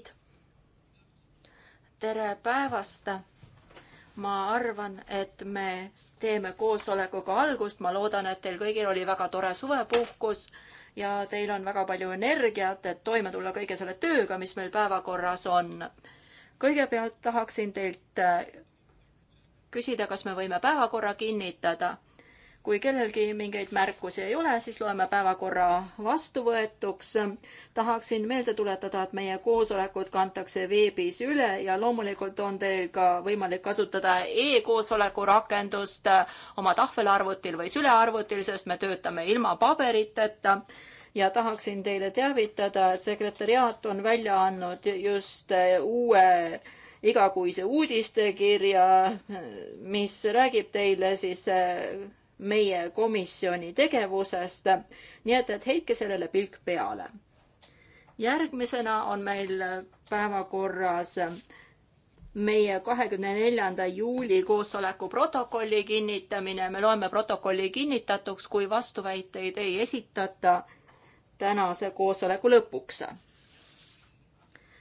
kolleegid. tere päevast. ma arvan, et me teeme koosolekuga algust, ma loodan, et teil kõigil oli väga tore suvepuhkus ja teil on väga palju energiat, et toime tulla kõige selle tööga, mis meil päevakorras on. kõigepealt tahaksin teilt äh, küsida, kas me võime päevakorra kinnitada kui kellelgi mingeid märkusi ei ole, siis loeme päevakorra vastuvõetuks. tahaksin meelde tuletada, et meie koosolekud kantakse veebis üle ja loomulikult on teil ka võimalik kasutada e-koosoleku rakendust oma tahvelarvutil või sülearvutil, sest me töötame ilma paberiteta ja tahaksin teile teavitada, et sekretäriaat on välja andnud just uue igakuise uudistekirja, mis räägib teile siis meie komisjoni tegevusest. nii et, et heitke sellele pilk peale. järgmisena on meil päevakorras meie kahekümne neljanda juuli koosoleku protokolli kinnitamine. me loeme protokolli kinnitatuks, kui vastuväiteid ei esitata tänase koosoleku lõpuks.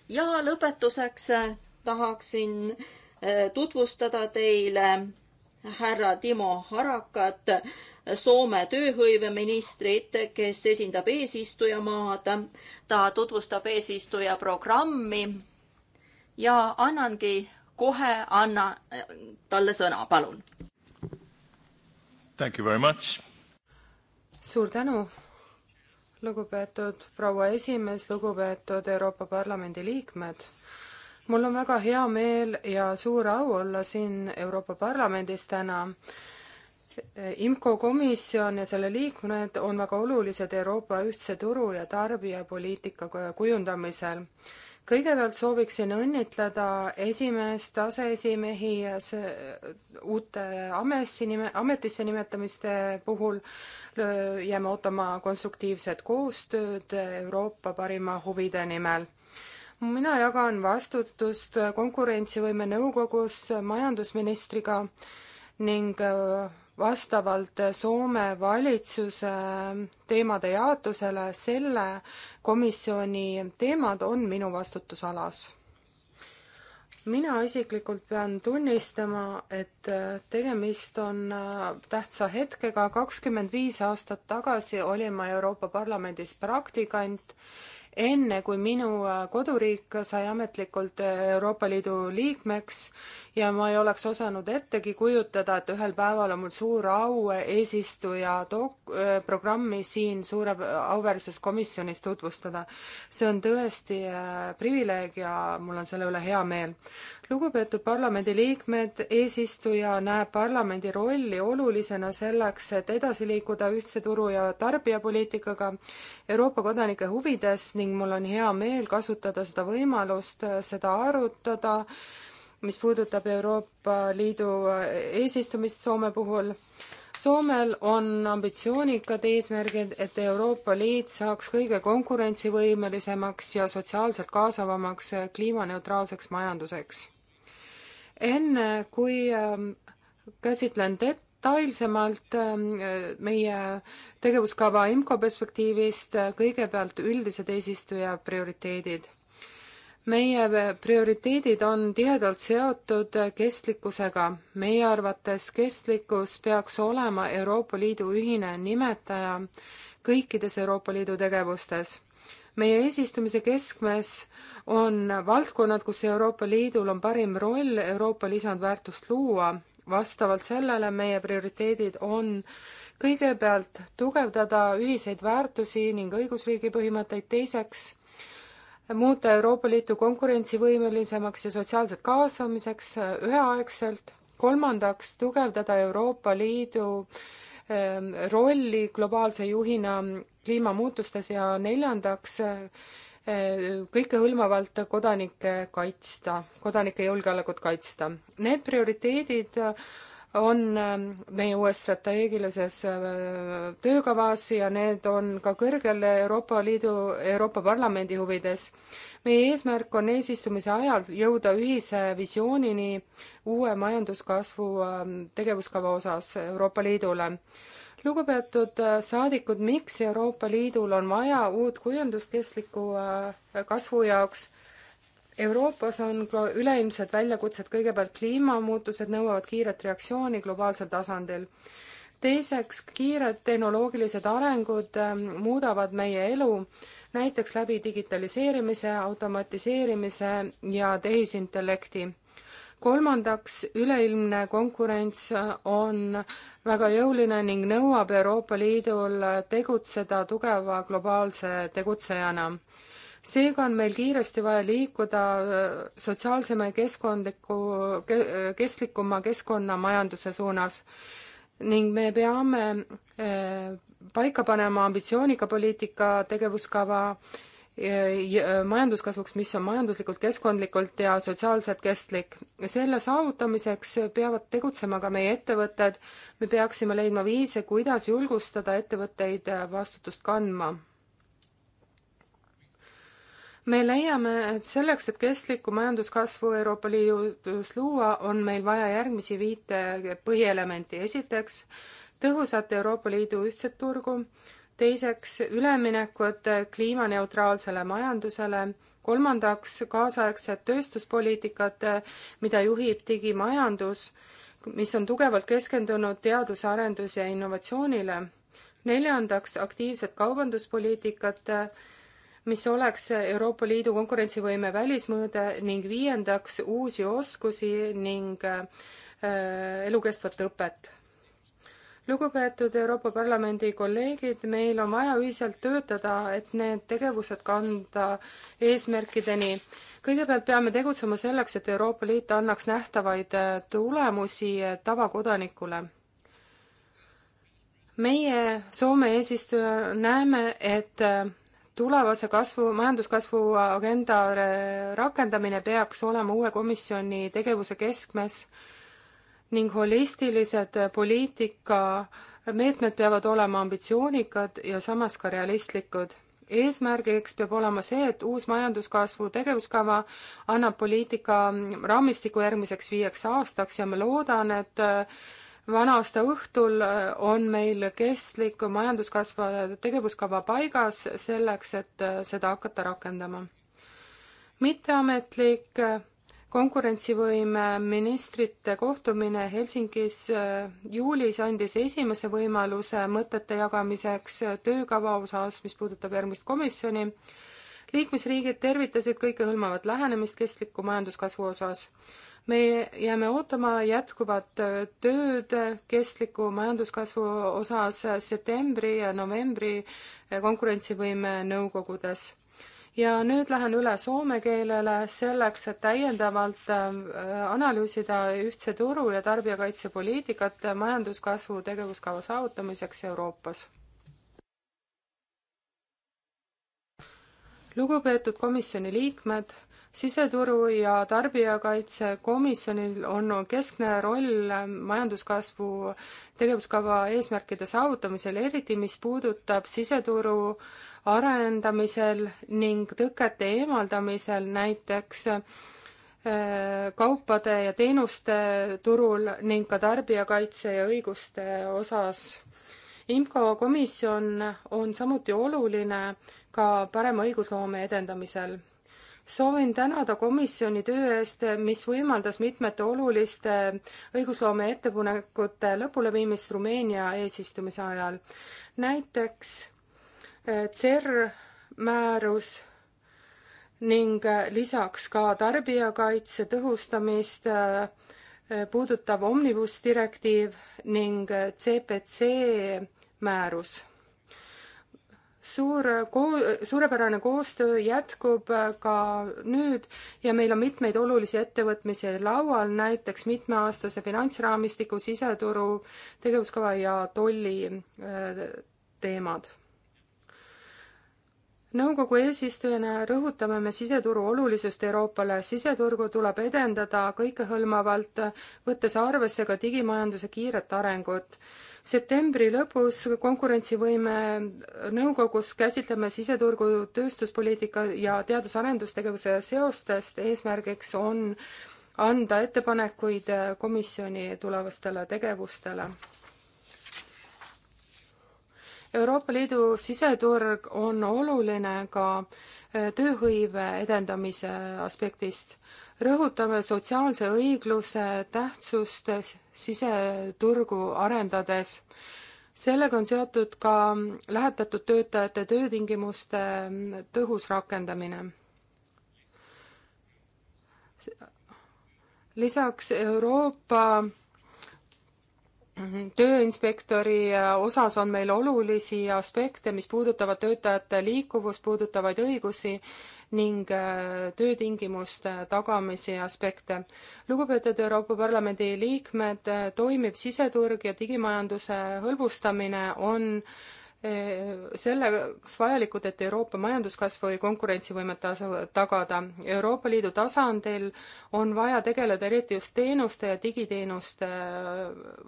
ja lõpetuseks tahaksin eh, tutvustada teile härra Timo Harakat, Soome tööhõiveministrit, kes esindab eesistujamaad. ta tutvustab eesistuja programmi ja annangi kohe, anna talle sõna, palun. Thank you very much. suur tänu lugupeetud proua esimees, lugupeetud Euroopa Parlamendi liikmed mul on väga hea meel ja suur au olla siin Euroopa Parlamendis täna. IMCO komisjon ja selle liikmed on väga olulised Euroopa ühtse turu ja tarbijapoliitika kujundamisel. kõigepealt sooviksin õnnitleda esimeest, aseesimehi ja see uute ametisse nime, ametisse nimetamiste puhul jääme ootama konstruktiivset koostööd Euroopa parima huvide nimel mina jagan vastutust Konkurentsivõime Nõukogus majandusministriga ning äh, vastavalt Soome valitsuse äh, teemade jaotusele selle komisjoni teemad on minu vastutusalas. mina isiklikult pean tunnistama, et äh, tegemist on tähtsa hetkega, kakskümmend viis aastat tagasi olin ma Euroopa Parlamendis praktikant enne kui minu äh, koduriik sai ametlikult äh, Euroopa Liidu liikmeks ja ma ei oleks osanud ettegi kujutada, et ühel päeval on mul suur au eesistuja dok-, programmi siin suure, auväärses komisjonis tutvustada. see on tõesti äh, privileeg ja mul on selle üle hea meel. lugupeetud parlamendiliikmed, eesistuja näeb parlamendi rolli olulisena selleks, et edasi liikuda ühtse turu ja tarbijapoliitikaga Euroopa kodanike huvides ning mul on hea meel kasutada seda võimalust, äh, seda arutada mis puudutab Euroopa Liidu eesistumist Soome puhul. Soomel on ambitsioonikad eesmärgid, et Euroopa Liit saaks kõige konkurentsivõimelisemaks ja sotsiaalselt kaasavamaks kliimaneutraalseks majanduseks. enne kui ähm, käsitlen detailsemalt ähm, meie tegevuskava IMCO perspektiivist, kõigepealt üldised eesistuja prioriteedid meie prioriteedid on tihedalt seotud kestlikkusega. meie arvates kestlikkus peaks olema Euroopa Liidu ühine nimetaja kõikides Euroopa Liidu tegevustes. meie eesistumise keskmes on valdkonnad, kus Euroopa Liidul on parim roll Euroopa lisandväärtust luua. vastavalt sellele meie prioriteedid on kõigepealt tugevdada ühiseid väärtusi ning õigusriigi põhimõtteid, teiseks muuta Euroopa Liitu konkurentsivõimelisemaks ja sotsiaalselt kaasamiseks äh, üheaegselt, kolmandaks, tugevdada Euroopa Liidu ähm, rolli globaalse juhina kliimamuutustes ja neljandaks, äh, kõikehõlmavalt kodanikke kaitsta, kodanike julgeolekut kaitsta. Need prioriteedid on ähm, meie uues strateegilises äh, töökavas ja need on ka kõrgel Euroopa Liidu, Euroopa Parlamendi huvides. meie eesmärk on eesistumise ajal jõuda ühise visioonini uue majanduskasvu ähm, tegevuskava osas Euroopa Liidule. lugupeetud äh, saadikud, miks Euroopa Liidul on vaja uut kujundust kestliku äh, kasvu jaoks? Euroopas on üleilmsed väljakutsed, kõigepealt kliimamuutused nõuavad kiiret reaktsiooni globaalsel tasandil. teiseks, kiired tehnoloogilised arengud ähm, muudavad meie elu, näiteks läbi digitaliseerimise, automatiseerimise ja tehisintellekti. kolmandaks, üleilmne konkurents äh, on väga jõuline ning nõuab Euroopa Liidul tegutseda tugeva globaalse tegutsejana seega on meil kiiresti vaja liikuda äh, sotsiaalsema ja keskkondliku, äh, kestlikuma keskkonnamajanduse suunas ning me peame äh, paika panema ambitsioonika poliitika tegevuskava majanduskasvuks, mis on majanduslikult, keskkondlikult ja sotsiaalselt kestlik. selle saavutamiseks peavad tegutsema ka meie ettevõtted. me peaksime leidma viise, kuidas julgustada ettevõtteid vastutust kandma me leiame, et selleks, et kestlikku majanduskasvu Euroopa Liidus luua, on meil vaja järgmisi viite põhielementi. esiteks, tõhusat Euroopa Liidu ühtset turgu, teiseks, üleminekut kliimaneutraalsele majandusele, kolmandaks, kaasaegset tööstuspoliitikat, mida juhib digimajandus, mis on tugevalt keskendunud teadus-, arendus- ja innovatsioonile, neljandaks, aktiivset kaubanduspoliitikat, mis oleks Euroopa Liidu konkurentsivõime välismõõde ning viiendaks uusi oskusi ning äh, elukestvat õpet. lugupeetud Euroopa Parlamendi kolleegid, meil on vaja ühiselt töötada, et need tegevused kanda eesmärkideni. kõigepealt peame tegutsema selleks, et Euroopa Liit annaks nähtavaid äh, tulemusi äh, tavakodanikule meie Soome eesistuja näeme, et tulevase kasvu, majanduskasvu agenda rakendamine peaks olema uue komisjoni tegevuse keskmes ning holistilised poliitika meetmed peavad olema ambitsioonikad ja samas ka realistlikud. eesmärgiks peab olema see, et uus majanduskasvu tegevuskava annab poliitika raamistiku järgmiseks viieks aastaks ja ma loodan, et vana-aasta õhtul äh, on meil kestliku majanduskasva tegevuskava paigas selleks, et äh, seda hakata rakendama. mitteametlik äh, konkurentsivõime ministrite kohtumine Helsingis juulis andis esimese võimaluse mõtete jagamiseks töökava osas, mis puudutab järgmist komisjoni. liikmesriigid tervitasid kõikehõlmavat lähenemist kestliku majanduskasvu osas me jääme ootama jätkuvat tööd kestliku majanduskasvu osas septembri ja novembri konkurentsivõime nõukogudes. ja nüüd lähen üle soome keelele selleks, et täiendavalt äh, analüüsida ühtse turu ja tarbijakaitsepoliitikat majanduskasvu tegevuskava saavutamiseks Euroopas. lugupeetud komisjoni liikmed siseturu ja tarbijakaitsekomisjonil on keskne roll majanduskasvu tegevuskava eesmärkide saavutamisel, eriti mis puudutab siseturu arendamisel ning tõkete eemaldamisel näiteks äh, kaupade ja teenuste turul ning ka tarbijakaitse ja õiguste osas. IMCO komisjon on samuti oluline ka parema õigusloome edendamisel soovin tänada komisjoni töö eest, mis võimaldas mitmete oluliste õigusloome ettepanekute lõpuleviimist Rumeenia eesistumise ajal. näiteks CER eh, määrus ning eh, lisaks ka tarbijakaitse tõhustamist eh, puudutav omnibus direktiiv ning CPC määrus suur äh, koo-, suurepärane koostöö jätkub äh, ka nüüd ja meil on mitmeid olulisi ettevõtmisi laual, näiteks mitmeaastase finantsraamistiku, siseturu tegevuskava ja tolli äh, teemad. nõukogu eesistujana rõhutame me siseturu olulisust Euroopale, siseturgu tuleb edendada kõikehõlmavalt, võttes arvesse ka digimajanduse kiiret arengut septembri lõpus konkurentsivõime nõukogus käsitleme siseturgu tööstuspoliitika ja teadus-arendustegevuse seostest, eesmärgiks on anda ettepanekuid komisjoni tulevastele tegevustele. Euroopa Liidu siseturg on oluline ka tööhõive edendamise aspektist rõhutame sotsiaalse õigluse tähtsust siseturgu arendades. sellega on seotud ka lähetatud töötajate töötingimuste tõhus rakendamine. lisaks Euroopa tööinspektori osas on meil olulisi aspekte, mis puudutavad töötajate liikuvust, puudutavaid õigusi ning äh, töötingimuste tagamise aspekte. lugupeetud Euroopa Parlamendi liikmed, äh, toimiv siseturg ja digimajanduse hõlbustamine on äh, selleks vajalikud, et Euroopa majanduskasvu ja konkurentsivõimet tagada. Euroopa Liidu tasandil on vaja tegeleda eriti just teenuste ja digiteenuste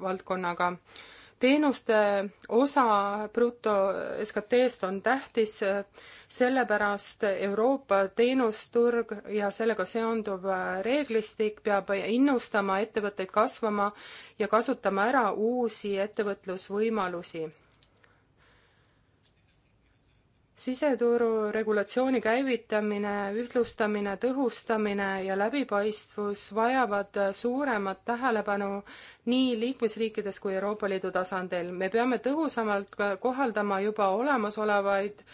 valdkonnaga teenuste osa bruto SKT-st on tähtis, sellepärast Euroopa teenusturg ja sellega seonduv reeglistik peab innustama ettevõtteid kasvama ja kasutama ära uusi ettevõtlusvõimalusi siseturu regulatsiooni käivitamine, ühtlustamine, tõhustamine ja läbipaistvus vajavad suuremat tähelepanu nii liikmesriikides kui Euroopa Liidu tasandil. me peame tõhusamalt kohaldama juba olemasolevaid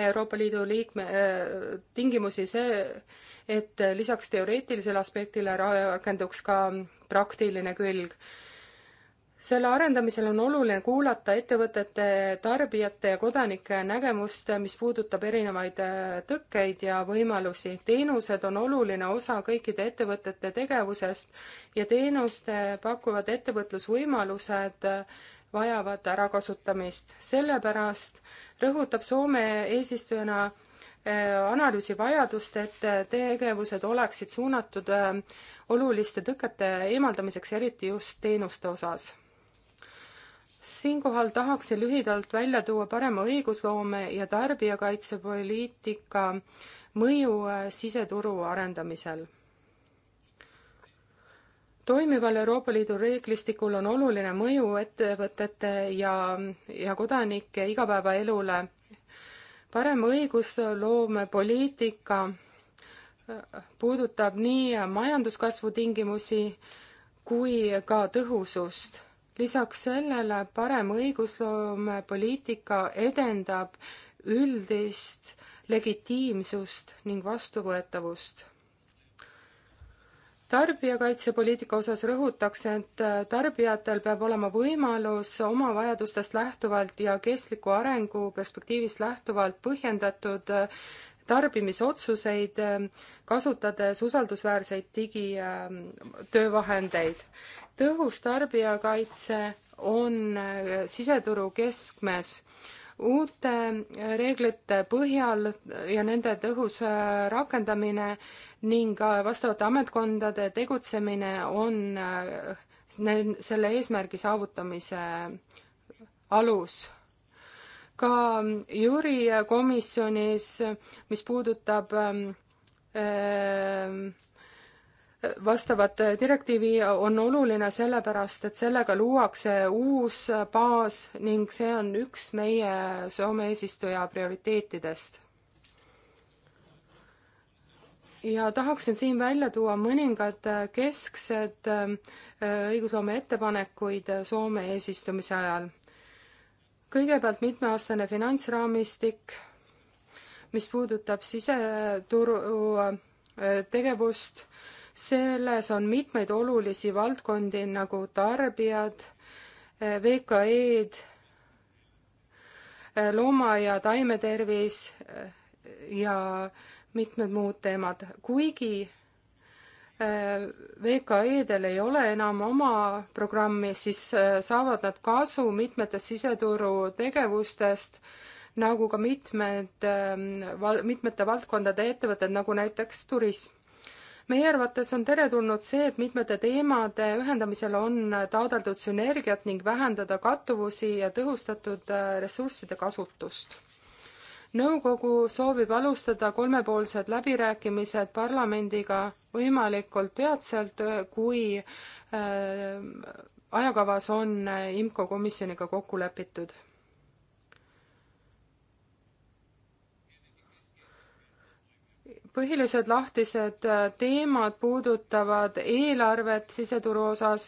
Euroopa Liidu liikme äh,, tingimusi see, et lisaks teoreetilisele aspektile rakenduks ka praktiline külg selle arendamisel on oluline kuulata ettevõtete, tarbijate ja kodanike nägemust, mis puudutab erinevaid äh, tõkkeid ja võimalusi. teenused on oluline osa kõikide ettevõtete tegevusest ja teenuste pakuvad ettevõtlusvõimalused äh, vajavad ärakasutamist. sellepärast rõhutab Soome eesistujana äh, analüüsi vajadust, et tegevused oleksid suunatud oluliste tõkete eemaldamiseks, eriti just teenuste osas siinkohal tahaksin lühidalt välja tuua parema õigusloome ja tarbijakaitsepoliitika mõju äh, siseturu arendamisel. toimival Euroopa Liidu reeglistikul on oluline mõju ettevõtete ja, ja kodanike igapäevaelule. parem õigusloome poliitika äh, puudutab nii majanduskasvu tingimusi kui ka tõhusust lisaks sellele parem õigusloomepoliitika edendab üldist legitiimsust ning vastuvõetavust. tarbijakaitsepoliitika osas rõhutakse, et tarbijatel peab olema võimalus oma vajadustest lähtuvalt ja kestliku arengu perspektiivist lähtuvalt põhjendatud tarbimisotsuseid, kasutades usaldusväärseid digitöövahendeid tõhus tarbijakaitse on äh, siseturu keskmes. uute äh, reeglite põhjal ja nende tõhus äh, rakendamine ning vastavate ametkondade tegutsemine on selle eesmärgi saavutamise alus ka jüri komisjonis, mis puudutab ähm, vastavat direktiivi on oluline sellepärast, et sellega luuakse uus baas ning see on üks meie Soome eesistuja prioriteetidest. ja tahaksin siin välja tuua mõningad kesksed äh, õigusloome ettepanekuid Soome eesistumise ajal. kõigepealt mitmeaastane finantsraamistik, mis puudutab siseturu äh, tegevust selles on mitmeid olulisi valdkondi nagu tarbijad, eh, VKE-d, eh, looma- ja taimetervis eh, ja mitmed muud teemad, kuigi VKE-del ei ole enam oma programmi, siis saavad nad kasu mitmetest siseturu tegevustest, nagu ka mitmed, mitmete valdkondade ettevõtted, nagu näiteks turism meie arvates on teretulnud see, et mitmete teemade ühendamisel on taodeldud sünergiat ning vähendada kattuvusi ja tõhustatud äh, ressursside kasutust. nõukogu soovib alustada kolmepoolsed läbirääkimised parlamendiga võimalikult peatselt, äh, kui äh, ajakavas on IMCO komisjoniga kokku lepitud põhilised lahtised äh, teemad puudutavad eelarvet siseturu osas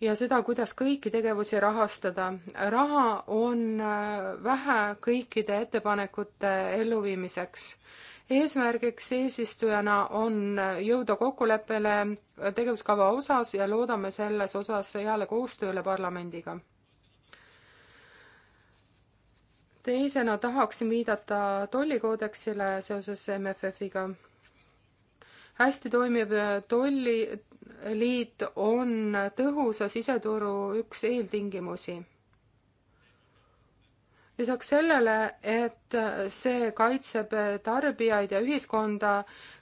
ja seda, kuidas kõiki tegevusi rahastada. raha on äh, vähe kõikide ettepanekute elluviimiseks. eesmärgiks eesistujana on äh, jõuda kokkuleppele tegevuskava osas ja loodame selles osas heale koostööle parlamendiga teisena tahaksin viidata tollikoodeksile seoses MFF-iga. hästi toimiv tolliliit on tõhusa siseturu üks eeltingimusi. lisaks sellele, et see kaitseb tarbijaid ja ühiskonda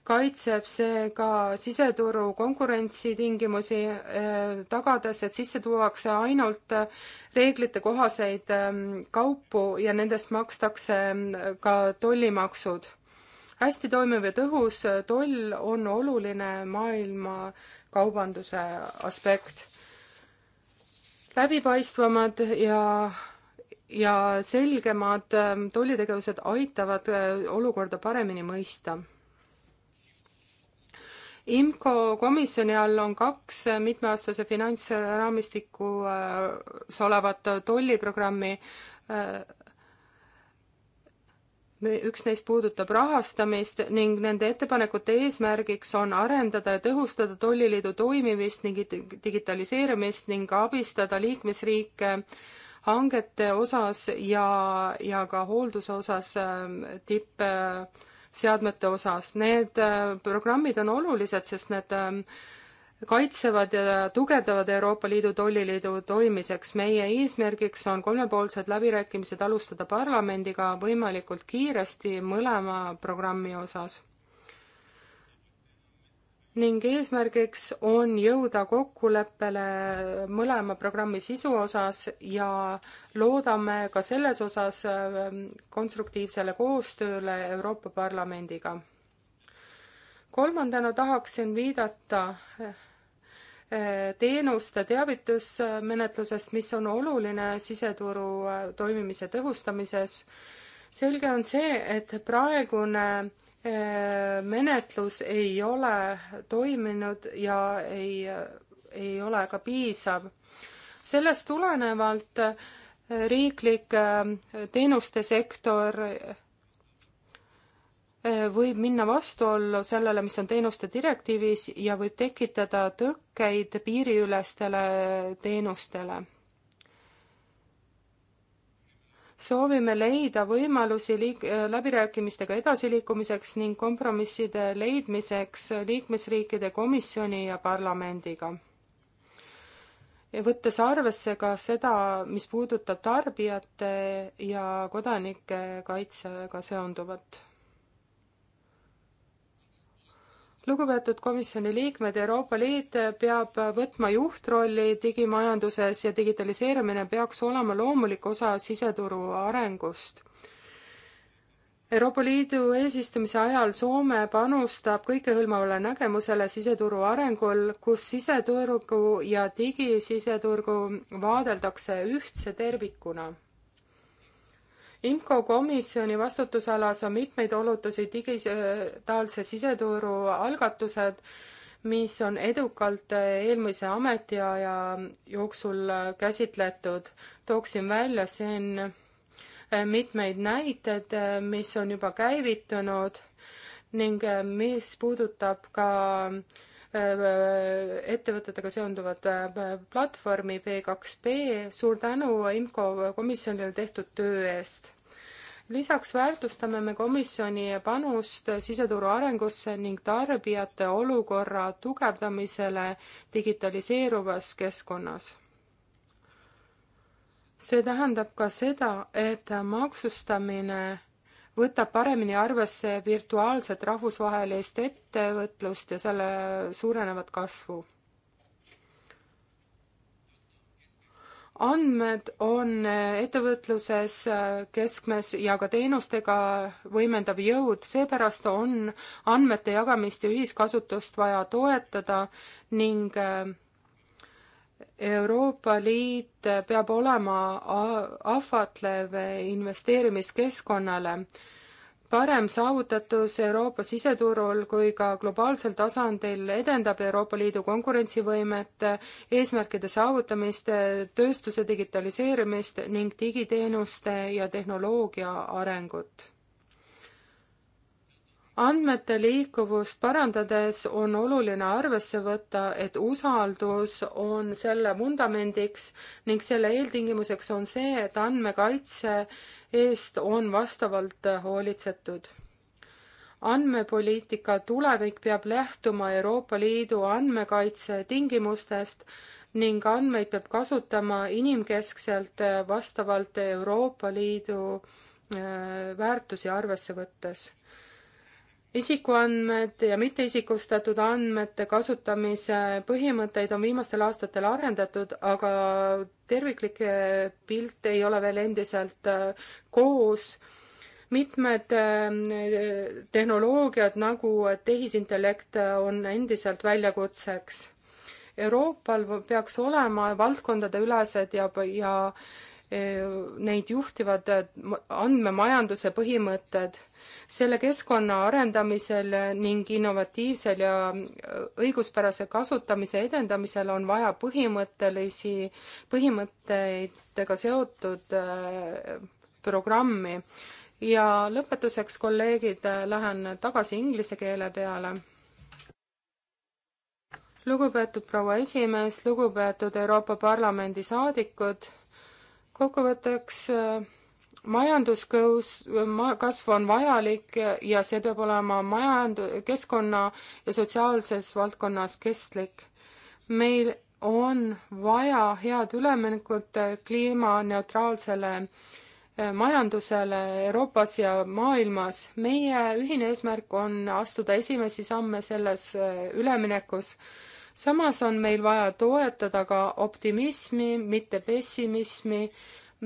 kaitseb see ka siseturu konkurentsitingimusi, eh, tagades, et sisse tuuakse ainult eh, reeglitekohaseid eh, kaupu ja nendest makstakse ka tollimaksud. hästi toimiv ja tõhus toll on oluline maailma kaubanduse aspekt. läbipaistvamad ja ja selgemad tollitegevused aitavad olukorda paremini mõista IMCO komisjoni all on kaks mitmeaastase finantsraamistikus äh, olevat tolliprogrammi. Äh, üks neist puudutab rahastamist ning nende ettepanekute eesmärgiks on arendada ja tõhustada tolliliidu toimimist ning digitaliseerimist ning abistada liikmesriike hangete osas ja, ja ka hoolduse osas äh, tipp äh, seadmete osas. Need äh, programmid on olulised, sest need ähm, kaitsevad ja tugevdavad Euroopa Liidu tolliliidu toimiseks. meie eesmärgiks on kolmepoolsed läbirääkimised alustada parlamendiga võimalikult kiiresti mõlema programmi osas ning eesmärgiks on jõuda kokkuleppele mõlema programmi sisu osas ja loodame ka selles osas ähm, konstruktiivsele koostööle Euroopa Parlamendiga. kolmandana tahaksin viidata äh, teenuste teavitusmenetlusest, mis on oluline siseturu äh, toimimise tõhustamises. selge on see, et praegune menetlus ei ole toiminud ja ei, ei ole ka piisav. sellest tulenevalt äh, riiklik äh, teenuste sektor äh, võib minna vastuollu sellele, mis on teenuste direktiivis ja võib tekitada tõkkeid piiriülestele teenustele soovime leida võimalusi liik-, äh, läbirääkimistega edasiliikumiseks ning kompromisside leidmiseks liikmesriikide komisjoni ja parlamendiga. võttes arvesse ka seda, mis puudutab tarbijate ja kodanike kaitsega seonduvat lugupeetud komisjoni liikmed, Euroopa Liit peab võtma juhtrolli digimajanduses ja digitaliseerimine peaks olema loomulik osa siseturu arengust. Euroopa Liidu eesistumise ajal Soome panustab kõikehõlmavale nägemusele siseturu arengul, kus siseturgu ja digisiseturgu vaadeldakse ühtse tervikuna IMCO komisjoni vastutusalas on mitmeid olutusi digitaalse siseturu algatused, mis on edukalt eelmise ametiaja jooksul käsitletud. tooksin välja siin eh, mitmeid näiteid, eh, mis on juba käivitunud ning eh, mis puudutab ka äh, Äh, ettevõtetega seonduvat äh, platvormi B2B, suur tänu IMCO komisjonile tehtud töö eest. lisaks väärtustame me komisjoni panust siseturu arengusse ning tarbijate olukorra tugevdamisele digitaliseeruvas keskkonnas see tähendab ka seda, et maksustamine võtab paremini arvesse virtuaalset rahvusvahelist ettevõtlust ja selle suurenevat kasvu. andmed on ettevõtluses keskmes ja ka teenustega võimendav jõud, seepärast on andmete jagamist ja ühiskasutust vaja toetada ning äh, Euroopa Liit peab olema ahvatlev investeerimiskeskkonnale. parem saavutatus Euroopa siseturul kui ka globaalsel tasandil edendab Euroopa Liidu konkurentsivõimet, eesmärkide saavutamist, tööstuse digitaliseerimist ning digiteenuste ja tehnoloogia arengut andmete liikuvust parandades on oluline arvesse võtta, et usaldus on selle vundamendiks ning selle eeltingimuseks on see, et andmekaitse eest on vastavalt hoolitsetud. andmepoliitika tulevik peab lähtuma Euroopa Liidu andmekaitse tingimustest ning andmeid peab kasutama inimkeskselt vastavalt Euroopa Liidu äh, väärtusi arvesse võttes isikuandmed ja mitteisikustatud andmete kasutamise põhimõtteid on viimastel aastatel arendatud, aga terviklik pilt ei ole veel endiselt äh, koos. mitmed äh, tehnoloogiad nagu äh, tehisintellekt on endiselt väljakutseks. Euroopal peaks olema valdkondadeülesed ja, ja neid juhtivad andmemajanduse põhimõtted selle keskkonna arendamisel ning innovatiivsel ja õiguspärase kasutamise edendamisel on vaja põhimõttelisi, põhimõtteidega seotud äh, programmi. ja lõpetuseks, kolleegid, lähen tagasi inglise keele peale lugupeetud proua esimees, lugupeetud Euroopa Parlamendi saadikud, kokkuvõtteks äh, majanduskõus, kasv on vajalik ja see peab olema majand-, keskkonna ja sotsiaalses valdkonnas kestlik. meil on vaja head üleminekut kliimaneutraalsele eh, majandusele Euroopas ja maailmas. meie ühine eesmärk on astuda esimesi samme selles eh, üleminekus samas on meil vaja toetada ka optimismi, mitte pessimismi,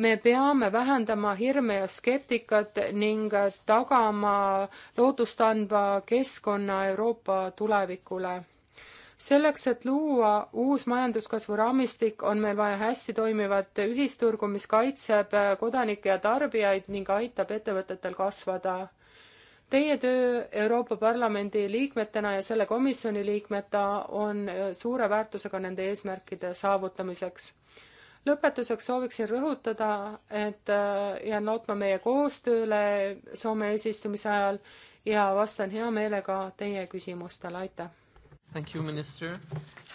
me peame vähendama hirme ja skeptikat ning tagama lootust andva keskkonna Euroopa tulevikule. selleks, et luua uus majanduskasvu raamistik, on meil vaja hästi toimivat ühisturgu, mis kaitseb kodanikke ja tarbijaid ning aitab ettevõtetel kasvada Teie töö Euroopa Parlamendi liikmetena ja selle komisjoni liikmeta on suure väärtusega nende eesmärkide saavutamiseks lõpetuseks sooviksin rõhutada, et äh, jään lootma meie koostööle Soome eesistumise ajal ja vastan hea meelega teie küsimustele, aitäh! Thank you, minister.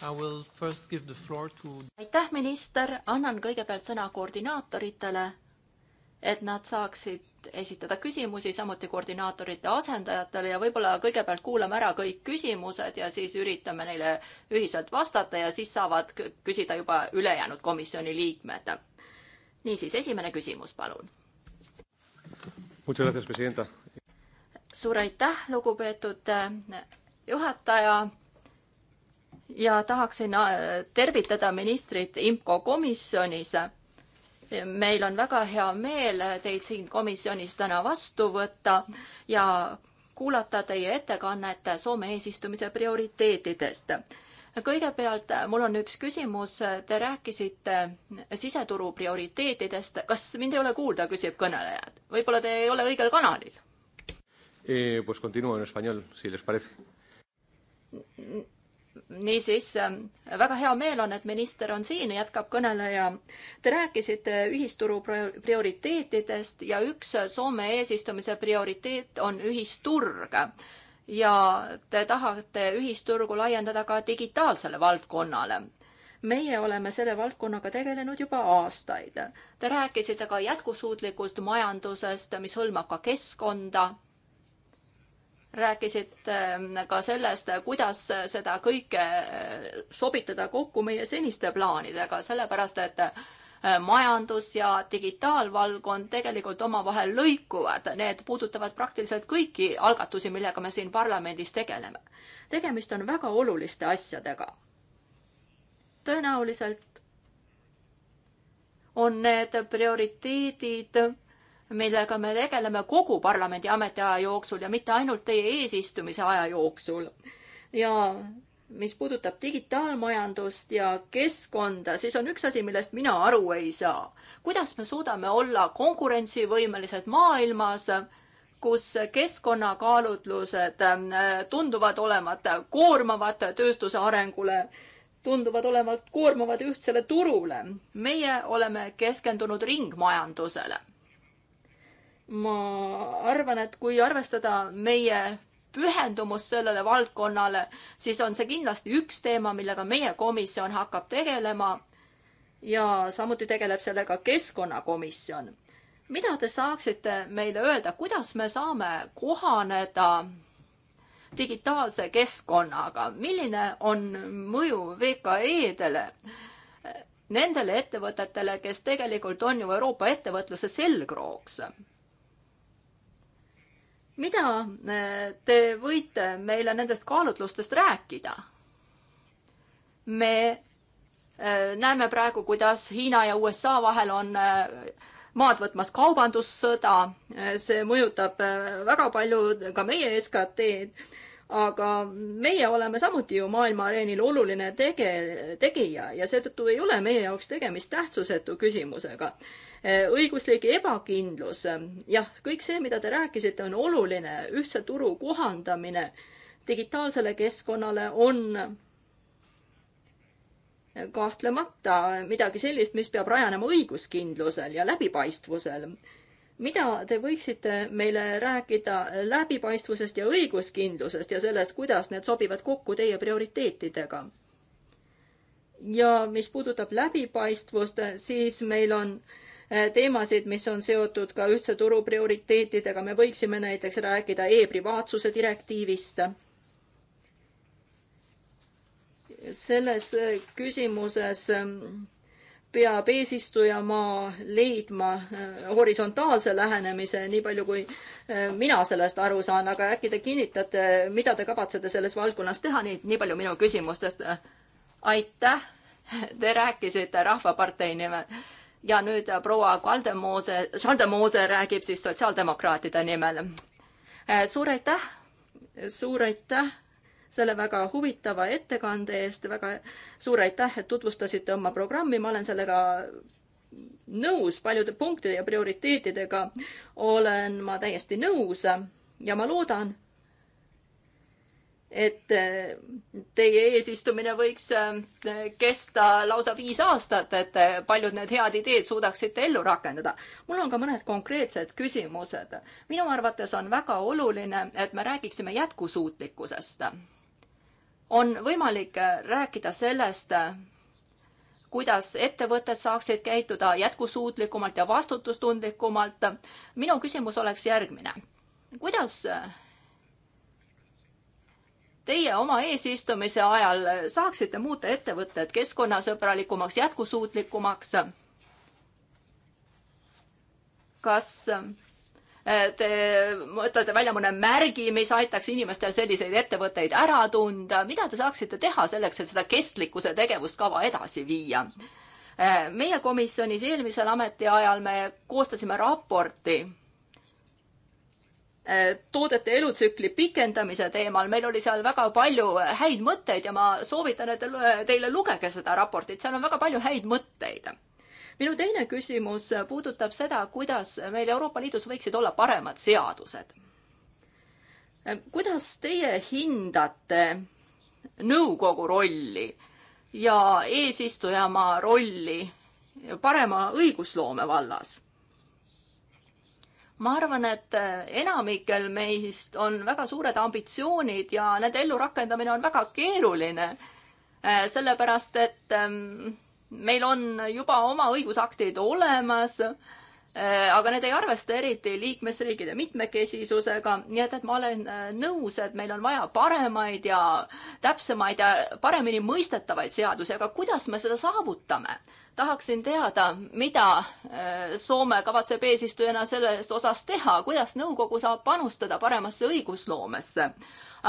I will first give the floor to... aitäh, minister, annan kõigepealt sõna koordinaatoritele et nad saaksid esitada küsimusi, samuti koordinaatorite asendajatele ja võib-olla kõigepealt kuulame ära kõik küsimused ja siis üritame neile ühiselt vastata ja siis saavad küsida juba ülejäänud komisjoni liikmed. niisiis, esimene küsimus, palun. suur aitäh, lugupeetud eh, juhataja ja tahaksin eh, tervitada ministrit IMCO komisjonis meil on väga hea meel teid siin komisjonis täna vastu võtta ja kuulata teie ettekannet Soome eesistumise prioriteetidest. kõigepealt mul on üks küsimus, te rääkisite siseturu prioriteetidest, kas mind ei ole kuulda, küsib kõneleja, võib-olla te ei ole õigel kanalil eh,? Pues continúo en español, si les parece niisiis väga hea meel on, et minister on siin, jätkab kõneleja. Te rääkisite ühisturu prioriteetidest ja üks Soome eesistumise prioriteet on ühisturg. ja te tahate ühisturgu laiendada ka digitaalsele valdkonnale. meie oleme selle valdkonnaga tegelenud juba aastaid. Te rääkisite ka jätkusuutlikust majandusest, mis hõlmab ka keskkonda rääkisite ähm, ka sellest, kuidas seda kõike äh, sobitada kokku meie seniste plaanidega, sellepärast et äh, majandus ja digitaalvaldkond tegelikult omavahel lõikuvad, need puudutavad praktiliselt kõiki algatusi, millega me siin parlamendis tegeleme. tegemist on väga oluliste asjadega. tõenäoliselt on need prioriteedid millega me tegeleme kogu parlamendi ametiaja jooksul ja mitte ainult teie eesistumise aja jooksul. ja mis puudutab digitaalmajandust ja keskkonda, siis on üks asi, millest mina aru ei saa. kuidas me suudame olla konkurentsivõimelised maailmas, kus keskkonnakaalutlused äh, tunduvad olevat koormavad tööstuse arengule, tunduvad olevat koormavad ühtsele turule. meie oleme keskendunud ringmajandusele ma arvan, et kui arvestada meie pühendumus sellele valdkonnale, siis on see kindlasti üks teema, millega meie komisjon hakkab tegelema. ja samuti tegeleb sellega keskkonnakomisjon. mida te saaksite meile öelda, kuidas me saame kohaneda digitaalse keskkonnaga, milline on mõju VKE-dele? Nendele ettevõtetele, kes tegelikult on ju Euroopa ettevõtluse selgrooks mida äh, te võite meile nendest kaalutlustest rääkida? me äh, näeme praegu, kuidas Hiina ja USA vahel on äh, maad võtmas kaubandussõda, see mõjutab väga palju ka meie SKT-d, aga meie oleme samuti ju maailma areenil oluline tege-, tegija ja seetõttu ei ole meie jaoks tegemist tähtsusetu küsimusega õiguslik ebakindlus, jah, kõik see, mida te rääkisite, on oluline, ühtse turu kohandamine digitaalsele keskkonnale on kahtlemata midagi sellist, mis peab rajanema õiguskindlusel ja läbipaistvusel. mida te võiksite meile rääkida läbipaistvusest ja õiguskindlusest ja sellest, kuidas need sobivad kokku teie prioriteetidega? ja mis puudutab läbipaistvust, siis meil on äh, Äh, teemasid, mis on seotud ka ühtse turu prioriteetidega, me võiksime näiteks rääkida e-privaatsuse direktiivist. selles äh, küsimuses ähm, peab eesistujamaa leidma äh, horisontaalse lähenemise, nii palju kui mina sellest aru saan, aga äkki te kinnitate, mida te kavatsete selles valdkonnas teha, nii, nii palju minu küsimustest. aitäh, te rääkisite Rahvapartei nimel ja nüüd äh, proua Kaldemose, Schaldemose räägib siis sotsiaaldemokraatide nimel. Äh, suur aitäh, suur aitäh selle väga huvitava ettekande eest, väga suur aitäh, et tutvustasite oma programmi, ma olen sellega nõus paljude punktide ja prioriteetidega, olen ma täiesti nõus ja ma loodan, et eh, teie eesistumine võiks eh, kesta lausa viis aastat, et eh, paljud need head ideed suudaksite ellu rakendada. mul on ka mõned konkreetsed küsimused. minu arvates on väga oluline, et me räägiksime jätkusuutlikkusest. on võimalik rääkida sellest, kuidas ettevõtted saaksid käituda jätkusuutlikumalt ja vastutustundlikumalt. minu küsimus oleks järgmine. kuidas teie oma eesistumise ajal saaksite muuta ettevõtted keskkonnasõbralikumaks, jätkusuutlikumaks? kas eh, te mõtlete välja mõne märgi, mis aitaks inimestel selliseid ettevõtteid ära tunda, mida te saaksite teha selleks, et seda kestlikkuse tegevuskava edasi viia? Eh, meie komisjonis eelmisel ametiajal me koostasime raporti toodete elutsükli pikendamise teemal, meil oli seal väga palju äh, häid mõtteid ja ma soovitan, et teile lugege seda raportit, seal on väga palju häid mõtteid. minu teine küsimus äh, puudutab seda, kuidas meil Euroopa Liidus võiksid olla paremad seadused. Äh, kuidas teie hindate nõukogu rolli ja eesistujamaa rolli parema õigusloome vallas? ma arvan, et äh, enamikel meist on väga suured ambitsioonid ja nende ellurakendamine on väga keeruline. Äh, sellepärast, et ähm, meil on juba oma õigusaktid olemas Äh, aga need ei arvesta eriti liikmesriikide mitmekesisusega, nii et, et ma olen äh, nõus, et meil on vaja paremaid ja täpsemaid ja paremini mõistetavaid seadusi, aga kuidas me seda saavutame? tahaksin teada, mida äh, Soome kavatseb eesistujana selles osas teha, kuidas nõukogu saab panustada paremasse õigusloomesse.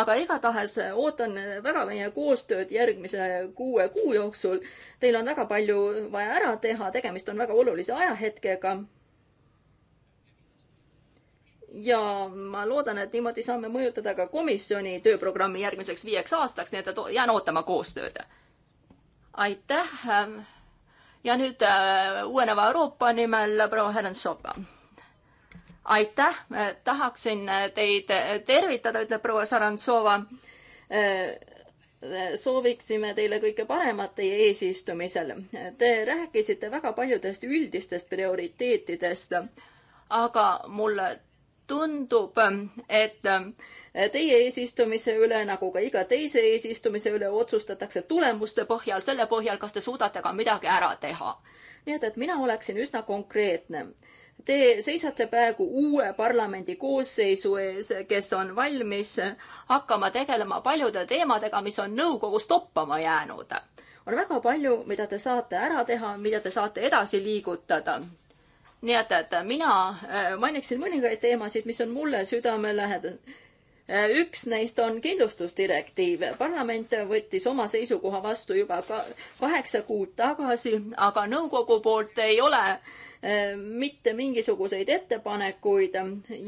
aga igatahes ootan väga meie koostööd järgmise kuue kuu jooksul. Teil on väga palju vaja ära teha, tegemist on väga olulise ajahetkega ja ma loodan, et niimoodi saame mõjutada ka komisjoni tööprogrammi järgmiseks viieks aastaks, nii et jään ootama koostööd. aitäh. ja nüüd äh, uueneva Euroopa nimel proua Herensova. aitäh, tahaksin teid tervitada, ütleb proua Sarantsova. Äh, sooviksime teile kõike paremat teie eesistumisel. Te rääkisite väga paljudest üldistest prioriteetidest, aga mulle tundub, et äh, teie eesistumise üle nagu ka iga teise eesistumise üle otsustatakse tulemuste põhjal, selle põhjal, kas te suudate ka midagi ära teha. nii et, et mina oleksin üsna konkreetne. Te seisate praegu uue parlamendi koosseisu ees, kes on valmis hakkama tegelema paljude teemadega, mis on nõukogus toppama jäänud. on väga palju, mida te saate ära teha, mida te saate edasi liigutada nii et, et mina äh, mainiksin mõningaid teemasid, mis on mulle südamelähedased äh, üks neist on kindlustusdirektiiv. parlament võttis oma seisukoha vastu juba kaheksa kuud tagasi, aga nõukogu poolt ei ole äh, mitte mingisuguseid ettepanekuid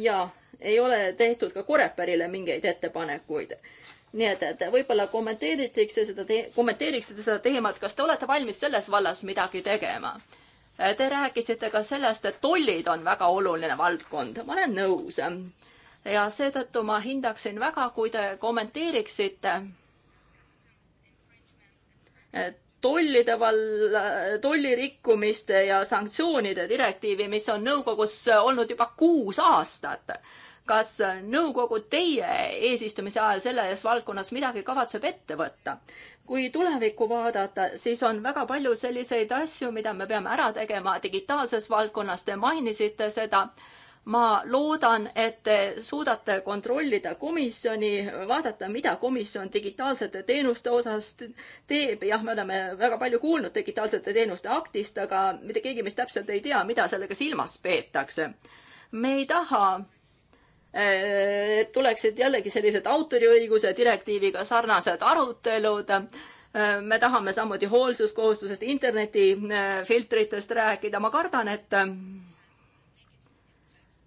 ja ei ole tehtud ka Korepärile mingeid ettepanekuid. nii et, et võib-olla kommenteeritakse seda, kommenteeriksite seda teemat, kas te olete valmis selles vallas midagi tegema? Äh, te rääkisite ka sellest, et tollid on väga oluline valdkond. ma olen nõus. ja seetõttu ma hindaksin väga, kui te kommenteeriksite tollide val-, tollirikkumiste ja sanktsioonide direktiivi, mis on nõukogus olnud juba kuus aastat kas nõukogu teie eesistumise ajal selles valdkonnas midagi kavatseb ette võtta? kui tulevikku vaadata, siis on väga palju selliseid asju, mida me peame ära tegema digitaalses valdkonnas, te mainisite seda ma loodan, et te suudate kontrollida komisjoni, vaadata, mida komisjon digitaalsete teenuste osas teeb. jah, me oleme väga palju kuulnud digitaalsete teenuste aktist, aga mitte keegi meist täpselt ei tea, mida sellega silmas peetakse. me ei taha et äh, tuleksid jällegi sellised autoriõiguse direktiiviga sarnased arutelud. Äh, me tahame samuti hoolsuskohustusest, internetifiltritest äh, rääkida, ma kardan, et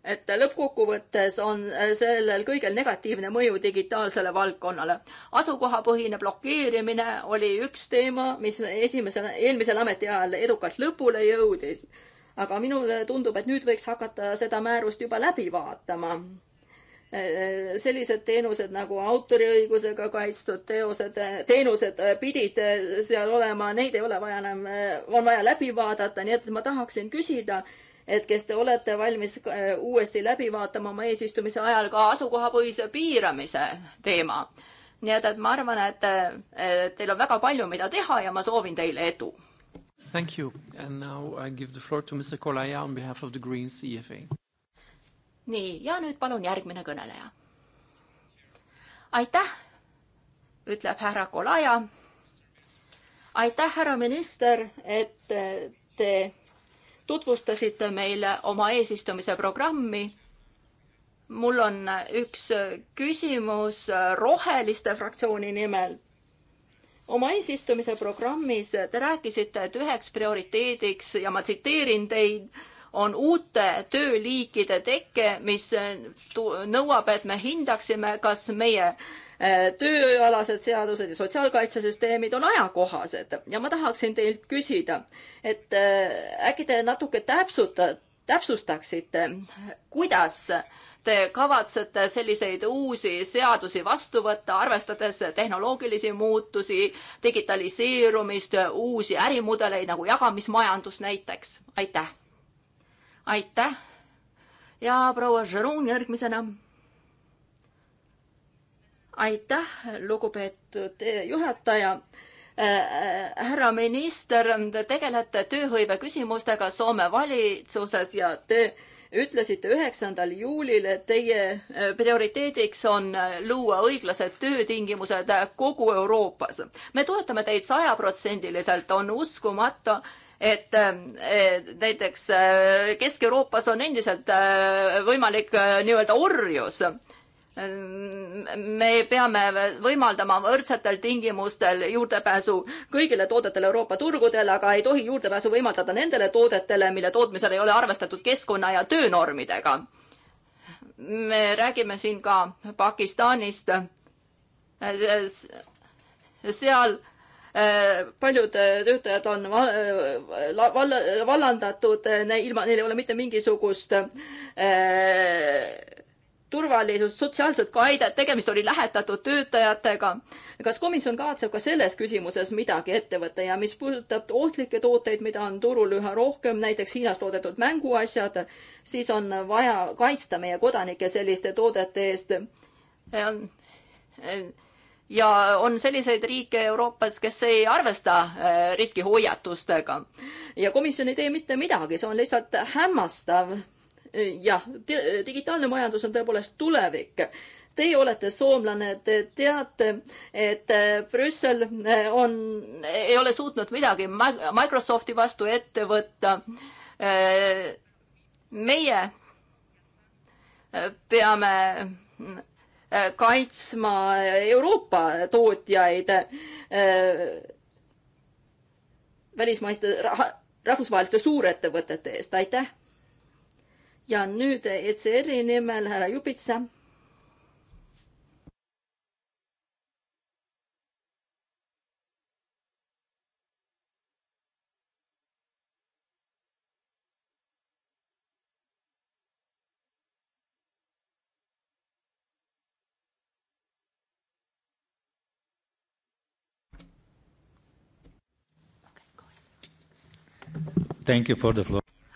et lõppkokkuvõttes on sellel kõigel negatiivne mõju digitaalsele valdkonnale. asukohapõhine blokeerimine oli üks teema, mis esimesel, eelmisel ametiajal edukalt lõpule jõudis. aga minule tundub, et nüüd võiks hakata seda määrust juba läbi vaatama sellised teenused nagu autoriõigusega kaitstud teosed, teenused pidid seal olema, neid ei ole vaja enam, on vaja läbi vaadata, nii et ma tahaksin küsida, et kes te olete valmis äh, uuesti läbi vaatama oma eesistumise ajal ka asukohapõhise piiramise teema. nii et, et ma arvan, et teil on väga palju, mida teha ja ma soovin teile edu. Thank you and now I give the floor to Mr Kolaja on behalf of the Greens EFA nii, ja nüüd palun järgmine kõneleja. aitäh, ütleb härra Kolaja. aitäh, härra minister, et te tutvustasite meile oma eesistumise programmi. mul on üks küsimus Roheliste fraktsiooni nimel oma eesistumise programmis te rääkisite, et üheks prioriteediks ja ma tsiteerin teid, on uute tööliikide teke, mis äh, nõuab, et me hindaksime, kas meie äh, tööalased seadused ja sotsiaalkaitsesüsteemid on ajakohased ja ma tahaksin teilt küsida, et äh, äkki te natuke täpsuta, täpsustaksite, kuidas te kavatsete selliseid uusi seadusi vastu võtta, arvestades tehnoloogilisi muutusi, digitaliseerumist, uusi ärimudeleid nagu jagamismajandus näiteks? aitäh aitäh ja proua Žeroon järgmisena. aitäh, lugupeetud juhataja äh, äh, härra minister, te tegelete tööhõive küsimustega Soome valitsuses ja te ütlesite üheksandal juulil, et teie äh, prioriteediks on luua õiglased töötingimused kogu Euroopas. me toetame teid sajaprotsendiliselt, on uskumatu, et näiteks äh, Kesk-Euroopas on endiselt äh, võimalik äh, nii-öelda orjus me peame võimaldama võrdsetel tingimustel juurdepääsu kõigile toodetele Euroopa turgudel, aga ei tohi juurdepääsu võimaldada nendele toodetele, mille tootmisel ei ole arvestatud keskkonna ja töönormidega. me räägime siin ka Pakistanist. seal Äh, paljud äh, töötajad on äh, valla, vallandatud, ilma, neil ei ole mitte mingisugust turvalisust, sotsiaalset kaidet, tegemist oli lähetatud töötajatega. kas komisjon kavatseb ka selles küsimuses midagi ette võtta ja mis puudutab ohtlikke tooteid, mida on turul üha rohkem, näiteks Hiinas toodetud mänguasjad, siis on vaja kaitsta meie kodanikke selliste toodete eest ja on selliseid riike Euroopas, kes ei arvesta äh, riskihoiatustega. ja komisjon ei tee mitte midagi, see on lihtsalt hämmastav. jah, digitaalne majandus on tõepoolest tulevik. Teie olete soomlane, te teate, et äh, Brüssel äh, on, ei ole suutnud midagi Microsofti vastu ette võtta. meie peame Äh, kaitsma Euroopa tootjaid äh, välismaiste rahvusvaheliste suurettevõtete eest, aitäh! ja nüüd ECR-i nimel härra Jupitsa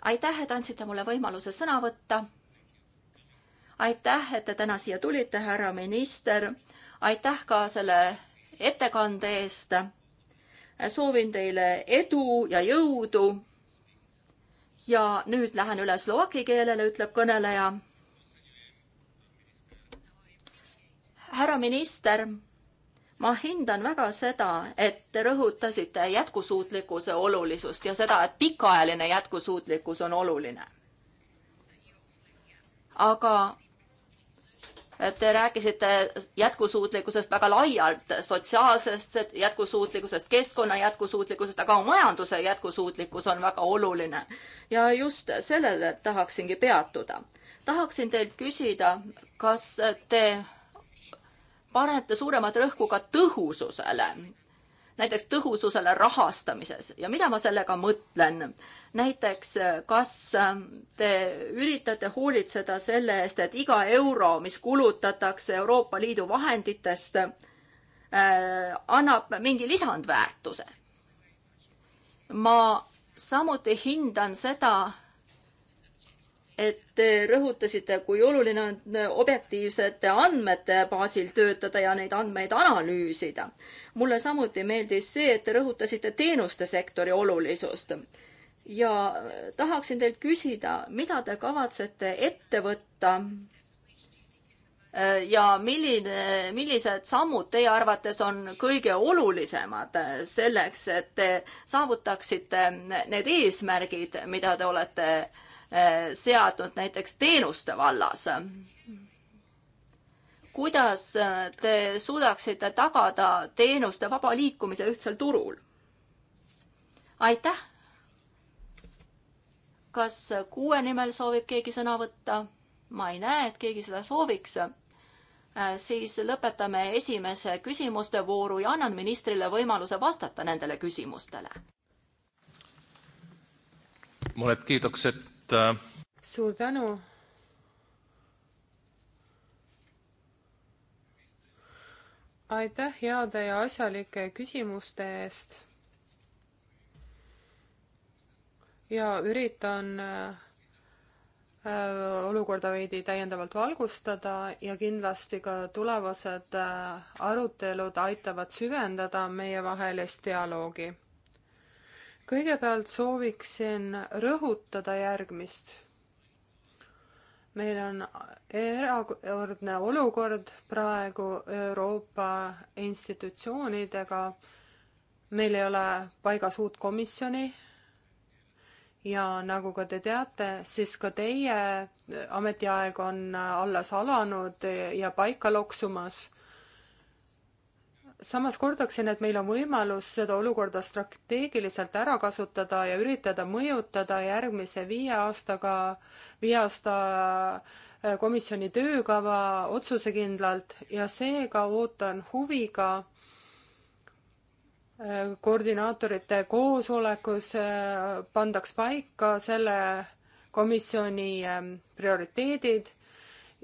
aitäh, et andsite mulle võimaluse sõna võtta. aitäh, et te täna siia tulite, härra minister. aitäh ka selle ettekande eest. soovin teile edu ja jõudu. ja nüüd lähen üle slovaki keelele, ütleb kõneleja. härra minister ma hindan väga seda, et te rõhutasite jätkusuutlikkuse olulisust ja seda, et pikaajaline jätkusuutlikkus on oluline. aga te rääkisite jätkusuutlikkusest väga laialt, sotsiaalsest jätkusuutlikkusest, keskkonna jätkusuutlikkusest, aga majanduse jätkusuutlikkus on väga oluline. ja just sellele tahaksingi peatuda. tahaksin teilt küsida, kas te panete suuremat rõhku ka tõhususele, näiteks tõhususele rahastamises ja mida ma sellega mõtlen? näiteks, kas te üritate hoolitseda selle eest, et iga euro, mis kulutatakse Euroopa Liidu vahenditest, äh, annab mingi lisandväärtuse? ma samuti hindan seda, et te rõhutasite, kui oluline on äh, objektiivsete andmete baasil töötada ja neid andmeid analüüsida. mulle samuti meeldis see, et te rõhutasite teenuste sektori olulisust. ja äh, tahaksin teilt küsida, mida te kavatsete ette võtta äh, ja milline, millised sammud teie arvates on kõige olulisemad selleks, et te saavutaksite need eesmärgid, mida te olete Äh, seadnud näiteks teenuste vallas. kuidas äh, te suudaksite tagada teenuste vaba liikumise ühtsel turul? aitäh! kas kuue nimel soovib keegi sõna võtta? ma ei näe, et keegi seda sooviks. Äh, siis lõpetame esimese küsimuste vooru ja annan ministrile võimaluse vastata nendele küsimustele. mõned kiitokset et äh, suur tänu. aitäh heade ja asjalike küsimuste eest. ja üritan äh, olukorda veidi täiendavalt valgustada ja kindlasti ka tulevased äh, arutelud aitavad süvendada meievahelist dialoogi kõigepealt sooviksin rõhutada järgmist. meil on erakordne olukord praegu Euroopa institutsioonidega. meil ei ole paigas uut komisjoni ja nagu ka te teate, siis ka teie ametiaeg on alles alanud ja paika loksumas samas kordaksin, et meil on võimalus seda olukorda strateegiliselt ära kasutada ja üritada mõjutada järgmise viie aastaga, viie aasta äh, komisjoni töökava otsusekindlalt ja seega ootan huviga äh, koordinaatorite koosolekus äh, pandaks paika selle komisjoni ähm, prioriteedid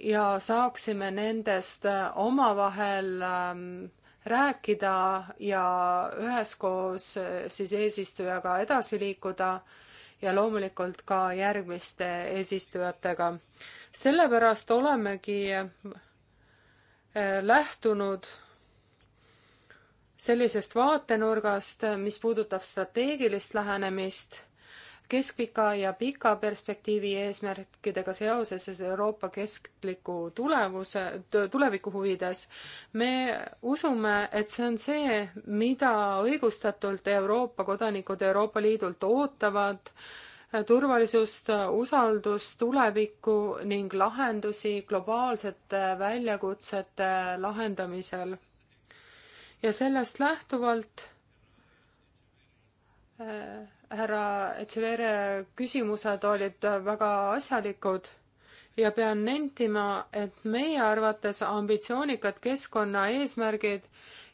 ja saaksime nendest omavahel ähm, rääkida ja üheskoos eh, siis eesistujaga edasi liikuda ja loomulikult ka järgmiste eesistujatega. sellepärast olemegi eh, lähtunud sellisest vaatenurgast, mis puudutab strateegilist lähenemist keskpika ja pika perspektiivi eesmärkidega seoses Euroopa kestliku tulemuse, tuleviku huvides, me usume, et see on see, mida õigustatult Euroopa kodanikud Euroopa Liidult ootavad, turvalisust, usaldust, tulevikku ning lahendusi globaalsete väljakutsete lahendamisel. ja sellest lähtuvalt äh, härra Echevere küsimused olid väga asjalikud ja pean nentima, et meie arvates ambitsioonikad keskkonnaeesmärgid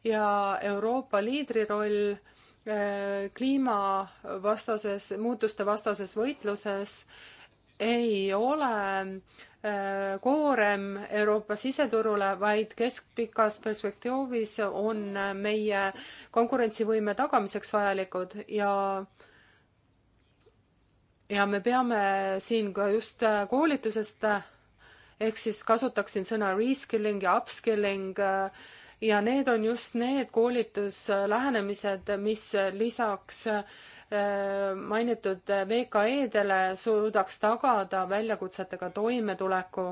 ja Euroopa liidriroll eh, kliimavastases, muutuste vastases võitluses ei ole eh, koorem Euroopa siseturule, vaid keskpikas perspektiivis on meie konkurentsivõime tagamiseks vajalikud ja ja me peame siin ka just äh, koolitusest äh, ehk siis kasutaksin sõna reskilling ja upskilling äh, ja need on just need koolituslähenemised, mis lisaks mainitud VKE-dele suudaks tagada väljakutsetega toimetuleku.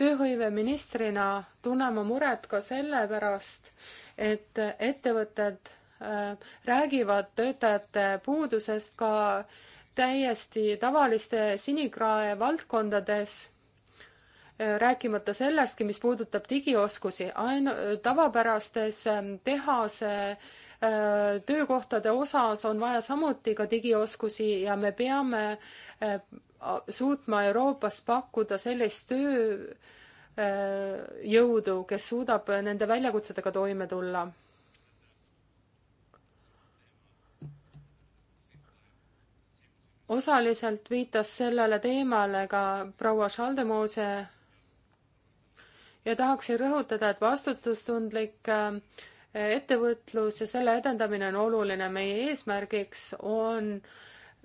tööhõiveministrina tunnen ma muret ka selle pärast, et ettevõtted räägivad töötajate puudusest ka äh, täiesti tavaliste sinikrae valdkondades, äh, rääkimata sellestki, mis puudutab digioskusi, ainu-, tavapärastes ähm, tehase äh, töökohtade osas on vaja samuti ka digioskusi ja me peame äh, suutma Euroopas pakkuda sellist tööjõudu, kes suudab nende väljakutsetega toime tulla osaliselt viitas sellele teemale ka proua Schaldemose ja tahaksin rõhutada, et vastutustundlik äh, ettevõtlus ja selle edendamine on oluline. meie eesmärgiks on,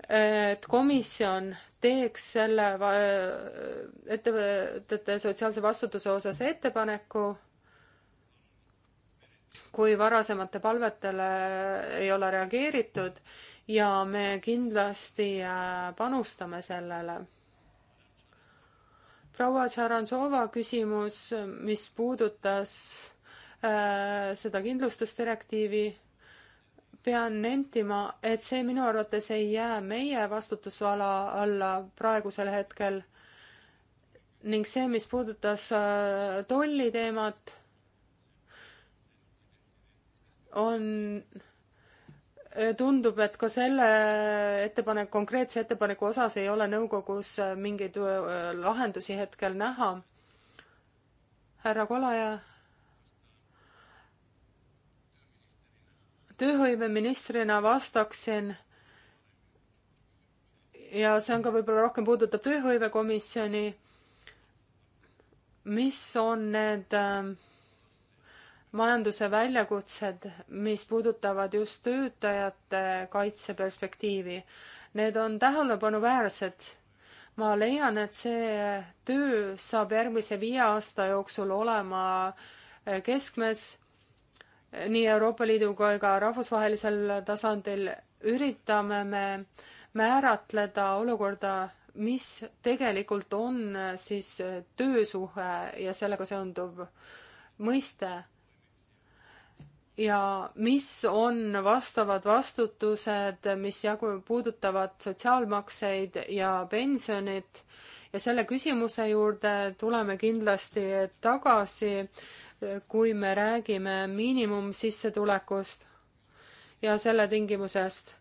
äh, et komisjon teeks selle äh, ettevõtete sotsiaalse vastutuse osas ettepaneku, kui varasemate palvetele ei ole reageeritud ja me kindlasti äh, panustame sellele. proua Tšaransova küsimus, mis puudutas äh, seda kindlustusdirektiivi, pean nentima, et see minu arvates ei jää meie vastutusala alla praegusel hetkel ning see, mis puudutas äh, tolli teemat, on tundub, et ka selle ettepaneku, konkreetse ettepaneku osas ei ole nõukogus mingeid äh, lahendusi hetkel näha. härra Kolaja. tööhõiveministrina vastaksin ja see on ka võib-olla rohkem puudutab tööhõivekomisjoni. mis on need äh, majanduse väljakutsed, mis puudutavad just töötajate kaitseperspektiivi. Need on tähelepanuväärsed. ma leian, et see töö saab järgmise viie aasta jooksul olema eh, keskmes nii Euroopa Liidu kui ka rahvusvahelisel tasandil üritame me määratleda olukorda, mis tegelikult on eh, siis eh, töösuhe ja sellega seonduv mõiste ja mis on vastavad vastutused, mis jagu-, puudutavad sotsiaalmakseid ja pensionit ja selle küsimuse juurde tuleme kindlasti tagasi, kui me räägime miinimumsissetulekust ja selle tingimusest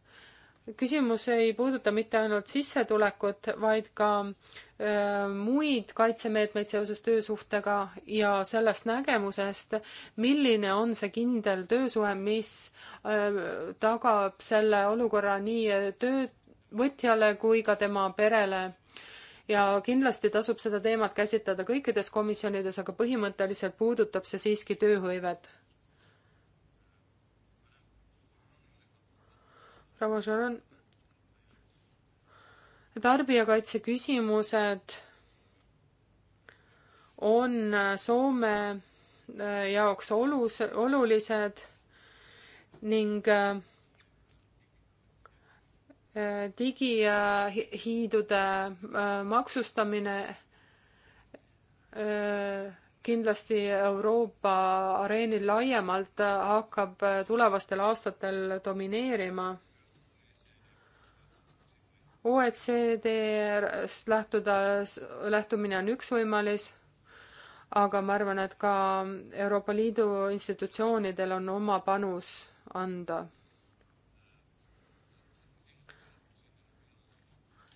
küsimus ei puuduta mitte ainult sissetulekut, vaid ka öö, äh, muid kaitsemeetmeid seoses töösuhtega ja sellest nägemusest, milline on see kindel töösuhe, mis öö, äh, tagab selle olukorra nii töövõtjale kui ka tema perele. ja kindlasti tasub seda teemat käsitleda kõikides komisjonides, aga põhimõtteliselt puudutab see siiski tööhõivet proua Šoron. tarbijakaitse küsimused on Soome äh, jaoks olus, olulised ning äh, digihiidude äh, maksustamine kindlasti Euroopa areenil laiemalt hakkab tulevastel aastatel domineerima OECD-st lähtuda, lähtumine on üks võimalus, aga ma arvan, et ka Euroopa Liidu institutsioonidel on oma panus anda.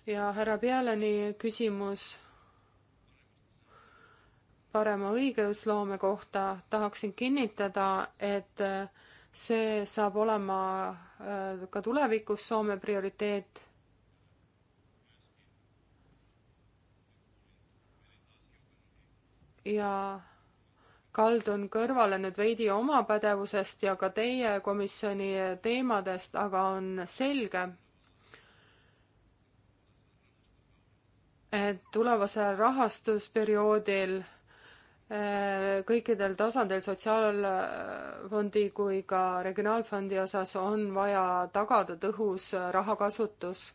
ja härra Pealeni küsimus parema õigusloome kohta tahaksin kinnitada, et see saab olema äh, ka tulevikus Soome prioriteet ja kaldun kõrvale nüüd veidi oma pädevusest ja ka teie komisjoni teemadest, aga on selge, et tulevasel rahastusperioodil eh, kõikidel tasandil, sotsiaalfondi kui ka regionaalfondi osas on vaja tagada tõhus rahakasutus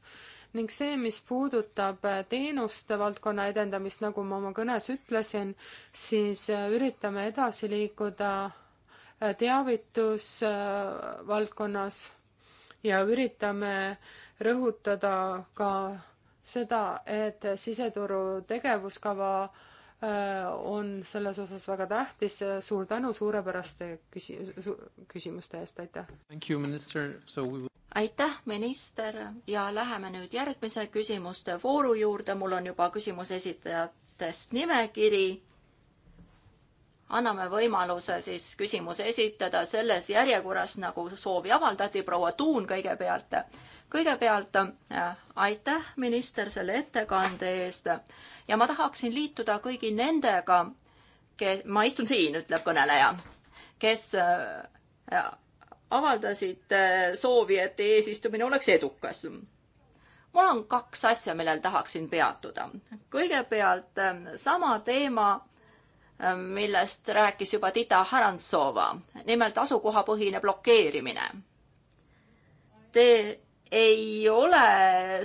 ning see, mis puudutab äh, teenuste valdkonna edendamist, nagu ma oma kõnes ütlesin, siis äh, üritame edasi liikuda äh, teavitusvaldkonnas ja üritame rõhutada ka seda, et siseturu tegevuskava Äh, on selles osas väga tähtis. suur tänu suurepäraste küsi-, küsimuste eest, aitäh! aitäh, minister, ja läheme nüüd järgmise küsimuste vooru juurde. mul on juba küsimuse esitajatest nimekiri anname võimaluse siis küsimusi esitada selles järjekorras, nagu soovi avaldati. proua Tuun kõigepealt. kõigepealt äh, aitäh, minister, selle ettekande eest ja ma tahaksin liituda kõigi nendega, kes, ma istun siin, ütleb kõneleja, kes äh, avaldasid äh, soovi, et eesistumine oleks edukas mul on kaks asja, millel tahaksin peatuda. kõigepealt sama teema Ähm, millest rääkis juba Tita Harantsova, nimelt asukohapõhine blokeerimine. Te ei ole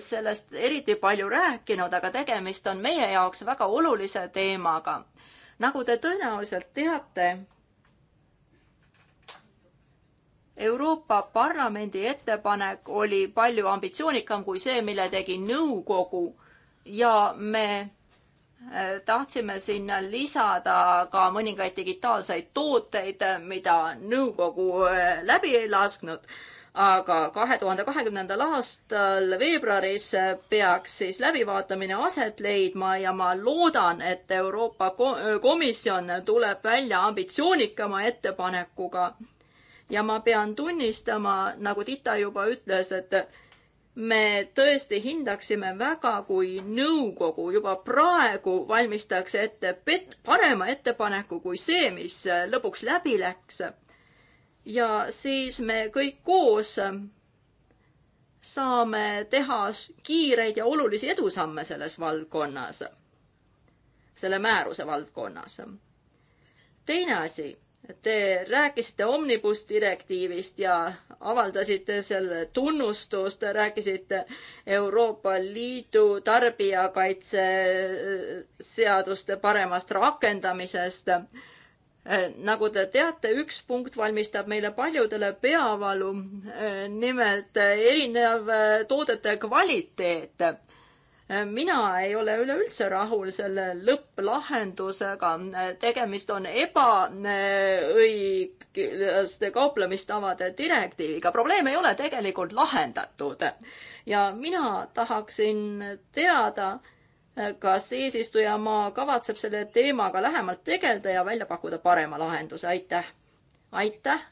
sellest eriti palju rääkinud, aga tegemist on meie jaoks väga olulise teemaga. nagu te tõenäoliselt teate, Euroopa Parlamendi ettepanek oli palju ambitsioonikam kui see, mille tegi nõukogu ja me tahtsime sinna lisada ka mõningaid digitaalseid tooteid, mida nõukogu eh, läbi ei lasknud. aga kahe tuhande kahekümnendal aastal veebruaris peaks siis läbivaatamine aset leidma ja ma loodan, et Euroopa Komisjon tuleb välja ambitsioonikama ettepanekuga. ja ma pean tunnistama, nagu Tita juba ütles, et me tõesti hindaksime väga, kui nõukogu juba praegu valmistaks ette pet-, parema ettepaneku kui see, mis lõpuks läbi läks. ja siis me kõik koos saame teha kiireid ja olulisi edusamme selles valdkonnas, selle määruse valdkonnas. teine asi Te rääkisite Omnibus direktiivist ja avaldasite selle tunnustust, rääkisite Euroopa Liidu tarbijakaitseseaduste äh, paremast rakendamisest. Äh, nagu te teate, üks punkt valmistab meile paljudele peavalu, äh, nimelt erinev toodete kvaliteet mina ei ole üleüldse rahul selle lõpplahendusega, tegemist on ebaõiglaste kauplemistavade direktiiviga, probleem ei ole tegelikult lahendatud. ja mina tahaksin teada, kas eesistujamaa kavatseb selle teemaga lähemalt tegeleda ja välja pakkuda parema lahenduse, aitäh. aitäh,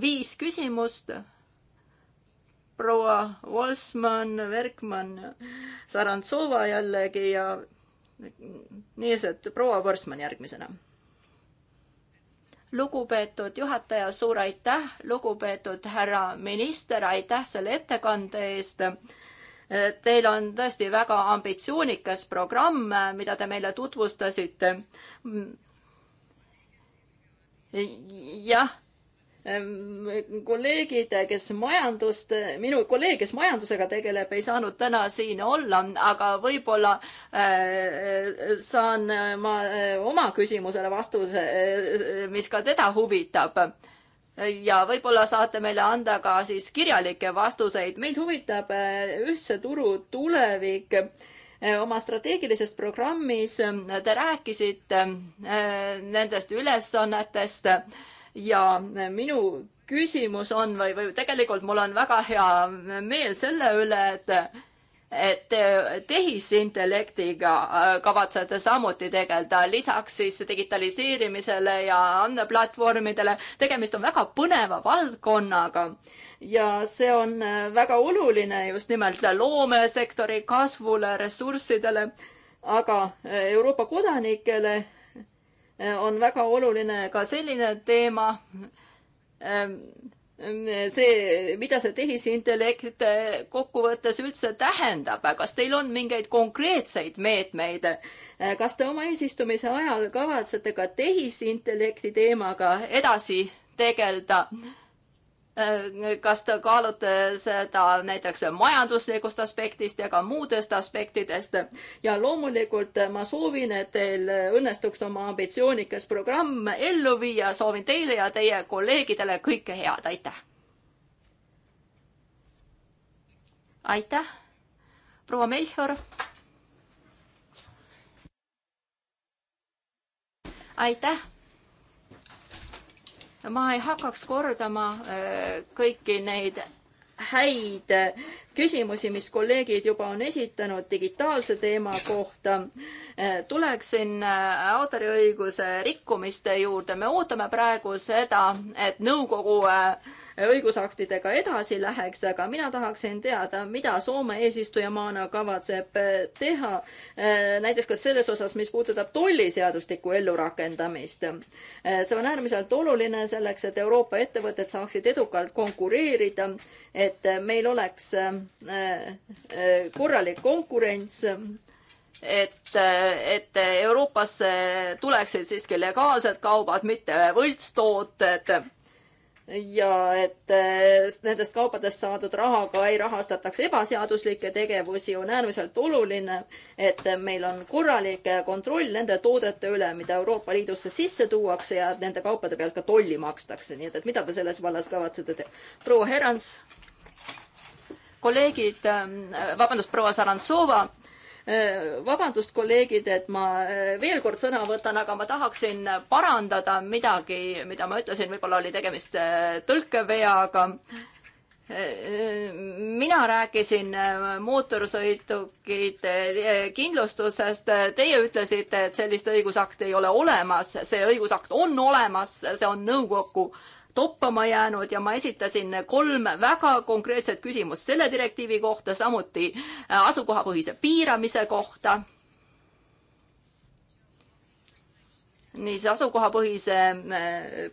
viis küsimust proua Wolfsmann, Werkmann, Sarantsova jällegi ja nii, et proua Wolfsmann järgmisena lugupeetud juhataja, suur aitäh, lugupeetud härra minister, aitäh selle ettekande eest. Teil on tõesti väga ambitsioonikas programm, mida te meile tutvustasite. jah kolleegid, kes majandust, minu kolleeg, kes majandusega tegeleb, ei saanud täna siin olla, aga võib-olla äh, saan ma äh, oma küsimusele vastuse, äh, mis ka teda huvitab. ja võib-olla saate meile anda ka siis kirjalikke vastuseid. meid huvitab ühtse turu tulevik oma strateegilises programmis te rääkisite nendest ülesannetest ja minu küsimus on või, või tegelikult mul on väga hea meel selle üle, et et tehisintellektiga äh, kavatsete samuti tegeleda, lisaks siis digitaliseerimisele ja andmeplatvormidele. tegemist on väga põneva valdkonnaga ja see on äh, väga oluline just nimelt loomesektori kasvule, ressurssidele, aga äh, Euroopa kodanikele on väga oluline ka selline teema, ähm, see, mida see tehisintellekt kokkuvõttes üldse tähendab, kas teil on mingeid konkreetseid meetmeid? kas te oma eesistumise ajal kavatsete ka tehisintellekti teemaga edasi tegeleda? Äh, kas te kaalute seda näiteks majanduslikust aspektist ja ka muudest aspektidest. ja loomulikult ma soovin, et teil õnnestuks oma ambitsioonikas programm ellu viia, soovin teile ja teie kolleegidele kõike head, aitäh. aitäh, proua Melchior. aitäh ma ei hakkaks kordama äh, kõiki neid häid äh, küsimusi, mis kolleegid juba on esitanud digitaalse teema kohta. Äh, tuleksin autoriõiguse rikkumiste juurde. me ootame praegu seda, et nõukogu õigusaktidega edasi läheks, aga mina tahaksin teada, mida Soome eesistujamaana kavatseb eh, teha, eh, näiteks kas selles osas, mis puudutab tolliseadustiku ellurakendamist. Eh, see on äärmiselt oluline selleks, et Euroopa ettevõtted saaksid edukalt konkureerida, et meil oleks korralik konkurents et, et Euroopasse tuleksid siiski legaalsed kaubad, mitte võltstooted ja et eh, nendest kaupadest saadud rahaga ei rahastataks ebaseaduslikke tegevusi, on äärmiselt oluline, et meil on korralik kontroll nende toodete üle, mida Euroopa Liidusse sisse tuuakse ja nende kaupade pealt ka tolli makstakse, nii et, et mida te selles vallas kavatsete teha? proua Herans? kolleegid, ähm, vabandust, proua Sarantsova Äh, vabandust, kolleegid, et ma äh, veel kord sõna võtan, aga ma tahaksin parandada midagi, mida ma ütlesin, võib-olla oli tegemist äh, tõlkeveaga. mina rääkisin mootorsõidukite kindlustusest, teie ütlesite, et sellist õigusakti ei ole olemas, see õigusakt on olemas, see on nõukogu äh, toppama jäänud ja ma esitasin kolm väga konkreetset küsimust selle direktiivi kohta, samuti äh, asukohapõhise piiramise kohta. niisiis asukohapõhise äh,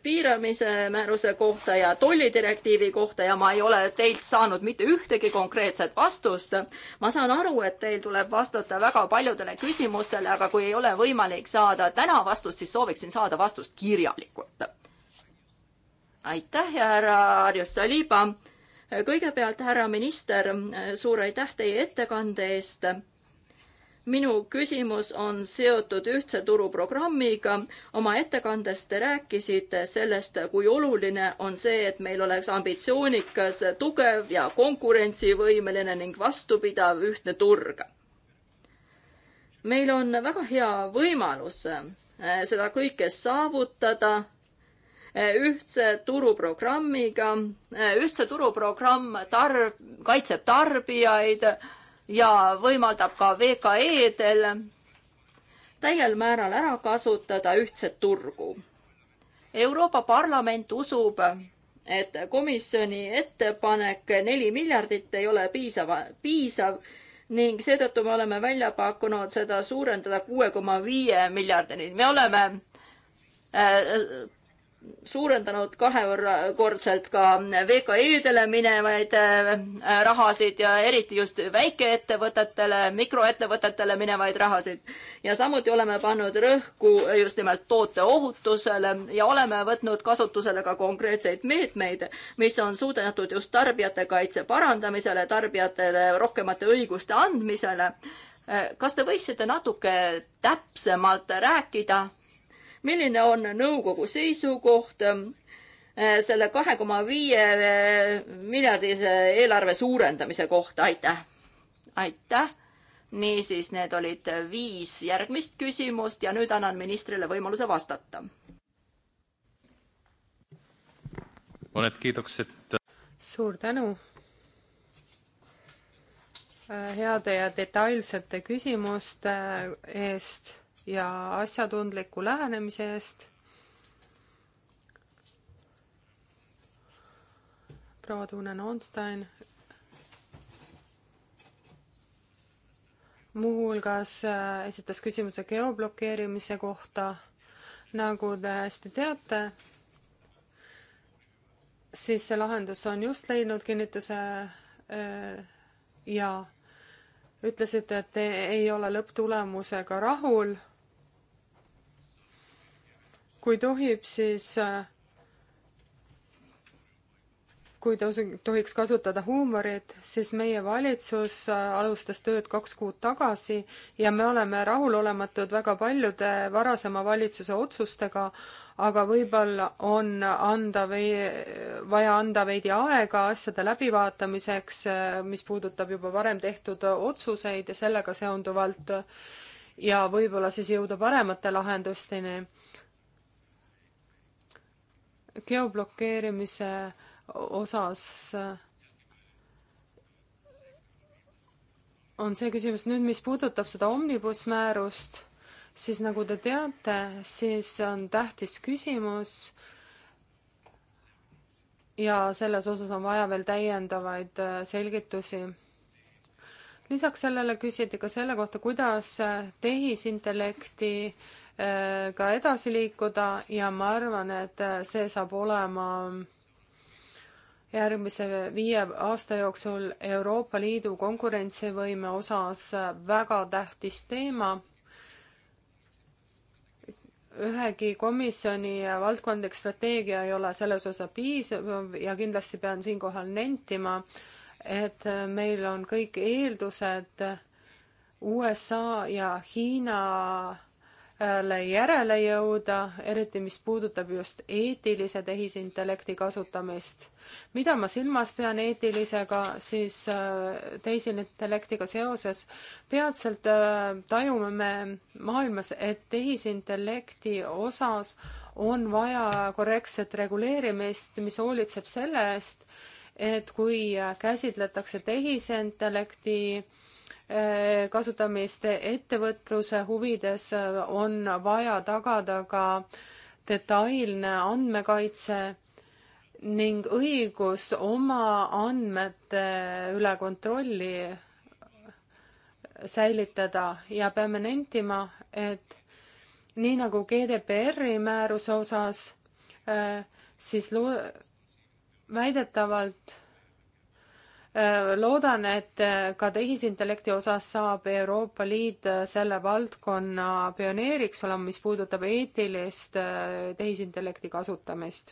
piiramise määruse kohta ja tollidirektiivi kohta ja ma ei ole teilt saanud mitte ühtegi konkreetset vastust. ma saan aru, et teil tuleb vastata väga paljudele küsimustele, aga kui ei ole võimalik saada täna vastust, siis sooviksin saada vastust kirjalikult aitäh ja härra Arjus Saliba. kõigepealt, härra minister, suur aitäh teie ettekande eest minu küsimus on seotud ühtse turu programmiga. oma ettekandes te rääkisite sellest, kui oluline on see, et meil oleks ambitsioonikas, tugev ja konkurentsivõimeline ning vastupidav ühtne turg. meil on väga hea võimalus eh, seda kõike saavutada Eh, ühtse turuprogrammiga. Eh, ühtse turuprogramm tarb, kaitseb tarbijaid ja võimaldab ka VKE-del täiel määral ära kasutada ühtset turgu. Euroopa Parlament usub, et komisjoni ettepanek neli miljardit ei ole piisava, piisav ning seetõttu me oleme välja pakkunud seda suurendada kuue koma viie miljardini. me oleme eh, suurendanud kahekordselt ka VKE-dele minevaid äh, rahasid ja eriti just väikeettevõtetele, mikroettevõtetele minevaid rahasid. ja samuti oleme pannud rõhku just nimelt tooteohutusele ja oleme võtnud kasutusele ka konkreetseid meetmeid, mis on suunatud just tarbijate kaitse parandamisele, tarbijatele rohkemate õiguste andmisele. Äh, kas te võiksite natuke täpsemalt rääkida? milline on nõukogu seisukoht äh, selle kahe koma viie äh, miljardise eelarve suurendamise kohta, aitäh. aitäh. niisiis, need olid viis järgmist küsimust ja nüüd annan ministrile võimaluse vastata. mõned kiidukset. suur tänu äh, heade ja detailsete küsimuste eest ja asjatundliku lähenemise eest. proua Tuunen-Onstein. muuhulgas äh, esitas küsimuse geoblokeerimise kohta. nagu te hästi teate, siis see lahendus on just leidnud kinnituse äh, ja ütlesite, et ei ole lõpptulemusega rahul kui tohib, siis äh, kui tohiks kasutada huumorit, siis meie valitsus äh, alustas tööd kaks kuud tagasi ja me oleme rahulolematud väga paljude varasema valitsuse otsustega, aga võib-olla on anda või vaja anda veidi aega asjade läbivaatamiseks, äh, mis puudutab juba varem tehtud otsuseid ja sellega seonduvalt ja võib-olla siis jõuda paremate lahendusteni geoblokeerimise osas on see küsimus nüüd, mis puudutab seda omnibus määrust, siis nagu te teate, siis on tähtis küsimus ja selles osas on vaja veel täiendavaid äh, selgitusi. lisaks sellele küsiti ka selle kohta, kuidas äh, tehisintellekti Äh, ka edasi liikuda ja ma arvan, et äh, see saab olema järgmise viie aasta jooksul Euroopa Liidu konkurentsivõime osas väga tähtis teema. ühegi komisjoni valdkondlik strateegia ei ole selles osas piisav ja kindlasti pean siinkohal nentima, et meil on kõik eeldused USA ja Hiina Äh, järele jõuda, eriti mis puudutab just eetilise tehisintellekti kasutamist. mida ma silmas pean eetilisega, siis äh, tehisintellektiga seoses peatselt äh, tajume me maailmas, et tehisintellekti osas on vaja korrektset reguleerimist, mis hoolitseb selle eest, et kui käsitletakse tehisintellekti Äh, kasutamist ettevõtluse huvides, äh, on vaja tagada ka detailne andmekaitse ning õigus oma andmete üle kontrolli äh, säilitada ja peame nentima, et nii nagu GDPR-i määruse osas, siis väidetavalt Äh, loodan, et äh, ka tehisintellekti osas saab Euroopa Liit äh, selle valdkonna pioneeriks olema, mis puudutab eetilist tehisintellekti kasutamist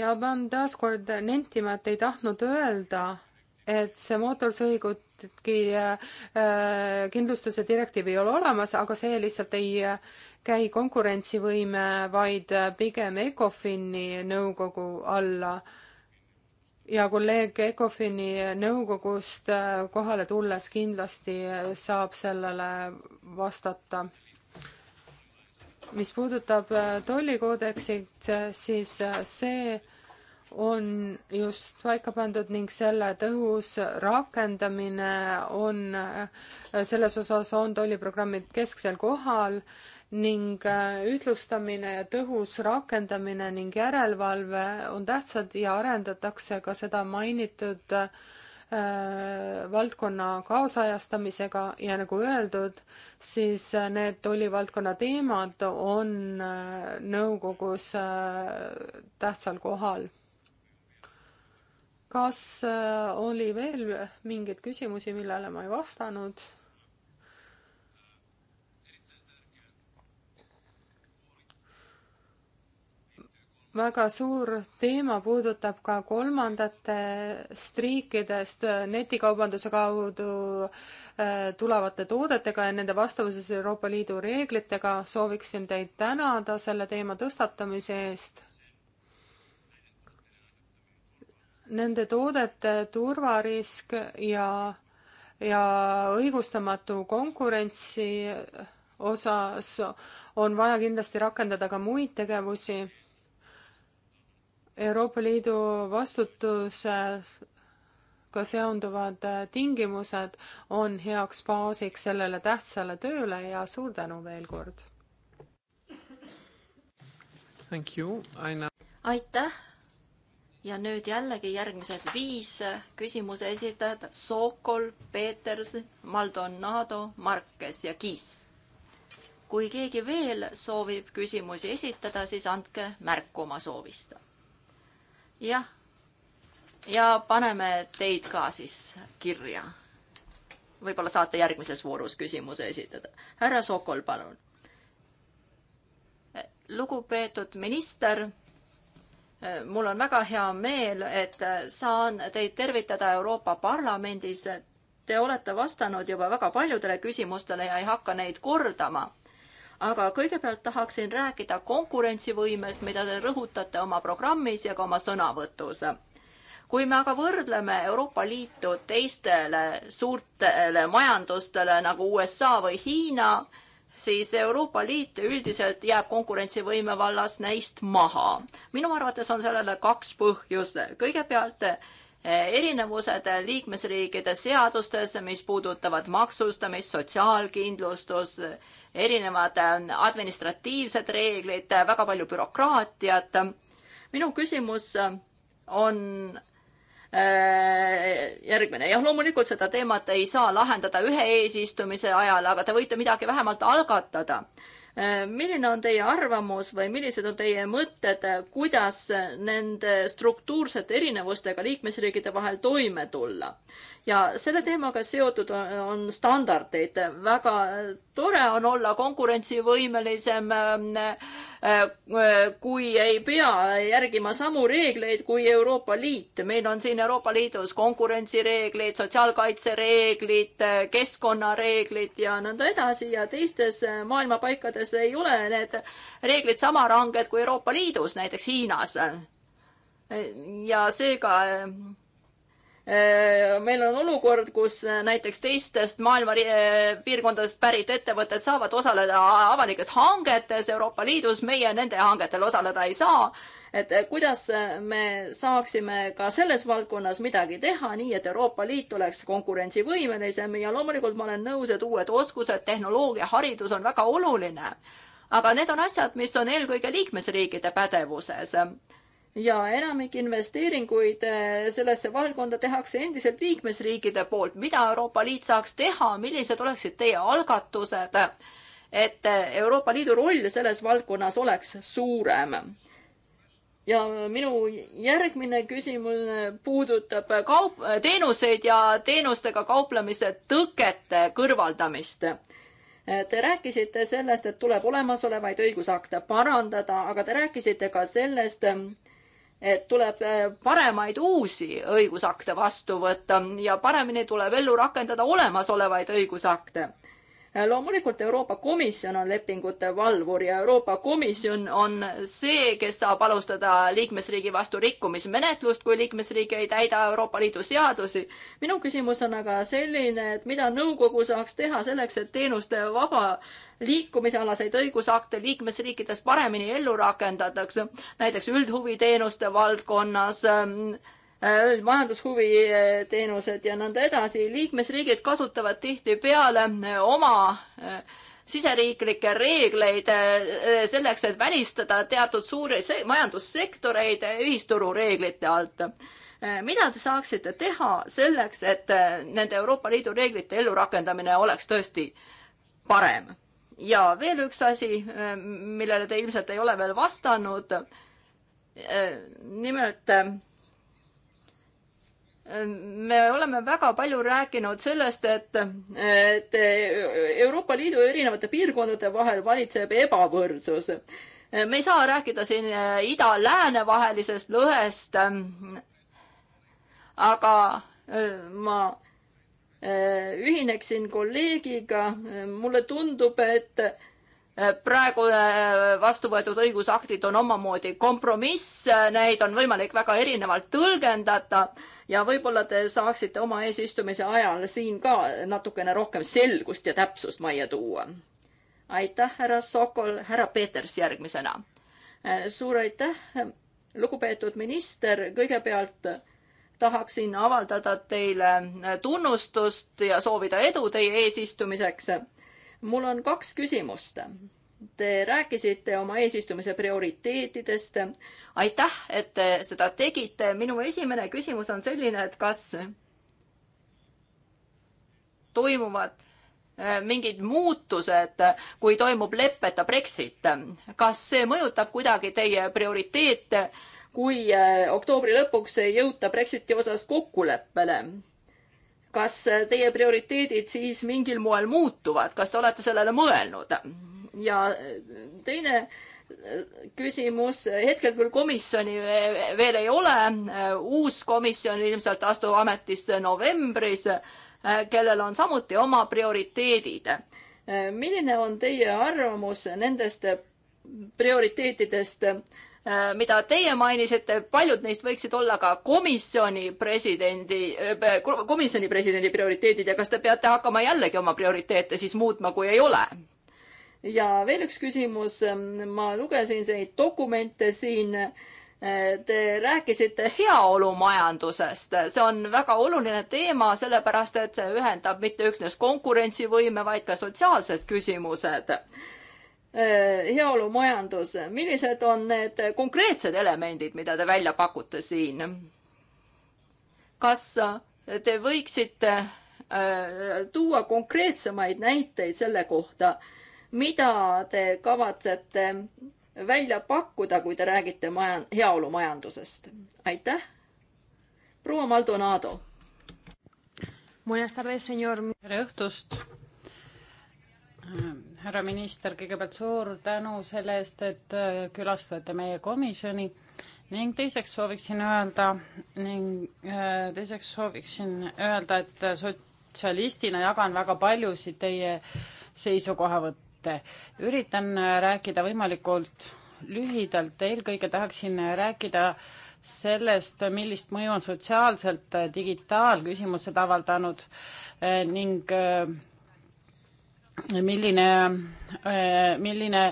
ja pean taaskord nentima, et ei tahtnud öelda, et see mootorsõidukitki äh, kindlustuse direktiiv ei ole olemas, aga see lihtsalt ei äh, käi konkurentsivõime, vaid pigem ECOFIN-i nõukogu alla. ja kolleeg ECOFIN-i nõukogust äh, kohale tulles kindlasti äh, saab sellele vastata. mis puudutab äh, tollikoodeksit, siis see on just paika pandud ning selle tõhus rakendamine on, selles osas on tolliprogrammid kesksel kohal ning äh, ühtlustamine ja tõhus rakendamine ning järelevalve on tähtsad ja arendatakse ka seda mainitud äh, valdkonna kaasajastamisega ja nagu öeldud, siis äh, need tollivaldkonna teemad on äh, nõukogus äh, tähtsal kohal. kas äh, oli veel mingeid küsimusi, millele ma ei vastanud? väga suur teema puudutab ka kolmandatest riikidest netikaubanduse kaudu äh, tulevate toodetega ja nende vastavuses Euroopa Liidu reeglitega. sooviksin teid tänada selle teema tõstatamise eest. Nende toodete turvarisk ja, ja õigustamatu konkurentsi osas on vaja kindlasti rakendada ka muid tegevusi Euroopa Liidu vastutusega seonduvad tingimused on heaks baasiks sellele tähtsale tööle ja suur tänu veel kord. aitäh ja nüüd jällegi järgmised viis küsimuse esitajat, Sokol, Peeters, Maldonado, Markes ja Kiis. kui keegi veel soovib küsimusi esitada, siis andke märku oma soovist jah. ja paneme teid ka siis kirja. võib-olla saate järgmises voorus küsimuse esitada. härra Sokol, palun. lugupeetud minister mul on väga hea meel, et saan teid tervitada Euroopa Parlamendis. Te olete vastanud juba väga paljudele küsimustele ja ei hakka neid kordama aga kõigepealt tahaksin rääkida konkurentsivõimest, mida te rõhutate oma programmis ja ka oma sõnavõtus. kui me aga võrdleme Euroopa Liitu teistele suurtele majandustele nagu USA või Hiina, siis Euroopa Liit üldiselt jääb konkurentsivõime vallas neist maha. minu arvates on sellele kaks põhjust. kõigepealt erinevused liikmesriikide seadustes, mis puudutavad maksustamist, sotsiaalkindlustust erinevad äh, administratiivsed reeglid, äh, väga palju bürokraatiat. minu küsimus äh, on järgmine, jah, loomulikult seda teemat ei saa lahendada ühe eesistumise ajal, aga te võite midagi vähemalt algatada. milline on teie arvamus või millised on teie mõtted, kuidas nende struktuursete erinevustega liikmesriikide vahel toime tulla? ja selle teemaga seotud on standardeid. väga tore on olla konkurentsivõimelisem, äh, äh, kui ei pea järgima samu reegleid kui Euroopa Liit. meil on siin Euroopa Liidus konkurentsireeglid, sotsiaalkaitsereeglid, keskkonnareeglid ja nõnda edasi ja teistes maailma paikades ei ole need reeglid sama ranged kui Euroopa Liidus, näiteks Hiinas. ja seega Äh, meil on olukord, kus äh, näiteks teistest maailma äh, piirkondadest pärit ettevõtted saavad osaleda avalikes hangetes Euroopa Liidus, meie nende hangetel osaleda ei saa. et kuidas me saaksime ka selles valdkonnas midagi teha, nii et Euroopa Liit oleks konkurentsivõimelisem ja loomulikult ma olen nõus, et uued oskused, tehnoloogia, haridus on väga oluline. aga need on asjad, mis on eelkõige liikmesriikide pädevuses ja enamik investeeringuid eh, sellesse valdkonda tehakse endiselt liikmesriikide poolt. mida Euroopa Liit saaks teha, millised oleksid teie algatused, et eh, Euroopa Liidu roll selles valdkonnas oleks suurem? ja minu järgmine küsimus puudutab kaup, teenuseid ja teenustega kauplemise tõkete kõrvaldamist Te rääkisite sellest, et tuleb olemasolevaid õigusakte parandada, aga te rääkisite ka sellest, et tuleb äh, paremaid uusi õigusakte vastu võtta ja paremini tuleb ellu rakendada olemasolevaid õigusakte. Äh, loomulikult Euroopa Komisjon on lepingute valvur ja Euroopa Komisjon on see, kes saab alustada liikmesriigi vastu rikkumismenetlust, kui liikmesriik ei täida Euroopa Liidu seadusi. minu küsimus on aga selline, et mida nõukogu saaks teha selleks, et teenuste vaba liikumisalaseid õigusakte liikmesriikides paremini ellu rakendatakse, näiteks üldhuviteenuste valdkonnas, äh, majandushuvi teenused ja nõnda edasi. liikmesriigid kasutavad tihtipeale äh, oma äh, siseriiklikke reegleid selleks, et välistada teatud suuri majandussektoreid ühisturu reeglite alt mida te saaksite teha selleks, et nende Euroopa Liidu reeglite ellurakendamine oleks tõesti parem? ja veel üks asi, äh, millele te ilmselt ei ole veel vastanud. Äh, nimelt äh, me oleme väga palju rääkinud sellest, et, et Euroopa Liidu erinevate piirkondade vahel valitseb ebavõrdsus. me ei saa rääkida siin ida-lääne vahelisest lõhest. aga ma Äh, ühineksin kolleegiga, äh, mulle tundub, et äh, praegu vastu võetud õigusaktid on omamoodi kompromiss, neid on võimalik väga erinevalt tõlgendada ja võib-olla te saaksite oma eesistumise ajal siin ka natukene rohkem selgust ja täpsust majja tuua. aitäh, härra Sokol, härra Peeters järgmisena. suur aitäh, lugupeetud minister, kõigepealt tahaksin avaldada teile tunnustust ja soovida edu teie eesistumiseks. mul on kaks küsimust. Te rääkisite oma eesistumise prioriteetidest. aitäh, et te seda tegite. minu esimene küsimus on selline, et kas toimuvad äh, mingid muutused, kui toimub leppeta Brexit. kas see mõjutab kuidagi teie prioriteete kui äh, oktoobri lõpuks ei jõuta Brexiti osas kokkuleppele. kas äh, teie prioriteedid siis mingil moel muutuvad, kas te olete sellele mõelnud? ja äh, teine küsimus, hetkel küll komisjoni veel ei ole, uus komisjon ilmselt astub ametisse novembris, kellel on samuti oma prioriteedid. milline on teie arvamus nendest prioriteetidest, Äh, mida teie mainisite, paljud neist võiksid olla ka komisjoni presidendi, äh, komisjoni presidendi prioriteedid ja kas te peate hakkama jällegi oma prioriteete siis muutma, kui ei ole? ja veel üks küsimus, ma lugesin neid dokumente siin. Te rääkisite heaolumajandusest, see on väga oluline teema, sellepärast et see ühendab mitte üksnes konkurentsivõime, vaid ka sotsiaalsed küsimused Äh, heaolumajandus, millised on need konkreetsed elemendid, mida te välja pakute siin? kas te võiksite äh, tuua konkreetsemaid näiteid selle kohta, mida te kavatsete välja pakkuda, kui te räägite maja, heaolumajandusest? aitäh. proua Maldonado. tere õhtust härra minister, kõigepealt suur tänu selle eest, et äh, külastate meie komisjoni ning teiseks sooviksin öelda ning äh, teiseks sooviksin öelda, et sotsialistina jagan väga paljusid teie seisukohavõtte. üritan äh, rääkida võimalikult lühidalt, eelkõige tahaksin rääkida sellest, millist mõju on sotsiaalselt digitaalküsimused avaldanud ning milline, äh, milline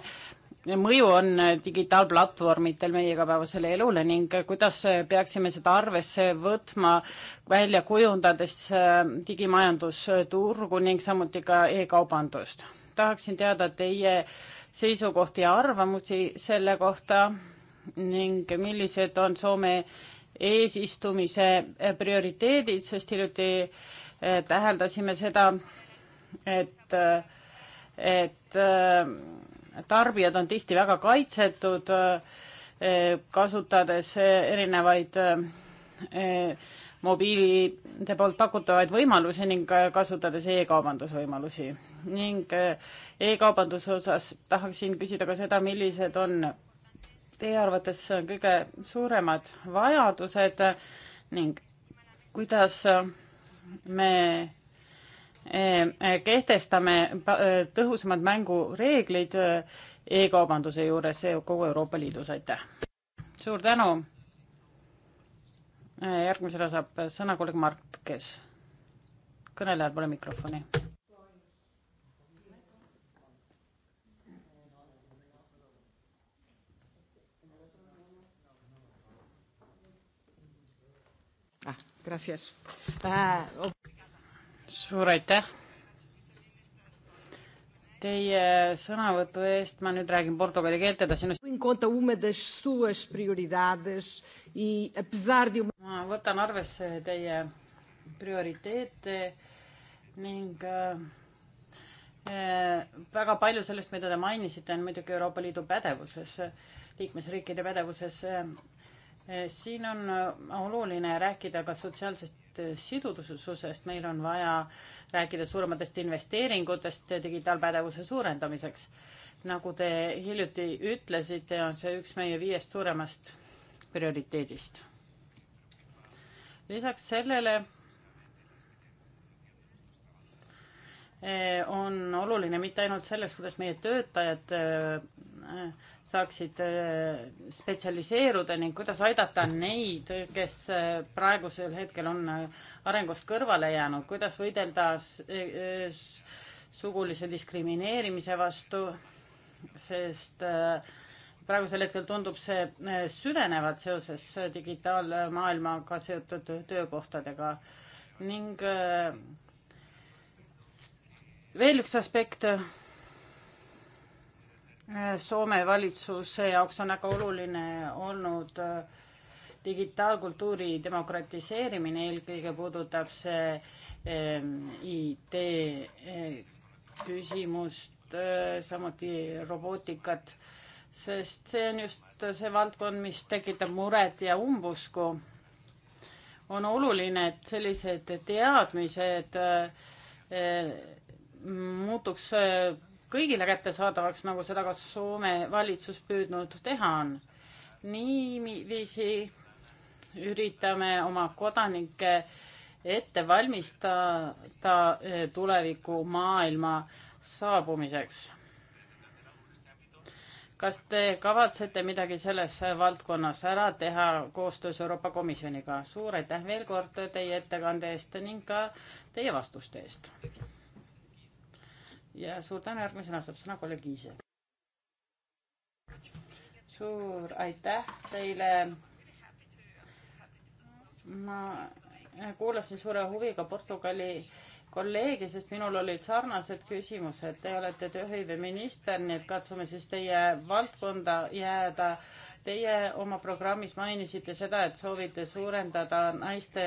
mõju on digitaalplatvormidel meie igapäevasele elule ning kuidas peaksime seda arvesse võtma välja kujundades äh, digimajandusturgu ning samuti ka e-kaubandust. tahaksin teada teie seisukohti ja arvamusi selle kohta ning millised on Soome eesistumise prioriteedid, sest hiljuti äh, täheldasime seda, et, et äh, tarbijad on tihti väga kaitsetud, äh, kasutades erinevaid äh, mobiilide poolt pakutavaid võimalusi ning kasutades e-kaubandusvõimalusi. ning e-kaubanduse osas tahaksin küsida ka seda, millised on teie arvates kõige suuremad vajadused ning kuidas me kehtestame äh, tõhusamad mängureeglid äh, e-kaubanduse juures kogu Euroopa Liidus, aitäh! suur tänu! Äh, järgmisena saab sõna kolleeg Mart, kes kõnelejal pole mikrofoni. Ah, gracias. Ah, suur aitäh teie sõnavõtu eest, ma nüüd räägin portugali keelt edasi. E, ma võtan arvesse teie prioriteete ning äh, äh, väga palju sellest, mida te mainisite, on muidugi Euroopa Liidu pädevuses, liikmesriikide pädevuses. Äh, siin on oluline rääkida ka sotsiaalsest sidudususest, meil on vaja rääkida suurematest investeeringutest digitaalpädevuse suurendamiseks. nagu te hiljuti ütlesite, on see üks meie viiest suuremast prioriteedist. lisaks sellele eh, on oluline mitte ainult selleks, kuidas meie töötajad eh, saaksid äh, spetsialiseeruda ning kuidas aidata neid, kes äh, praegusel hetkel on äh, arengust kõrvale jäänud, kuidas võidelda sugulise diskrimineerimise vastu, sest praegusel hetkel tundub see süvenevat seoses digitaalmaailmaga seotud töökohtadega ning veel üks aspekt Soome valitsuse jaoks on väga oluline olnud äh, digitaalkultuuri demokratiseerimine, eelkõige puudutab see ähm, IT äh, küsimust, äh, samuti robootikat, sest see on just see valdkond, mis tekitab muret ja umbusku. on oluline, et sellised teadmised muutuks kõigile kättesaadavaks, nagu seda ka Soome valitsus püüdnud teha on. niiviisi üritame oma kodanikke ette valmistada eh, tuleviku maailma saabumiseks. kas te kavatsete midagi selles valdkonnas ära teha koostöös Euroopa Komisjoniga? suur aitäh veel kord teie ettekande eest ning ka teie vastuste eest! ja suur tänu, järgmisena saab sõna kolleeg Iise. suur aitäh teile. ma kuulasin suure huviga Portugali kolleegi, sest minul olid sarnased küsimused. Te olete tööhõiveminister, nii et katsume siis teie valdkonda jääda. Teie oma programmis mainisite seda, et soovite suurendada naiste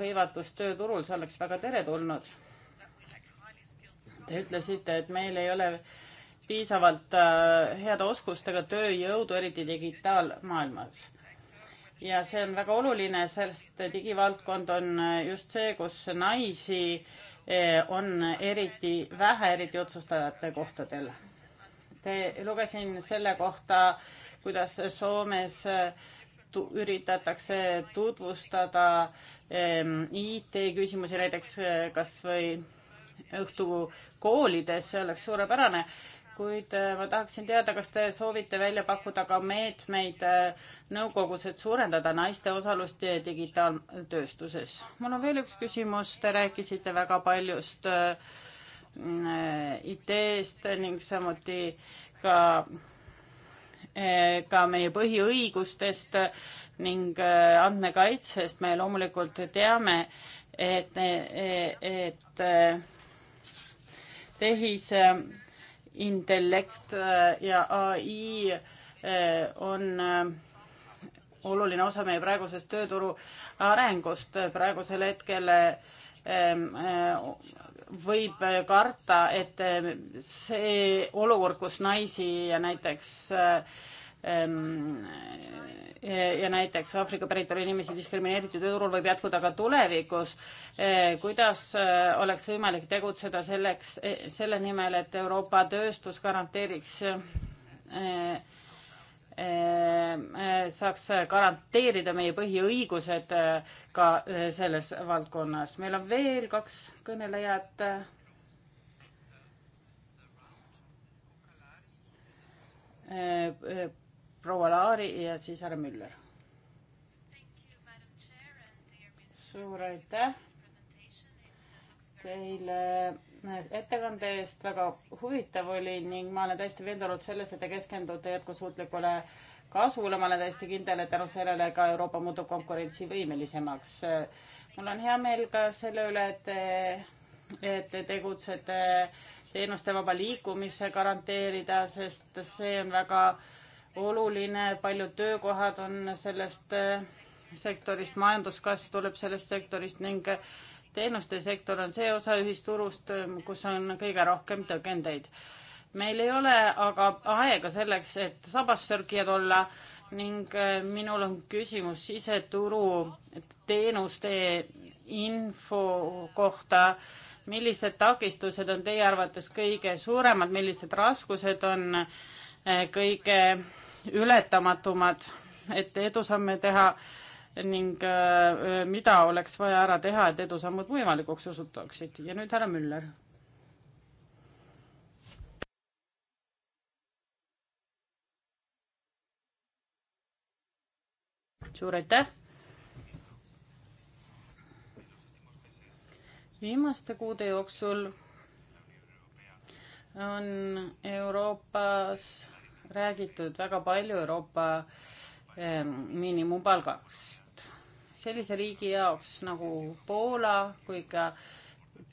hõivatust tööturul, see oleks väga teretulnud Te ütlesite, et meil ei ole piisavalt äh, heade oskustega tööjõudu, eriti digitaalmaailmas. ja see on väga oluline, sest digivaldkond on äh, just see, kus naisi äh, on eriti vähe, eriti otsustajate kohtadel. Te, lugesin selle kohta, kuidas Soomes tu, üritatakse tutvustada ähm, IT-küsimusi näiteks kas või õhtu koolides, see oleks suurepärane, kuid äh, ma tahaksin teada, kas te soovite välja pakkuda ka meetmeid äh, nõukogus, et suurendada naiste osalust äh, digitaaltööstuses. mul on veel üks küsimus, te rääkisite väga paljust mm, ideest ning samuti ka ka meie põhiõigustest ning andmekaitsest me loomulikult teame, et, et, et tehisintellekt äh, ja ai äh, on äh, oluline osa meie praegusest tööturu arengust. praegusel hetkel ähm, võib karta, et see olukord, kus naisi ja näiteks Ehm, ja näiteks Aafrika päritolu inimesi diskrimineeritud turul võib jätkuda ka tulevikus. Ehm, kuidas äh, oleks võimalik tegutseda selleks, eh, selle nimel, et Euroopa tööstus garanteeriks, äh, ehm, äh, saaks garanteerida meie põhiõigused ka selles valdkonnas. meil on veel kaks kõnelejat proua Laari ja siis härra Müller. suur aitäh teile ettekande eest, väga huvitav oli ning ma olen täiesti veendunud selles, et te keskendute jätkusuutlikule kasvule, ma olen täiesti kindel, et tänu sellele ka Euroopa muutub konkurentsivõimelisemaks. mul on hea meel ka selle üle, et te, et te tegutsete teenuste vaba liikumise garanteerida, sest see on väga äh, oluline, paljud töökohad on sellest eh, sektorist, majanduskasv tuleb sellest sektorist ning eh, teenuste sektor on see osa ühisturust, eh, kus on kõige rohkem tõkendeid. meil ei ole aga aega selleks, et sabassörkijad olla ning minul on küsimus siseturu teenuste info kohta. millised takistused on teie arvates kõige suuremad, millised raskused on kõige ületamatumad, et edusamme teha ning äh, mida oleks vaja ära teha, et edusammud võimalikuks osutuksid ja nüüd härra Müller. suur aitäh. viimaste kuude jooksul on Euroopas räägitud väga palju Euroopa ehm, miinimumpalgast. sellise riigi jaoks nagu Poola kui ka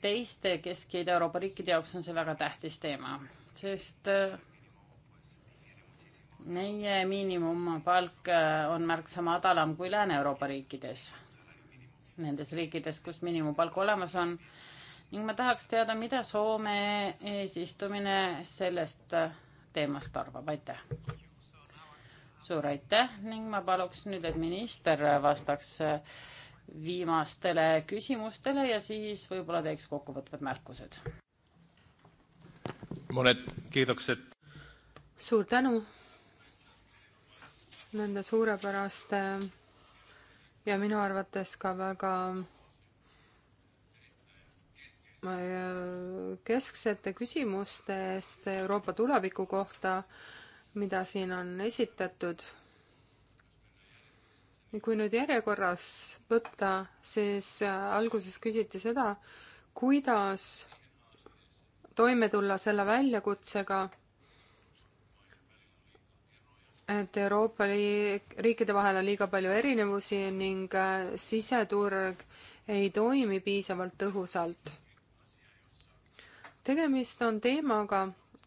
teiste Kesk- ja Ida-Euroopa riikide jaoks on see väga tähtis teema, sest ehm, meie miinimumpalk ehm, on märksa madalam kui Lääne-Euroopa riikides, nendes riikides, kus miinimumpalk olemas on. ning ma tahaks teada, mida Soome eesistumine sellest teemast arvab, aitäh. suur aitäh ning ma paluks nüüd, et minister vastaks viimastele küsimustele ja siis võib-olla teeks kokkuvõtvad märkused. mõned kiidukesed. suur tänu nende suurepäraste ja minu arvates ka väga Äh, kesksete küsimuste eest Euroopa tuleviku kohta, mida siin on esitatud. kui nüüd järjekorras võtta, siis äh, alguses küsiti seda, kuidas toime tulla selle väljakutsega, et Euroopa riikide vahel on liiga palju erinevusi ning äh, siseturg ei toimi piisavalt tõhusalt tegemist on teemaga,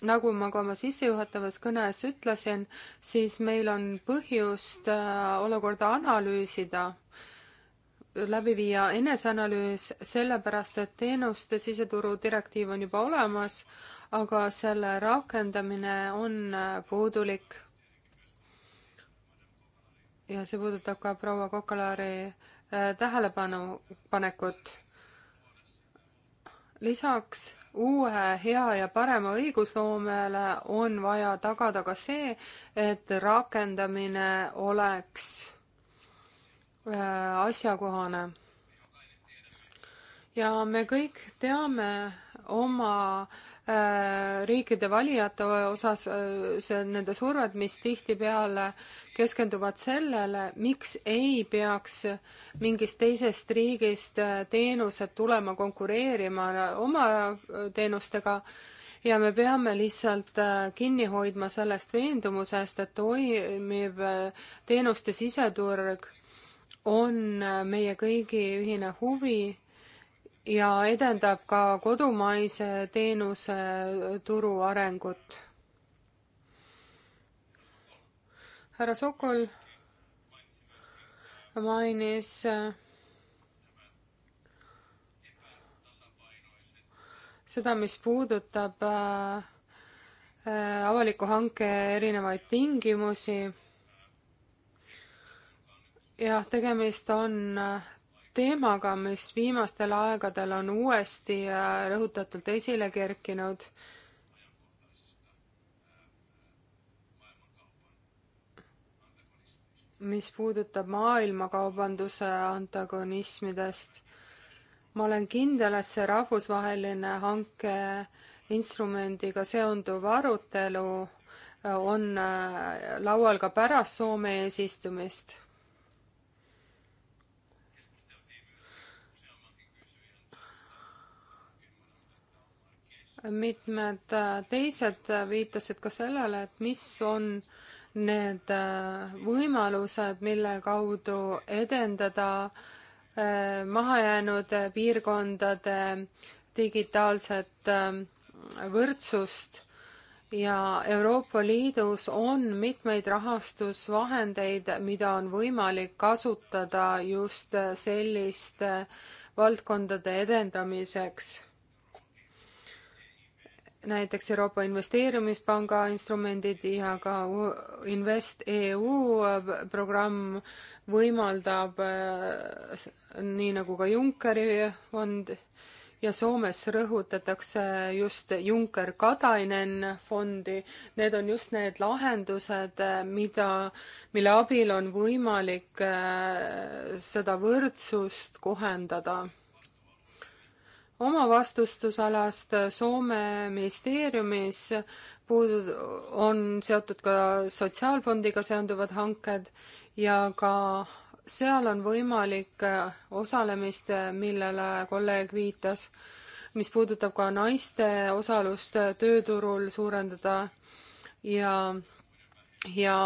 nagu ma ka oma sissejuhatavas kõnes ütlesin, siis meil on põhjust äh, olukorda analüüsida, läbi viia eneseanalüüs, sellepärast et teenuste siseturu direktiiv on juba olemas, aga selle rakendamine on äh, puudulik. ja see puudutab ka proua Kokalaari äh, tähelepanupanekut lisaks uue hea ja parema õigusloomele on vaja tagada ka see, et rakendamine oleks äh, asjakohane. ja me kõik teame oma äh, Äh, riikide valijate osas äh, see, nende surved, mis tihtipeale keskenduvad sellele, miks ei peaks mingist teisest riigist äh, teenused tulema konkureerima oma teenustega ja me peame lihtsalt kinni hoidma sellest veendumusest, et toimiv teenuste siseturg on meie kõigi ühine huvi ja edendab ka kodumaise teenuse turu arengut. härra Sokol mainis seda, mis puudutab äh, avaliku hanke erinevaid tingimusi. jah, tegemist on äh, teemaga, mis viimastel aegadel on uuesti äh, rõhutatult esile kerkinud mis puudutab maailmakaubanduse antagonismidest. ma olen kindel, et see rahvusvaheline hanke instrumendiga seonduv arutelu äh, on äh, laual ka pärast Soome eesistumist. mitmed äh, teised äh, viitasid ka sellele, et mis on need äh, võimalused, mille kaudu edendada mahajäänud piirkondade digitaalset võrdsust ja Euroopa Liidus on mitmeid rahastusvahendeid, mida on võimalik kasutada just selliste valdkondade edendamiseks näiteks Euroopa Investeerimispanga instrumendid ja ka Invest EU programm võimaldab äh, nii nagu ka Junckeri fond ja Soomes rõhutatakse just Juncker Katainen fondi. Need on just need lahendused, äh, mida, mille abil on võimalik äh, seda võrdsust kohendada oma vastustusalast Soome ministeeriumis puudu-, on seotud ka sotsiaalfondiga seonduvad hanked ja ka seal on võimalik äh, osalemist, äh, millele kolleeg viitas, mis puudutab ka naiste osalust äh, tööturul suurendada ja, ja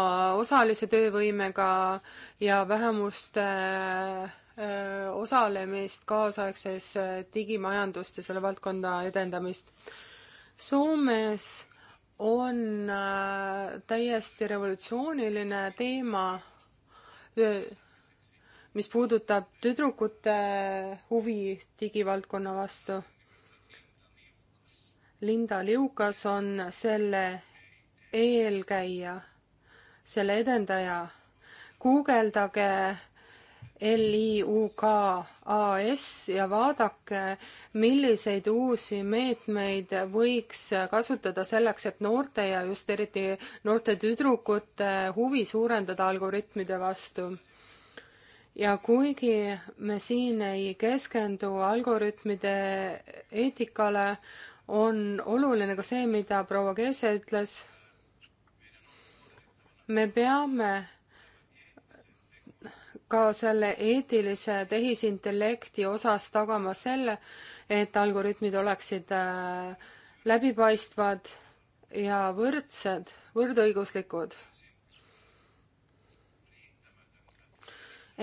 osalise töövõimega ja vähemuste Äh, osalemist kaasaegses äh, digimajandust ja selle valdkonda edendamist. Soomes on äh, täiesti revolutsiooniline teema, mis puudutab tüdrukute huvi digivaldkonna vastu. Linda Liukas on selle eelkäija, selle edendaja. guugeldage äh, LIUKAS ja vaadake, milliseid uusi meetmeid võiks kasutada selleks, et noorte ja just eriti noorte tüdrukute huvi suurendada algoritmide vastu. ja kuigi me siin ei keskendu algoritmide eetikale, on oluline ka see, mida proua Keese ütles, me peame ka selle eetilise tehisintellekti osas tagama selle, et algoritmid oleksid äh, läbipaistvad ja võrdsed, võrdõiguslikud.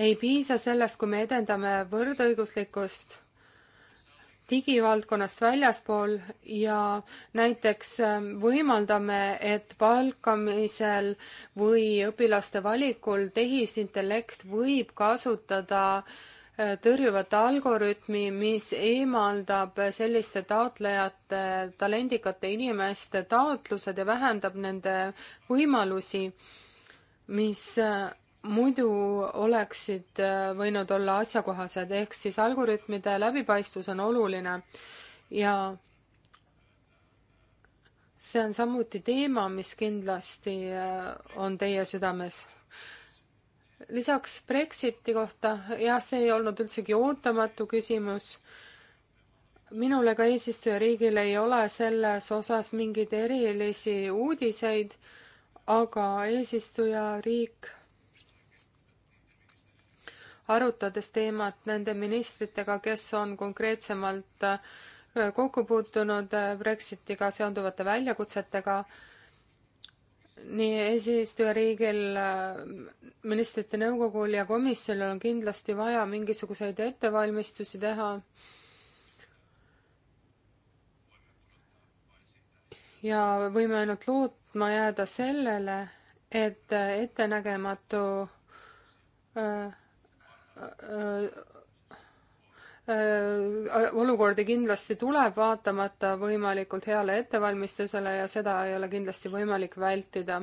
ei piisa sellest, kui me edendame võrdõiguslikkust digivaldkonnast väljaspool ja näiteks ähm, võimaldame, et palkamisel või õpilaste valikul tehisintellekt võib kasutada äh, tõrjuvat algoritmi, mis eemaldab selliste taotlejate, talendikate inimeste taotlused ja vähendab nende võimalusi, mis äh, muidu oleksid äh, võinud olla asjakohased, ehk siis algoritmide läbipaistvus on oluline ja see on samuti teema, mis kindlasti äh, on teie südames. lisaks Brexiti kohta, jah, see ei olnud üldsegi ootamatu küsimus. minul ega eesistujariigil ei ole selles osas mingeid erilisi uudiseid, aga eesistujariik arutades teemat nende ministritega, kes on konkreetsemalt äh, kokku puutunud äh, Brexitiga seonduvate väljakutsetega nii eesistujariigil, äh, ministrite nõukogul ja komisjonil on kindlasti vaja mingisuguseid ettevalmistusi teha. ja võime ainult lootma jääda sellele, et ettenägematu öö, Äh, äh, olukordi kindlasti tuleb, vaatamata võimalikult heale ettevalmistusele ja seda ei ole kindlasti võimalik vältida.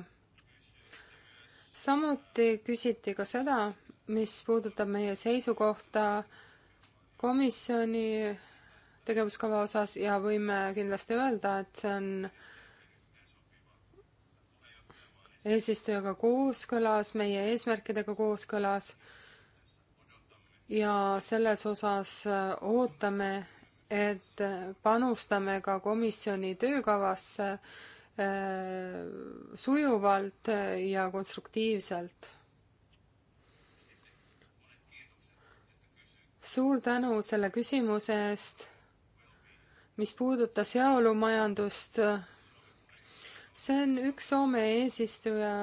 samuti küsiti ka seda, mis puudutab meie seisukohta komisjoni tegevuskava osas ja võime kindlasti öelda, et see on eesistujaga kooskõlas, meie eesmärkidega kooskõlas ja selles osas äh, ootame, et panustame ka komisjoni töökavasse äh, sujuvalt ja konstruktiivselt suur tänu selle küsimuse eest, mis puudutas heaolumajandust. see on üks Soome eesistuja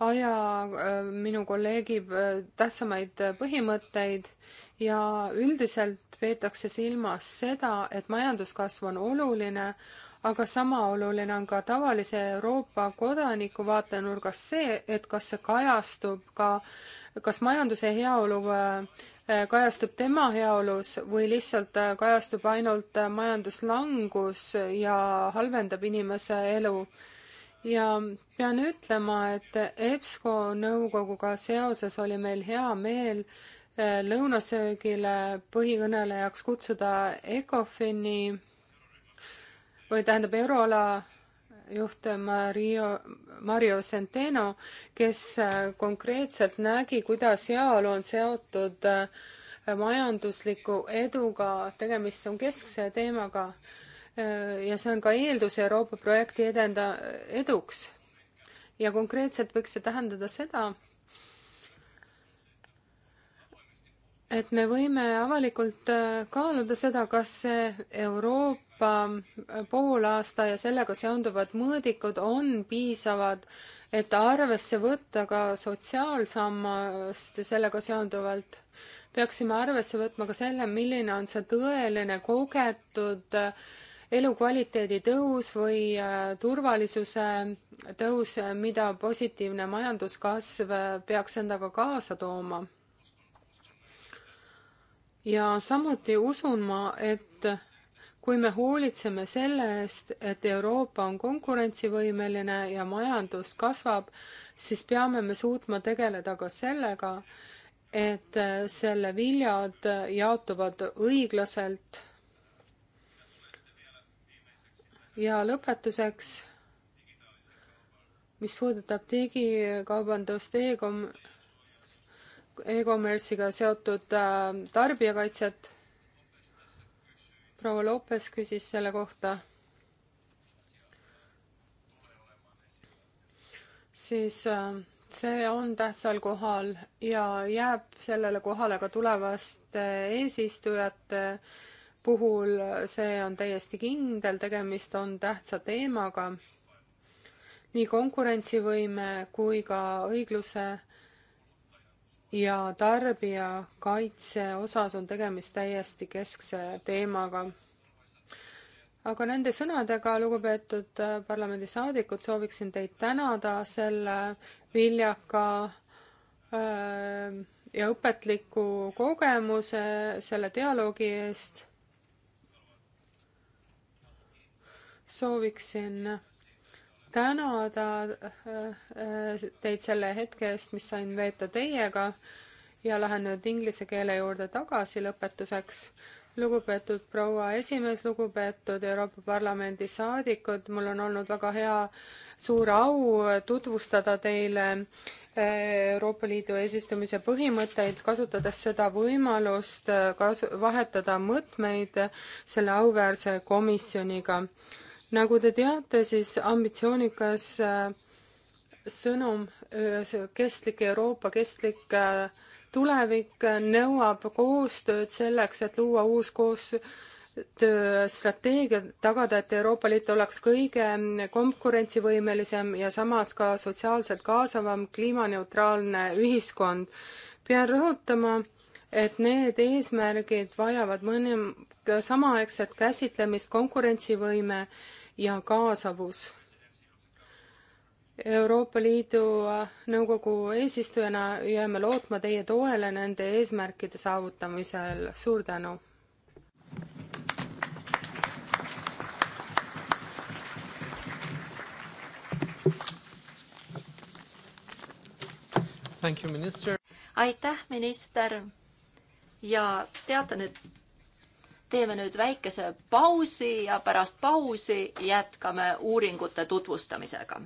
aja äh, minu kolleegi äh, tähtsamaid äh, põhimõtteid ja üldiselt peetakse silmas seda, et majanduskasv on oluline, aga sama oluline on ka tavalise Euroopa kodaniku vaatenurgast see, et kas see kajastub ka, kas majanduse heaolu kajastub tema heaolus või lihtsalt kajastub ainult majanduslangus ja halvendab inimese elu ja pean ütlema, et EBSCO nõukoguga seoses oli meil hea meel eh, lõunasöögile põhikõnelejaks kutsuda ECOFIN-i või tähendab euroala juht Mario, Mario Centeno, kes eh, konkreetselt nägi, kuidas heaolu on seotud eh, majandusliku eduga, tegemist on keskse teemaga Äh, ja see on ka eeldus Euroopa projekti edenda-, eduks. ja konkreetselt võiks see tähendada seda, et me võime avalikult äh, kaaluda seda, kas see Euroopa äh, poolaasta ja sellega seonduvad mõõdikud on piisavad, et arvesse võtta ka sotsiaalsammast ja sellega seonduvalt peaksime arvesse võtma ka selle, milline on see tõeline kogetud äh, elukvaliteedi tõus või äh, turvalisuse tõus, mida positiivne majanduskasv äh, peaks endaga kaasa tooma. ja samuti usun ma, et kui me hoolitseme selle eest, et Euroopa on konkurentsivõimeline ja majandus kasvab, siis peame me suutma tegeleda ka sellega, et äh, selle viljad jaotuvad õiglaselt ja lõpetuseks, mis puudutab digikaubandust e, e-commerce'iga seotud äh, tarbijakaitset, proua Lopes küsis selle kohta siis äh, see on tähtsal kohal ja jääb sellele kohale ka tulevaste eesistujate puhul see on täiesti kindel, tegemist on tähtsa teemaga, nii konkurentsivõime kui ka õigluse ja tarbijakaitse osas on tegemist täiesti keskse teemaga. aga nende sõnadega, lugupeetud parlamendisaadikud, sooviksin teid tänada selle viljaka öö, äh, ja õpetliku kogemuse selle dialoogi eest sooviksin tänada äh, teid selle hetke eest, mis sain veeta teiega ja lähen nüüd inglise keele juurde tagasi lõpetuseks. lugupeetud proua esimees, lugupeetud Euroopa Parlamendi saadikud, mul on olnud väga hea suur au tutvustada teile äh, Euroopa Liidu eesistumise põhimõtteid, kasutades seda võimalust äh, kasu-, vahetada mõtmeid selle auväärse komisjoniga nagu te teate, siis ambitsioonikas äh, sõnum, äh, kestlik Euroopa, kestlik äh, tulevik nõuab koostööd selleks, et luua uus koostööstrateegia, tagada, et Euroopa Liit oleks kõige konkurentsivõimelisem ja samas ka sotsiaalselt kaasavam kliimaneutraalne ühiskond. pean rõhutama, et need eesmärgid vajavad mõni samaaegset käsitlemist konkurentsivõime ja kaasavus. Euroopa Liidu Nõukogu eesistujana jääme lootma teie toele nende eesmärkide saavutamisel, suur tänu! aitäh, minister! ja teatan, et teeme nüüd väikese pausi ja pärast pausi jätkame uuringute tutvustamisega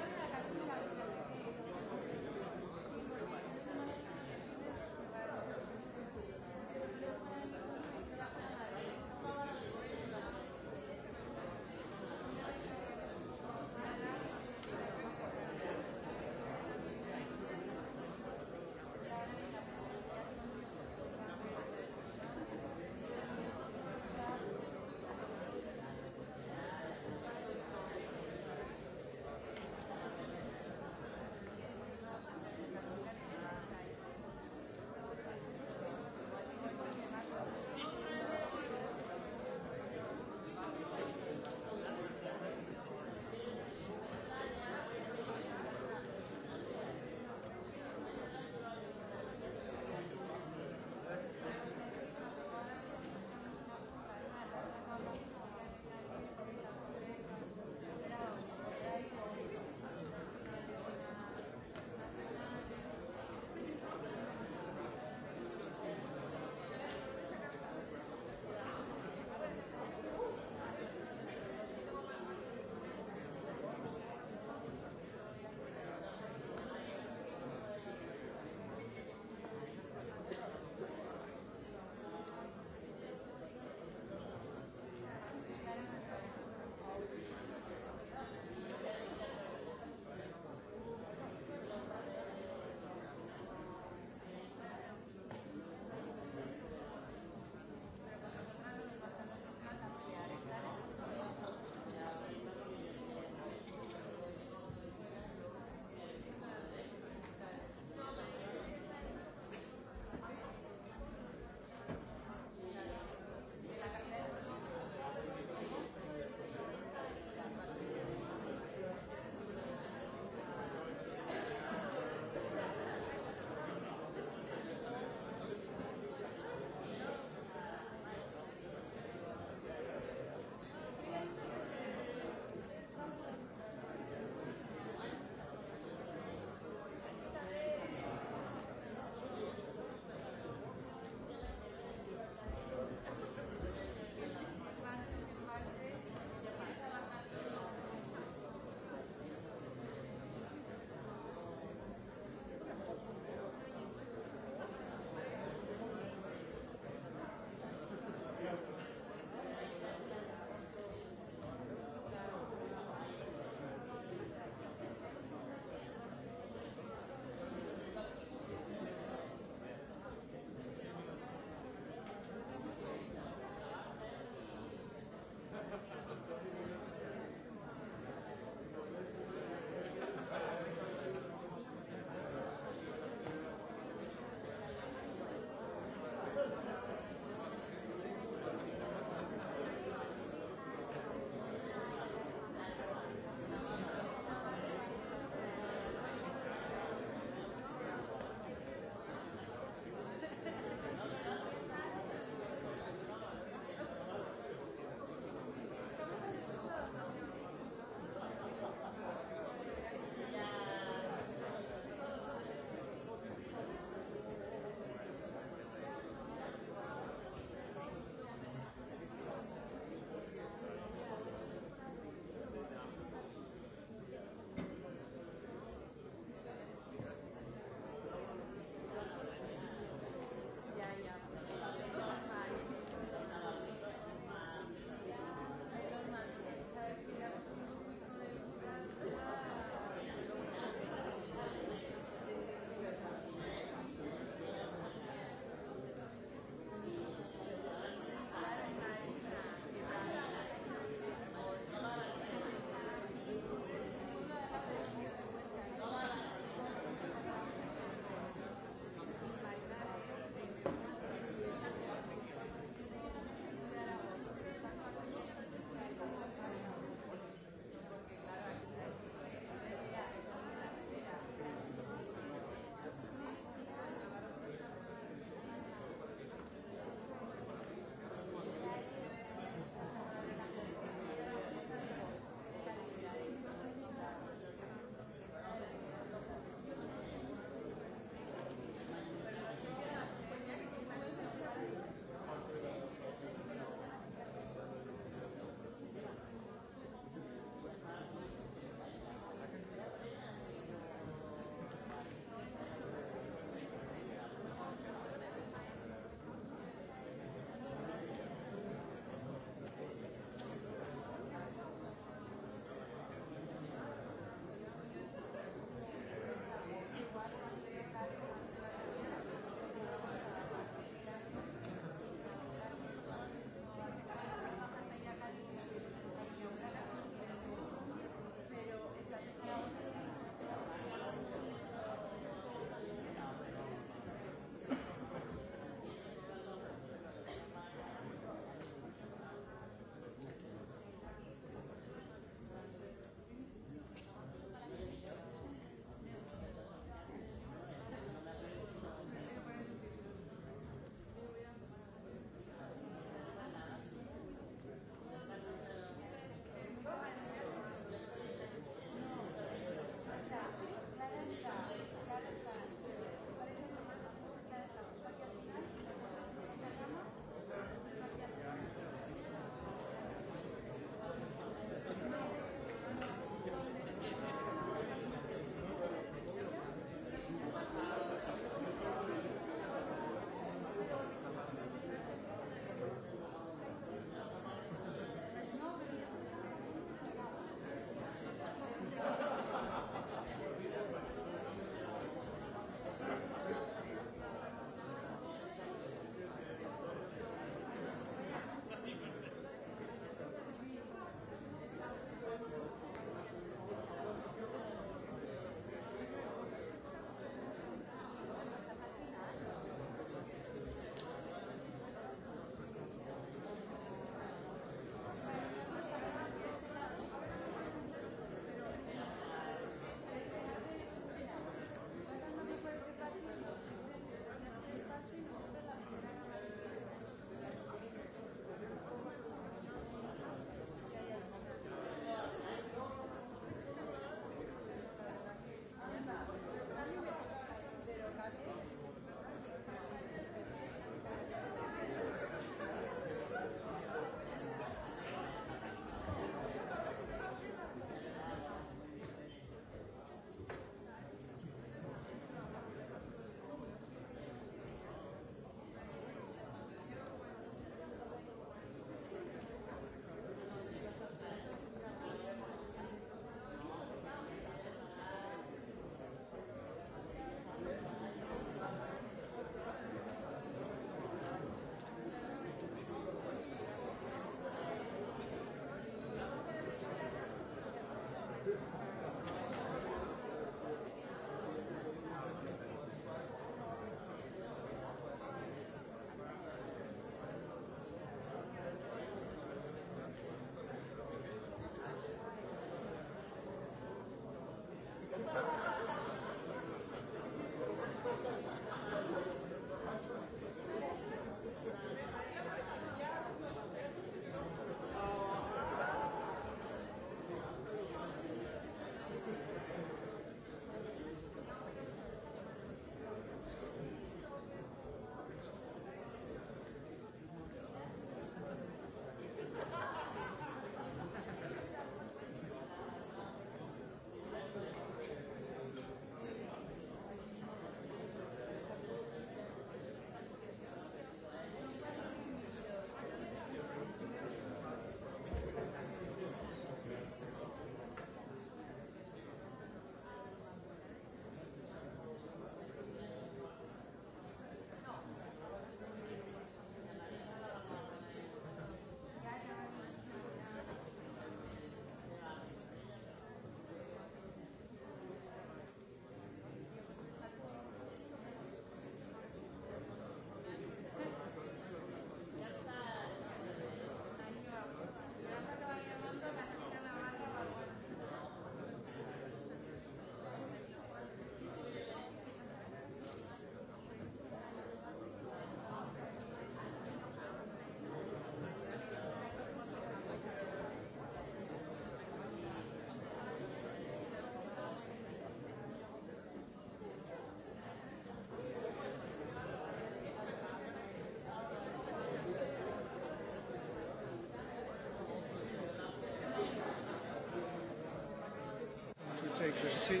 I...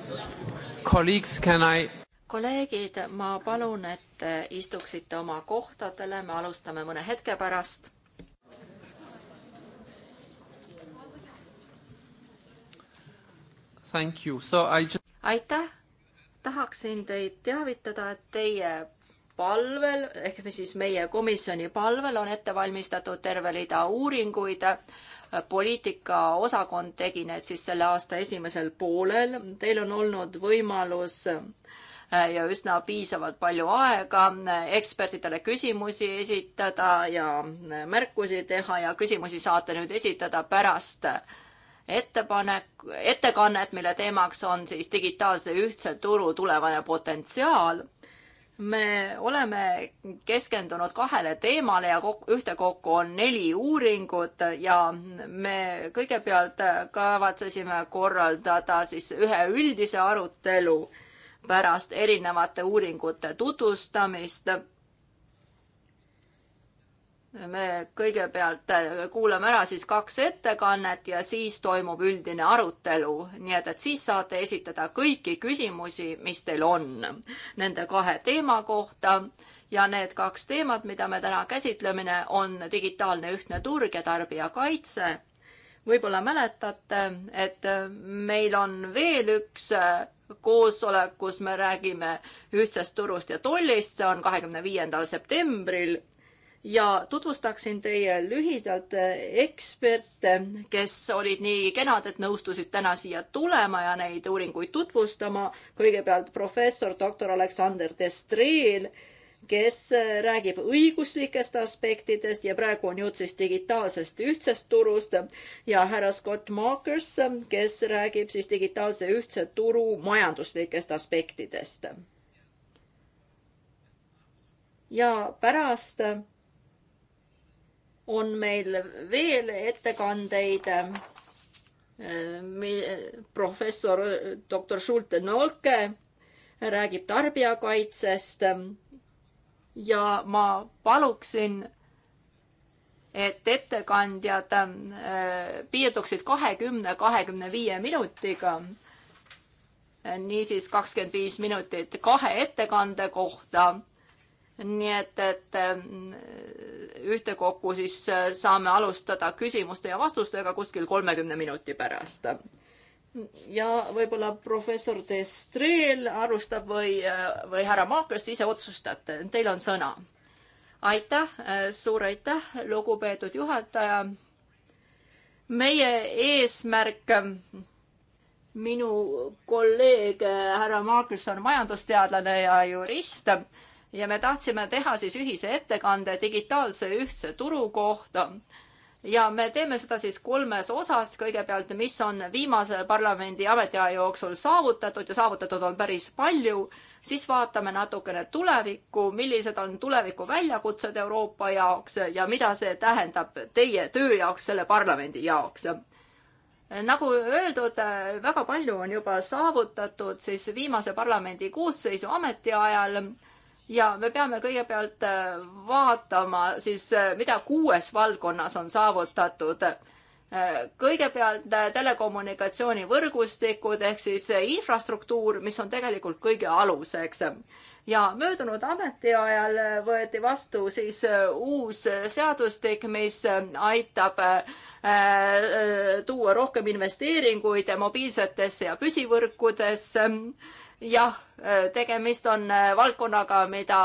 kolleegid, ma palun, et istuksite oma kohtadele, me alustame mõne hetke pärast. Just... aitäh, tahaksin teid teavitada, et teie palvel ehk siis meie komisjoni palvel on ette valmistatud terve rida uuringuid poliitikaosakond tegi need siis selle aasta esimesel poolel. Teil on olnud võimalus äh, ja üsna piisavalt palju aega äh, ekspertidele küsimusi esitada ja äh, märkusi teha ja küsimusi saate nüüd esitada pärast ettepanek, ettekannet, mille teemaks on siis digitaalse ühtse turu tulevane potentsiaal me oleme keskendunud kahele teemale ja kok-, ühtekokku on neli uuringut ja me kõigepealt kavatsesime korraldada siis ühe üldise arutelu pärast erinevate uuringute tutvustamist me kõigepealt äh, kuulame ära siis kaks ettekannet ja siis toimub üldine arutelu, nii et, et siis saate esitada kõiki küsimusi, mis teil on nende kahe teema kohta ja need kaks teemat, mida me täna käsitlemine, on digitaalne ühtne turg ja tarbijakaitse. võib-olla mäletate, et äh, meil on veel üks äh, koosolek, kus me räägime ühtsest turust ja tollist, see on kahekümne viiendal septembril ja tutvustaksin teie lühidalt eh, eksperte, kes olid nii kenad, et nõustusid täna siia tulema ja neid uuringuid tutvustama. kõigepealt professor doktor Aleksander Destreel, kes eh, räägib õiguslikest aspektidest ja praegu on jutt siis digitaalsest ühtsest turust ja härra Scott Markers, kes räägib siis digitaalse ühtse turu majanduslikest aspektidest. ja pärast on meil veel ettekandeid äh, professor doktor Schulte Nolke räägib tarbijakaitsest äh, ja ma paluksin, et ettekandjad äh, piirduksid kahekümne, kahekümne viie minutiga. niisiis kakskümmend viis minutit kahe ettekande kohta nii et, et mm, ühtekokku siis äh, saame alustada küsimuste ja vastustega kuskil kolmekümne minuti pärast. ja võib-olla professor Destreel alustab või, äh, või härra Maakers, ise otsustate, teil on sõna. aitäh, äh, suur aitäh, lugupeetud juhataja. meie eesmärk minu kolleeg härra Markers on majandusteadlane ja jurist ja me tahtsime teha siis ühise ettekande digitaalse ühtse turu kohta. ja me teeme seda siis kolmes osas, kõigepealt, mis on viimase parlamendi ametiaja jooksul saavutatud ja saavutatud on päris palju, siis vaatame natukene tulevikku, millised on tuleviku väljakutsed Euroopa jaoks ja mida see tähendab teie töö jaoks, selle parlamendi jaoks nagu öeldud, väga palju on juba saavutatud siis viimase parlamendi koosseisu ametiajal ja me peame kõigepealt äh, vaatama siis, äh, mida kuues valdkonnas on saavutatud. Äh, kõigepealt telekommunikatsioonivõrgustikud ehk siis infrastruktuur, mis on tegelikult kõige aluseks ja möödunud ametiajal võeti vastu siis äh, uus seadustik, mis äh, aitab äh, tuua rohkem investeeringuid mobiilsetesse ja püsivõrkudesse jah, tegemist on valdkonnaga, mida,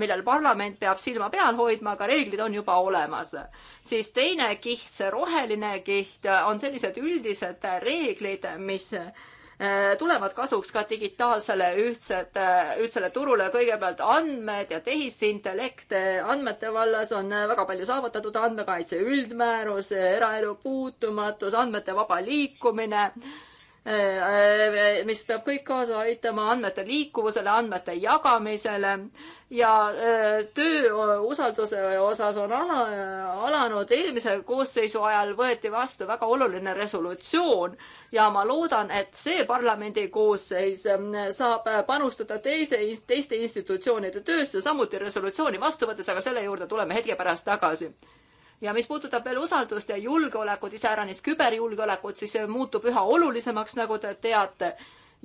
millel parlament peab silma peal hoidma, aga reeglid on juba olemas. siis teine kiht, see roheline kiht, on sellised üldised reeglid, mis Äh, tulevad kasuks ka digitaalsele ühtsed, äh, ühtsele turule, kõigepealt andmed ja tehisintellekt. andmete vallas on äh, väga palju saavutatud andmekaitse üldmäärus, eraelu puutumatus, andmete vaba liikumine Äh, äh, mis peab kõik kaasa aitama andmete liikuvusele, andmete jagamisele ja äh, töö usalduse osas on ala, alanud. eelmise koosseisu ajal võeti vastu väga oluline resolutsioon ja ma loodan, et see parlamendi koosseis saab panustada teise, teiste institutsioonide töösse, samuti resolutsiooni vastu võttes, aga selle juurde tuleme hetke pärast tagasi ja mis puudutab veel usaldust ja julgeolekut, iseäranis küberjulgeolekut, siis see muutub üha olulisemaks, nagu te teate.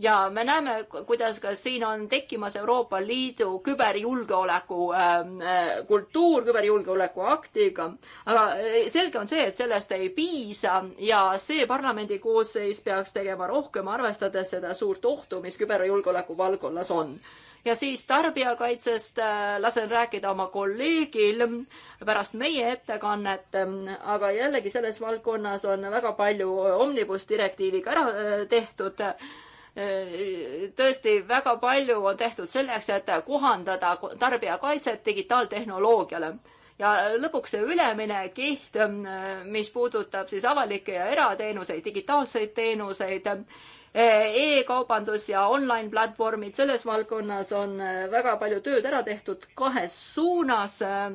ja me näeme, kuidas ka siin on tekkimas Euroopa Liidu küberjulgeoleku ähm, äh, kultuur küberjulgeoleku aktiga. aga äh, selge on see, et sellest ei piisa ja see parlamendi koosseis peaks tegema rohkem, arvestades seda suurt ohtu, mis küberjulgeoleku valdkonnas on ja siis tarbijakaitsest äh, lasen rääkida oma kolleegil pärast meie ettekannet, ähm, aga jällegi selles valdkonnas on väga palju omnibus direktiiviga ära äh, tehtud äh, tõesti väga palju on tehtud selleks, et kohandada tarbijakaitset digitaaltehnoloogiale ja lõpuks see ülemine kiht, mis puudutab siis avalikke ja erateenuseid, digitaalseid teenuseid e-kaubandus ja online platvormid, selles valdkonnas on äh, väga palju tööd ära tehtud kahes suunas äh,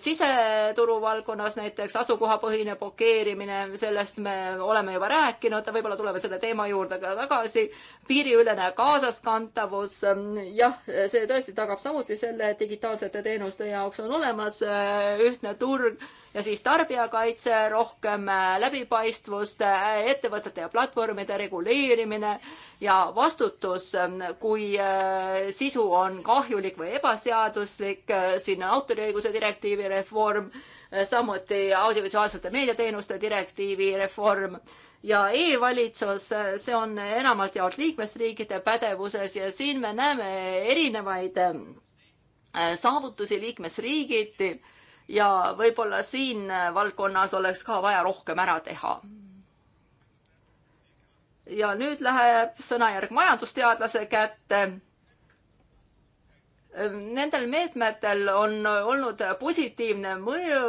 siseturu valdkonnas näiteks asukohapõhine blokeerimine, sellest me oleme juba rääkinud, võib-olla tuleme selle teema juurde ka tagasi. piiriülene kaasaskantavus, ähm, jah, see tõesti tagab samuti selle, et digitaalsete teenuste jaoks on olemas äh, ühtne turg ja siis tarbijakaitse, rohkem äh, läbipaistvust, äh, ettevõtete ja platvormide reguleerimine ja vastutus, ähm, kui äh, sisu on kahjulik või ebaseaduslik, siin on autoriõiguse direktiivi reform, samuti audiovisuaalsete meediateenuste direktiivi reform ja e-valitsus, see on enamalt jaolt liikmesriikide pädevuses ja siin me näeme erinevaid saavutusi liikmesriigiti ja võib-olla siin valdkonnas oleks ka vaja rohkem ära teha. ja nüüd läheb sõnajärg majandusteadlase kätte Nendel meetmetel on olnud positiivne mõju,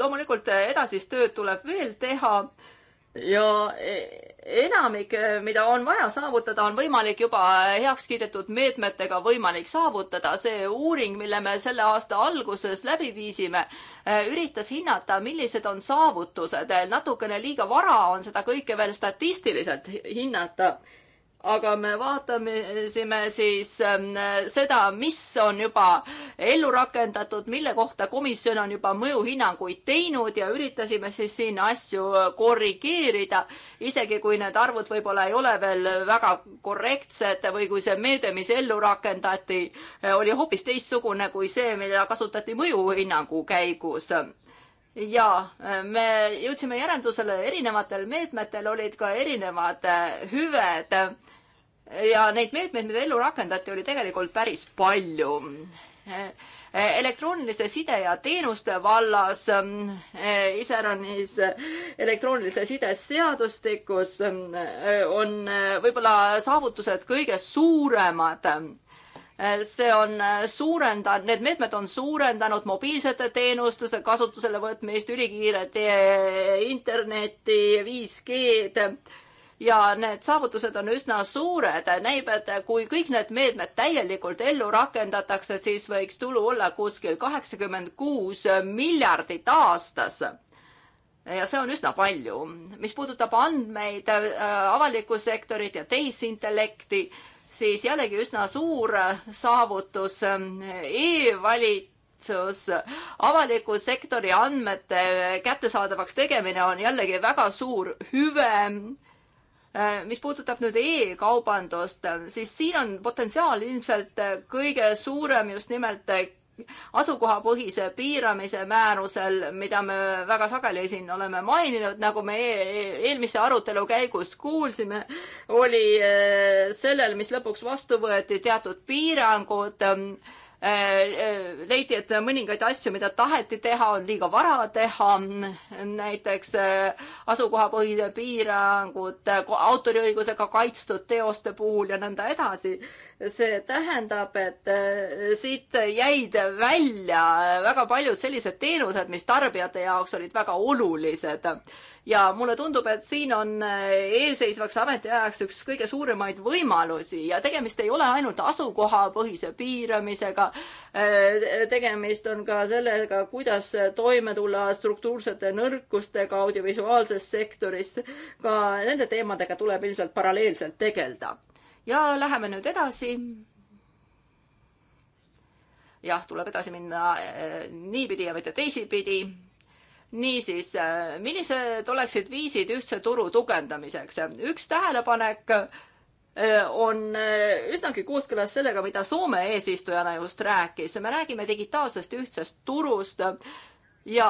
loomulikult edasist tööd tuleb veel teha ja e, enamik, e, mida on vaja saavutada, on võimalik juba heaks kiidetud meetmetega võimalik saavutada. see uuring, mille me selle aasta alguses läbi viisime, e, üritas hinnata, millised on saavutused. natukene liiga vara on seda kõike veel statistiliselt hinnata aga me vaatasime siis ähm, seda, mis on juba ellu rakendatud, mille kohta komisjon on juba mõjuhinnanguid teinud ja üritasime siis siin asju korrigeerida, isegi kui need arvud võib-olla ei ole veel väga korrektsed või kui see meede, mis ellu rakendati, oli hoopis teistsugune kui see, mida kasutati mõjuhinnangu käigus ja me jõudsime järeldusele, erinevatel meetmetel olid ka erinevad äh, hüved ja neid meetmeid, mida ellu rakendati, oli tegelikult päris palju. Äh, elektroonilise side ja teenuste vallas, ähm, äh, iseäranis elektroonilise side seadustikus ähm, on võib-olla saavutused kõige suuremad see on äh, suurendanud, need meetmed on suurendanud mobiilsete teenustuse kasutusele võtmist, ülikiiret internetti, 5G-d ja need saavutused on üsna suured. näib, et kui kõik need meetmed täielikult ellu rakendatakse, siis võiks tulu olla kuskil kaheksakümmend kuus miljardit aastas ja see on üsna palju. mis puudutab andmeid, äh, avalikku sektorit ja tehisintellekti, siis jällegi üsna suur saavutus e-valitsus, avaliku sektori andmete kättesaadavaks tegemine on jällegi väga suur hüve. mis puudutab nüüd e-kaubandust, siis siin on potentsiaal ilmselt kõige suurem just nimelt asukohapõhise piiramise määrusel, mida me väga sageli siin oleme maininud, nagu me e-, e-, eelmise arutelu käigus kuulsime, oli äh, sellel, mis lõpuks vastu võeti, teatud piirangud äh, Äh, äh, leiti, et mõningaid asju, mida taheti teha, on liiga vara teha, näiteks äh, asukohapõhine piirangud autoriõigusega kaitstud teoste puhul ja nõnda edasi. see tähendab, et siit jäid välja väga paljud sellised teenused, mis tarbijate jaoks olid väga olulised. ja mulle tundub, et siin on eelseisvaks ametiajaks üks kõige suuremaid võimalusi ja tegemist ei ole ainult asukohapõhise piiramisega, ja äh, tegemist on ka sellega, kuidas toime tulla struktuursete nõrkustega audiovisuaalses sektoris. ka nende teemadega tuleb ilmselt paralleelselt tegeleda. ja läheme nüüd edasi jah, tuleb edasi minna äh, niipidi ja mitte teisipidi niisiis, äh, millised oleksid viisid ühtse turu tugevdamiseks? üks tähelepanek äh, Äh, on äh, üsnagi kooskõlas sellega, mida Soome eesistujana just rääkis. me räägime digitaalsest ühtsest turust ja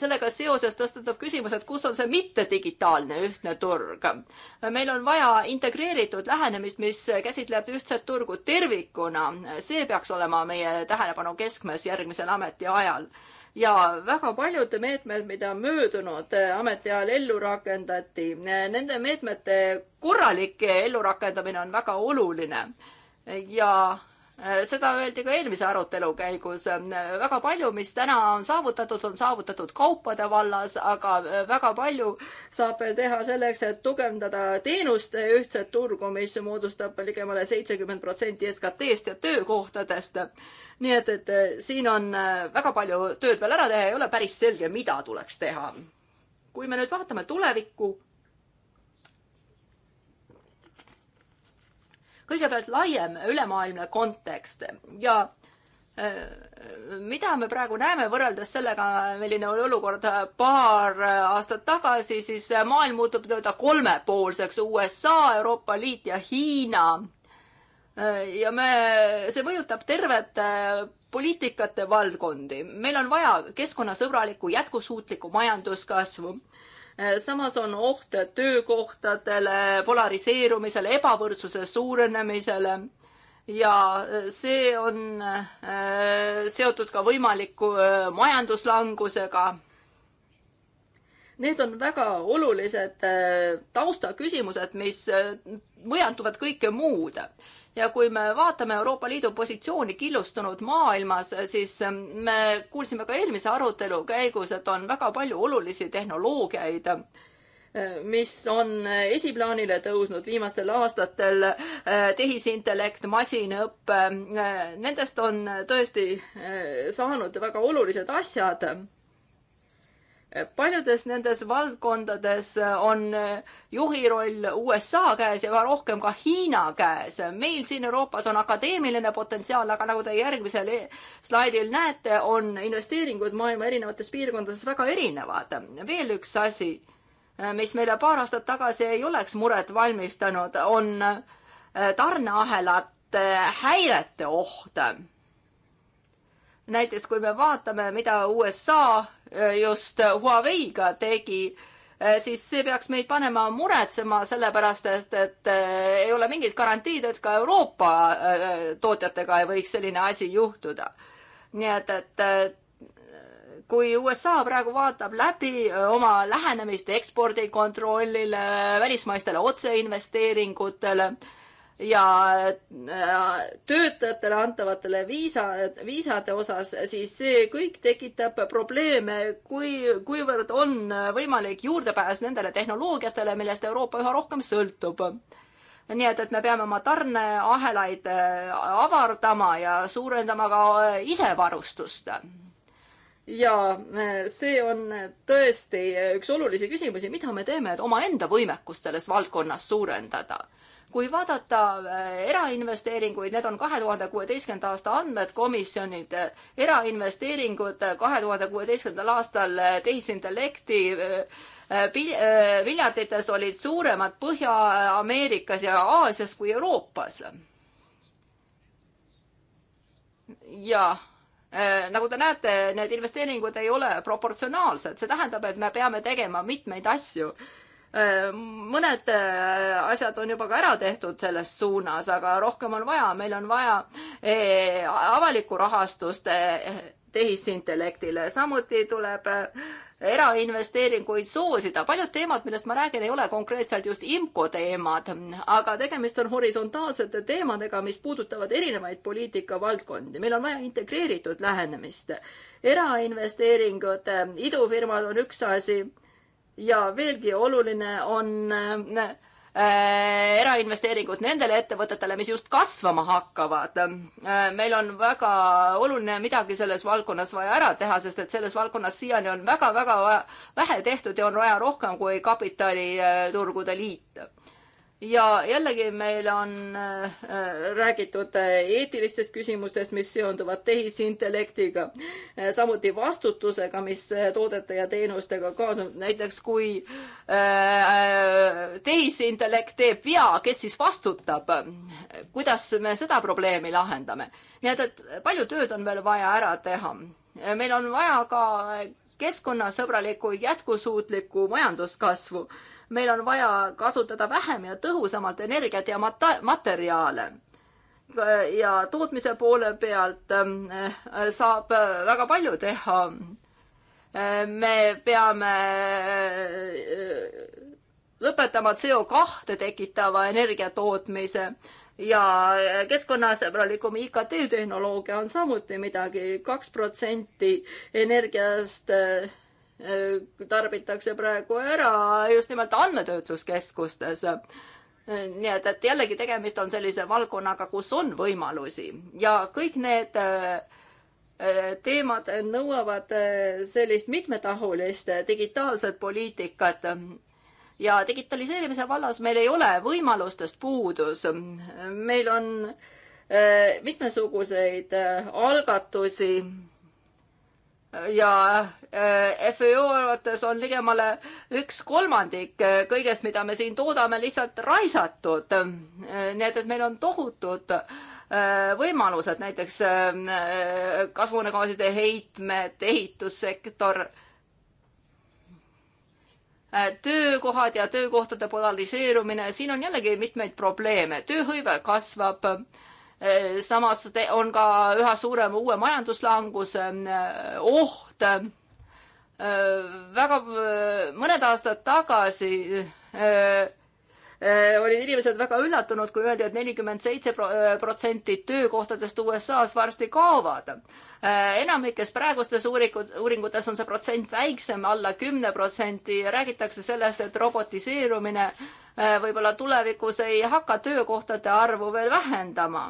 sellega seoses tõstatab küsimus, et kus on see mittedigitaalne ühtne turg. meil on vaja integreeritud lähenemist, mis käsitleb ühtset turgu tervikuna. see peaks olema meie tähelepanu keskmes järgmisel ametiajal ja väga paljud meetmed, mida möödunud eh, ametiajal ellu rakendati, eh, nende meetmete korralik ellurakendamine on väga oluline ja eh, seda öeldi ka eelmise arutelu käigus. väga palju, mis täna on saavutatud, on saavutatud kaupade vallas, aga väga palju saab veel teha selleks, et tugevdada teenuste ühtset turgu, mis moodustab ligemale seitsekümmend protsenti SKT-st ja töökohtadest nii et, et eh, siin on eh, väga palju tööd veel ära teha, ei ole päris selge, mida tuleks teha. kui me nüüd vaatame tulevikku, kõigepealt laiem ülemaailmne kontekst ja eh, mida me praegu näeme võrreldes sellega, milline oli olukord paar aastat tagasi, siis maailm muutub nii-öelda kolmepoolseks USA, Euroopa Liit ja Hiina Äh, ja me, see mõjutab tervet äh, poliitikate valdkondi. meil on vaja keskkonnasõbralikku jätkusuutlikku majanduskasvu. Äh, samas on oht töökohtadele, polariseerumisele, ebavõrdsuse suurenemisele ja see on seotud ka võimaliku majanduslangusega. Need on väga olulised taustaküsimused, mis võjanduvad kõike muud. ja kui me vaatame Euroopa Liidu positsiooni killustunud maailmas, siis ähm, me kuulsime ka eelmise arutelu käigus, et on väga palju olulisi tehnoloogiaid, äh, mis on esiplaanile tõusnud viimastel aastatel, äh, tehisintellekt, masinõpe, äh, nendest on tõesti saanud väga olulised asjad paljudes nendes valdkondades on juhi roll USA käes ja üha rohkem ka Hiina käes. meil siin Euroopas on akadeemiline potentsiaal, aga nagu te järgmisel slaidil näete, on investeeringud maailma erinevates piirkondades väga erinevad. veel üks asi, mis meile paar aastat tagasi ei oleks muret valmistanud, on tarneahelate häirete oht näiteks kui me vaatame, mida USA äh, just Huawei'ga tegi, äh, siis see peaks meid panema muretsema, sellepärast et, et äh, ei ole mingit garantiid, et ka Euroopa tootjatega ei võiks selline asi juhtuda. nii et, et kui USA praegu vaatab läbi oma lähenemist ekspordikontrollile, välismaistele otseinvesteeringutele, ja äh, töötajatele antavatele viisa, viisade osas, siis see kõik tekitab probleeme, kui, kuivõrd on võimalik juurdepääs nendele tehnoloogiatele, millest Euroopa üha rohkem sõltub. nii et, et me peame oma tarneahelaid äh, avardama ja suurendama ka äh, isevarustust ja see on tõesti üks olulisi küsimusi, mida me teeme, et omaenda võimekust selles valdkonnas suurendada kui vaadata äh, erainvesteeringuid, need on kahe tuhande kuueteistkümnenda aasta andmed, komisjonid, äh, erainvesteeringud äh, kahe tuhande kuueteistkümnendal aastal tehisintellekti miljardites olid suuremad Põhja-Ameerikas ja Aasias kui Euroopas. jaa nagu te näete, need investeeringud ei ole proportsionaalsed, see tähendab, et me peame tegema mitmeid asju mõned äh, asjad on juba ka ära tehtud selles suunas, aga rohkem on vaja, meil on vaja e, avalikku rahastust e, tehisintellektile, samuti tuleb äh, erainvesteeringuid soosida. paljud teemad, millest ma räägin, ei ole konkreetselt just IMCO teemad, aga tegemist on horisontaalsete teemadega, mis puudutavad erinevaid poliitikavaldkondi. meil on vaja integreeritud lähenemist. erainvesteeringud, e, idufirmad on üks asi ja veelgi oluline on äh, erainvesteeringud nendele ettevõtetele, mis just kasvama hakkavad. Äh, meil on väga oluline midagi selles valdkonnas vaja ära teha, sest et selles valdkonnas siiani on väga-väga vähe tehtud ja on vaja rohkem kui kapitaliturgude liit ja jällegi meil on äh, räägitud äh, eetilistest küsimustest, mis seonduvad tehisintellektiga, äh, samuti vastutusega, mis toodete ja teenustega kaasneb, näiteks kui tehisintellekt teeb vea, kes siis vastutab, kuidas me seda probleemi lahendame. nii et, et palju tööd on veel vaja ära teha. meil on vaja ka keskkonnasõbralikku jätkusuutlikku majanduskasvu meil on vaja kasutada vähem ja tõhusamalt energiat ja mat-, materjale ja tootmise poole pealt ähm, äh, saab äh, väga palju teha. Äh, me peame lõpetama CO kahte tekitava energia tootmise ja keskkonnasõbralikum IKT tehnoloogia on samuti midagi, kaks protsenti energiast Äh, tarbitakse praegu ära just nimelt andmetöötluskeskustes. Äh, nii et, et jällegi tegemist on sellise valdkonnaga, kus on võimalusi ja kõik need äh, teemad nõuavad sellist mitmetahulist digitaalset poliitikat ja digitaliseerimise vallas meil ei ole võimalustest puudus. meil on mitmesuguseid algatusi ja äh, FAO arvates on ligemale üks kolmandik äh, kõigest, mida me siin toodame, lihtsalt raisatud. Äh, nii et, et meil on tohutud võimalused, näiteks kasvuhoonegaaside heitmed, ehitussektor, töökohad ja töökohtade polariseerumine, siin on jällegi mitmeid probleeme, tööhõive kasvab Eh, samas on ka üha suurem uue majanduslanguse eh, oht. Eh, väga mõned aastad tagasi olid inimesed väga üllatunud, kui öeldi et, et nelikümmend seitse protsenti töökohtadest USA-s varsti kaovad. enamikes praegustes uurikud, uuringutes on see protsent väiksem, alla kümne protsendi, räägitakse sellest, et robotiseerumine võib-olla tulevikus ei hakka töökohtade arvu veel vähendama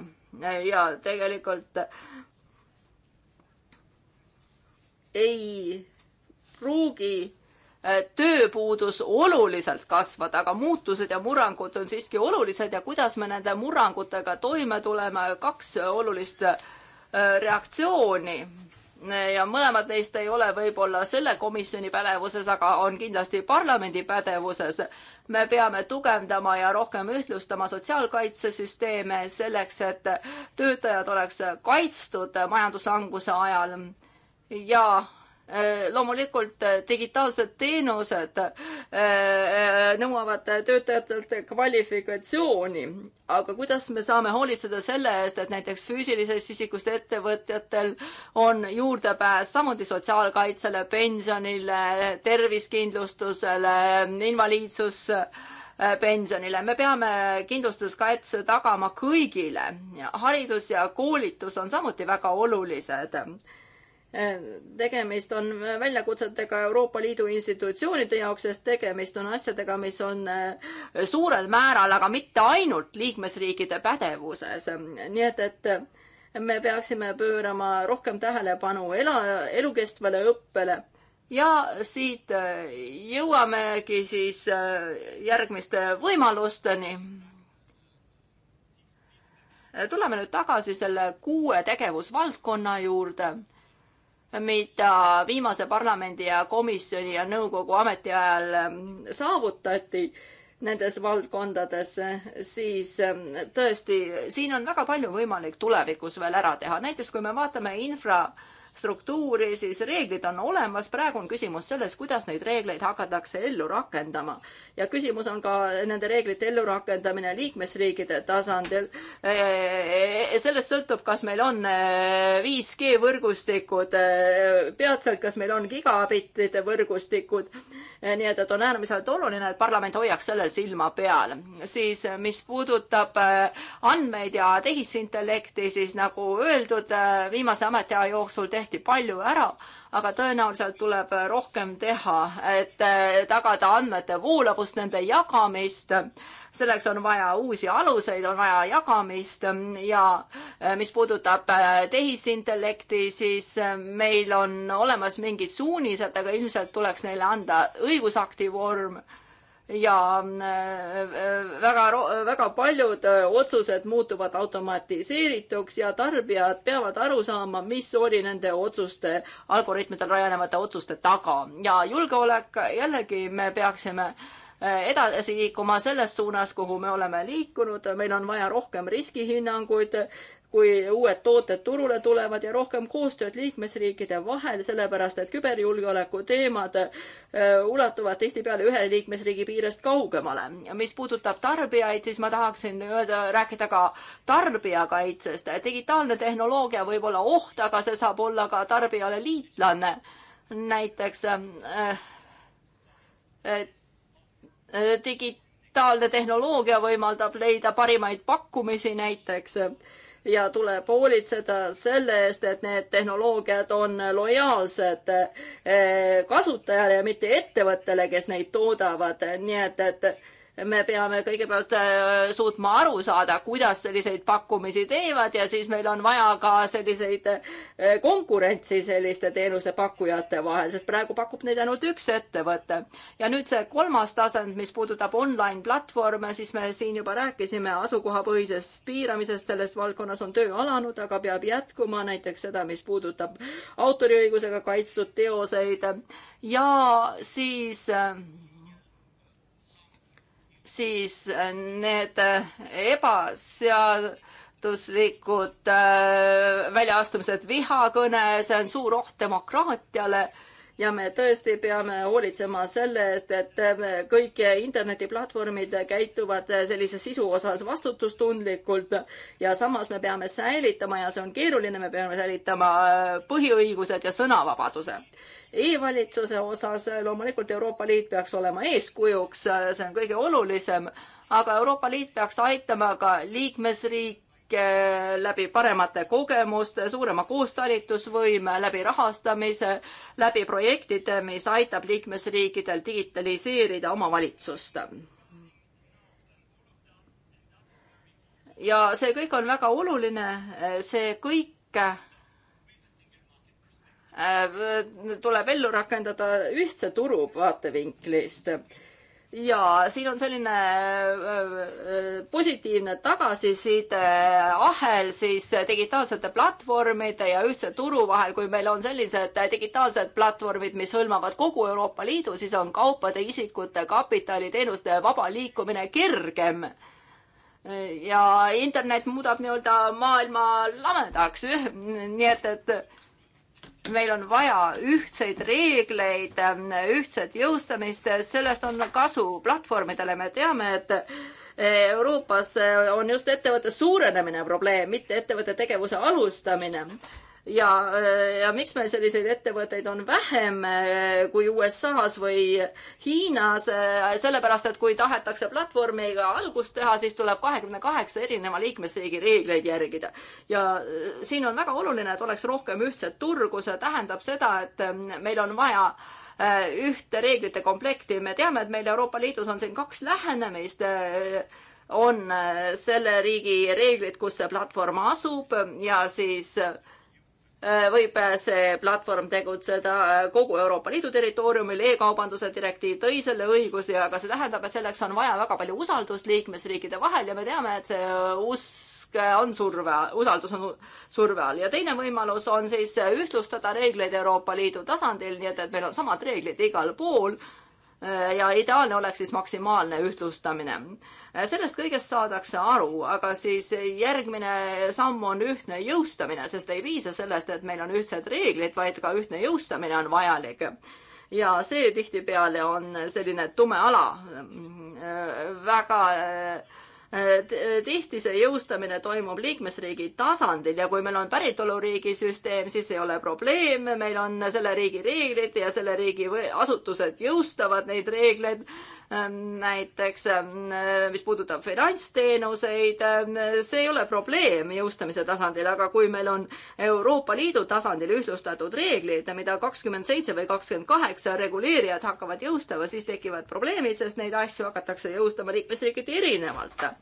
ja tegelikult ei pruugi äh, tööpuudus oluliselt kasvada, aga muutused ja murrangud on siiski olulised ja kuidas me nende murrangutega toime tuleme, kaks olulist äh, reaktsiooni ja mõlemad neist ei ole võib-olla selle komisjoni pädevuses, aga on kindlasti parlamendi pädevuses. me peame tugevdama ja rohkem ühtlustama sotsiaalkaitsesüsteeme selleks, et töötajad oleks kaitstud majanduslanguse ajal ja Äh, loomulikult äh, digitaalsed teenused äh, nõuavad töötajatelt kvalifikatsiooni, aga kuidas me saame hoolitseda selle eest, et näiteks füüsilisest isikust ettevõtjatel on juurdepääs samuti sotsiaalkaitsele, pensionile, terviskindlustusele, invaliidsus pensionile, me peame kindlustuskaitse tagama kõigile. haridus ja koolitus on samuti väga olulised tegemist on väljakutsetega Euroopa Liidu institutsioonide jaoks, sest tegemist on asjadega, mis on eh, suurel määral, aga mitte ainult liikmesriikide pädevuses. nii et, et eh, me peaksime pöörama rohkem tähelepanu ela, elukestvale õppele ja siit eh, jõuamegi siis järgmiste võimalusteni tuleme nüüd tagasi selle kuue tegevusvaldkonna juurde mida viimase parlamendi ja komisjoni ja nõukogu ametiajal ähm, saavutati nendes valdkondades, siis ähm, tõesti, siin on väga palju võimalik tulevikus veel ära teha. näiteks kui me vaatame infra struktuuri, siis reeglid on olemas, praegu on küsimus selles, kuidas neid reegleid hakatakse ellu rakendama. ja küsimus on ka nende reeglite ellurakendamine liikmesriikide tasandil. E, e, sellest sõltub, kas meil on 5G e, võrgustikud peatselt, kas meil on gigabittide võrgustikud. nii et, et on äärmiselt oluline, et parlament hoiaks sellel silma peal. siis, mis puudutab andmeid ja tehisintellekti, siis nagu öeldud, viimase ametiaja jooksul tehti tehti palju ära, aga tõenäoliselt tuleb rohkem teha, et eh, tagada andmete voolavust, nende jagamist. selleks on vaja uusi aluseid, on vaja jagamist ja eh, mis puudutab eh, tehisintellekti, siis meil on olemas mingid suunised, aga ilmselt tuleks neile anda õigusakti vorm ja äh, äh, väga, väga paljud äh, otsused muutuvad automatiseerituks ja tarbijad peavad aru saama, mis oli nende otsuste, algoritmidel rajanevate otsuste taga ja julgeolek, jällegi me peaksime edasi liikuma selles suunas, kuhu me oleme liikunud, meil on vaja rohkem riskihinnanguid, kui uued tooted turule tulevad ja rohkem koostööd liikmesriikide vahel, sellepärast et küberjulgeoleku teemad äh, ulatuvad tihtipeale ühe liikmesriigi piirest kaugemale. mis puudutab tarbijaid, siis ma tahaksin öelda, rääkida ka tarbijakaitsest. digitaalne tehnoloogia võib olla oht, aga see saab olla ka tarbijale liitlane. näiteks äh, äh digitaalne tehnoloogia võimaldab leida parimaid pakkumisi näiteks ja tuleb hoolitseda selle eest, et need tehnoloogiad on lojaalsed eh, kasutajale ja mitte ettevõttele, kes neid toodavad, nii et, et me peame kõigepealt äh, suutma aru saada, kuidas selliseid pakkumisi teevad ja siis meil on vaja ka selliseid äh, konkurentsi selliste teenusepakkujate vahel, sest praegu pakub neid ainult üks ettevõte. ja nüüd see kolmas tasand, mis puudutab online platvorme, siis me siin juba rääkisime asukohapõhisest piiramisest, selles valdkonnas on töö alanud, aga peab jätkuma näiteks seda, mis puudutab autoriõigusega kaitstud teoseid ja siis äh, siis äh, need äh, ebaseaduslikud äh, väljaastumised, vihakõne, see on suur oht demokraatiale ja me tõesti peame hoolitsema selle eest, et kõik internetiplatvormid käituvad sellise sisu osas vastutustundlikult ja samas me peame säilitama ja see on keeruline, me peame säilitama äh, põhiõigused ja sõnavabaduse e-valitsuse osas loomulikult Euroopa Liit peaks olema eeskujuks, see on kõige olulisem, aga Euroopa Liit peaks aitama ka liikmesriik, läbi paremate kogemuste, suurema koostalitusvõime, läbi rahastamise, läbi projektide, mis aitab liikmesriikidel digitaliseerida omavalitsust. ja see kõik on väga oluline, see kõik äh, tuleb ellu rakendada ühtse turu vaatevinklist ja siin on selline äh, äh, positiivne tagasiside ahel siis digitaalsete platvormide ja ühtse turu vahel, kui meil on sellised digitaalsed platvormid, mis hõlmavad kogu Euroopa Liidu, siis on kaupade, isikute, kapitali, teenuste vaba liikumine kergem. ja internet muudab nii-öelda maailma lamedaks, nii et, et meil on vaja ühtseid reegleid, ühtset jõustamist, sellest on kasu platvormidele, me teame, et eh, Euroopas eh, on just ettevõtte suurenemine probleem, mitte ettevõtte tegevuse alustamine ja, ja miks meil selliseid ettevõtteid on vähem eh, kui USA-s või Hiinas, eh, sellepärast et kui tahetakse platvormiga algust teha, siis tuleb kahekümne kaheksa erineva liikmesriigi reegleid järgida. ja eh, siin on väga oluline, et oleks rohkem ühtset turgu, see tähendab seda, et meil on vaja ühte reeglite komplekti, me teame, et meil Euroopa Liidus on siin kaks lähenemist on selle riigi reeglid, kus see platvorm asub ja siis äh, Äh, võib see platvorm tegutseda äh, kogu Euroopa Liidu territooriumil e, e-kaubanduse direktiiv tõi selle õiguse, aga see tähendab, et selleks on vaja väga palju usaldust liikmesriikide vahel ja me teame, et see usk on surve, usaldus on surve all ja teine võimalus on siis ühtlustada reegleid Euroopa Liidu tasandil, nii et, et meil on samad reeglid igal pool Äh, ja ideaalne oleks siis maksimaalne ühtlustamine. Äh, sellest kõigest saadakse aru, aga siis järgmine samm on ühtne jõustamine, sest ei piisa sellest, et meil on ühtsed reeglid, vaid ka ühtne jõustamine on vajalik. ja see tihtipeale on selline tume ala. Äh, väga tihti see jõustamine toimub liikmesriigi tasandil ja kui meil on päritoluriigi süsteem, siis ei ole probleeme, meil on selle riigi reeglid ja selle riigi asutused jõustavad neid reegleid näiteks äh, mis puudutab finantsteenuseid, äh, see ei ole probleem jõustamise tasandil, aga kui meil on Euroopa Liidu tasandil ühtlustatud reeglid, mida kakskümmend seitse või kakskümmend kaheksa reguleerijad hakkavad jõustama, siis tekivad probleemid, sest neid asju hakatakse jõustama liikmesriigiti erinevalt äh,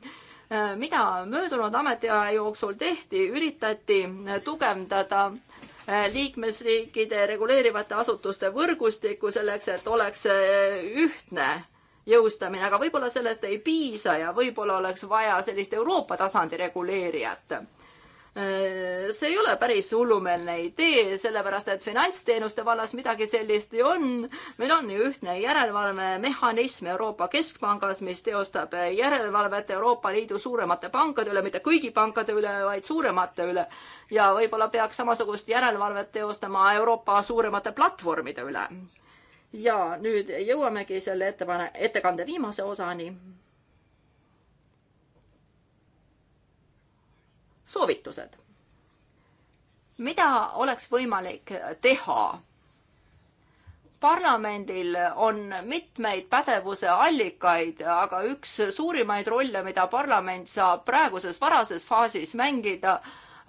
mida möödunud ametiaja jooksul tehti, üritati tugevdada liikmesriikide reguleerivate asutuste võrgustikku selleks, et oleks ühtne jõustamine, aga võib-olla sellest ei piisa ja võib-olla oleks vaja sellist Euroopa tasandi reguleerijat see ei ole päris hullumeelne idee, sellepärast et finantsteenuste vallas midagi sellist ju on. meil on ju ühtne järelevalvemehhanism Euroopa Keskpangas, mis teostab järelevalvet Euroopa Liidu suuremate pankade üle, mitte kõigi pankade üle, vaid suuremate üle. ja võib-olla peaks samasugust järelevalvet teostama Euroopa suuremate platvormide üle ja nüüd jõuamegi selle ettepane-, ettekande viimase osani. soovitused. mida oleks võimalik teha? parlamendil on mitmeid pädevuse allikaid, aga üks suurimaid rolle, mida parlament saab praeguses varases faasis mängida,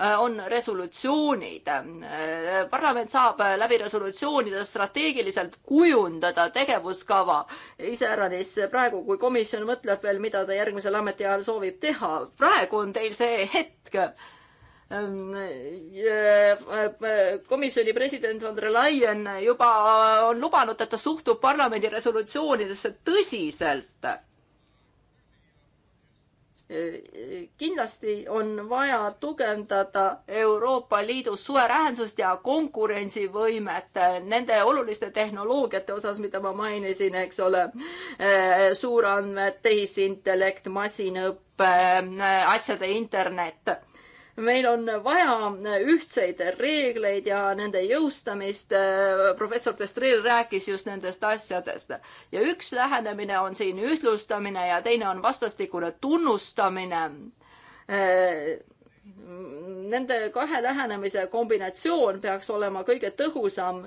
Äh, on resolutsioonid. Äh, parlament saab läbi resolutsioonide strateegiliselt kujundada tegevuskava iseäranis praegu, kui komisjon mõtleb veel, mida ta järgmisel ametiajal soovib teha. praegu on teil see hetk ähm, äh, komisjoni president von der Leyen juba on lubanud, et ta suhtub parlamendi resolutsioonidesse tõsiselt kindlasti on vaja tugevdada Euroopa Liidu suveräänsust ja konkurentsivõimet nende oluliste tehnoloogiate osas, mida ma mainisin, eks ole, suurandmed, tehisintellekt, masinõpe, asjade internet meil on vaja äh, ühtseid reegleid ja nende jõustamist. Äh, professor Destrel rääkis just nendest asjadest ja üks lähenemine on siin ühtlustamine ja teine on vastastikune tunnustamine äh, nende kahe lähenemise kombinatsioon peaks olema kõige tõhusam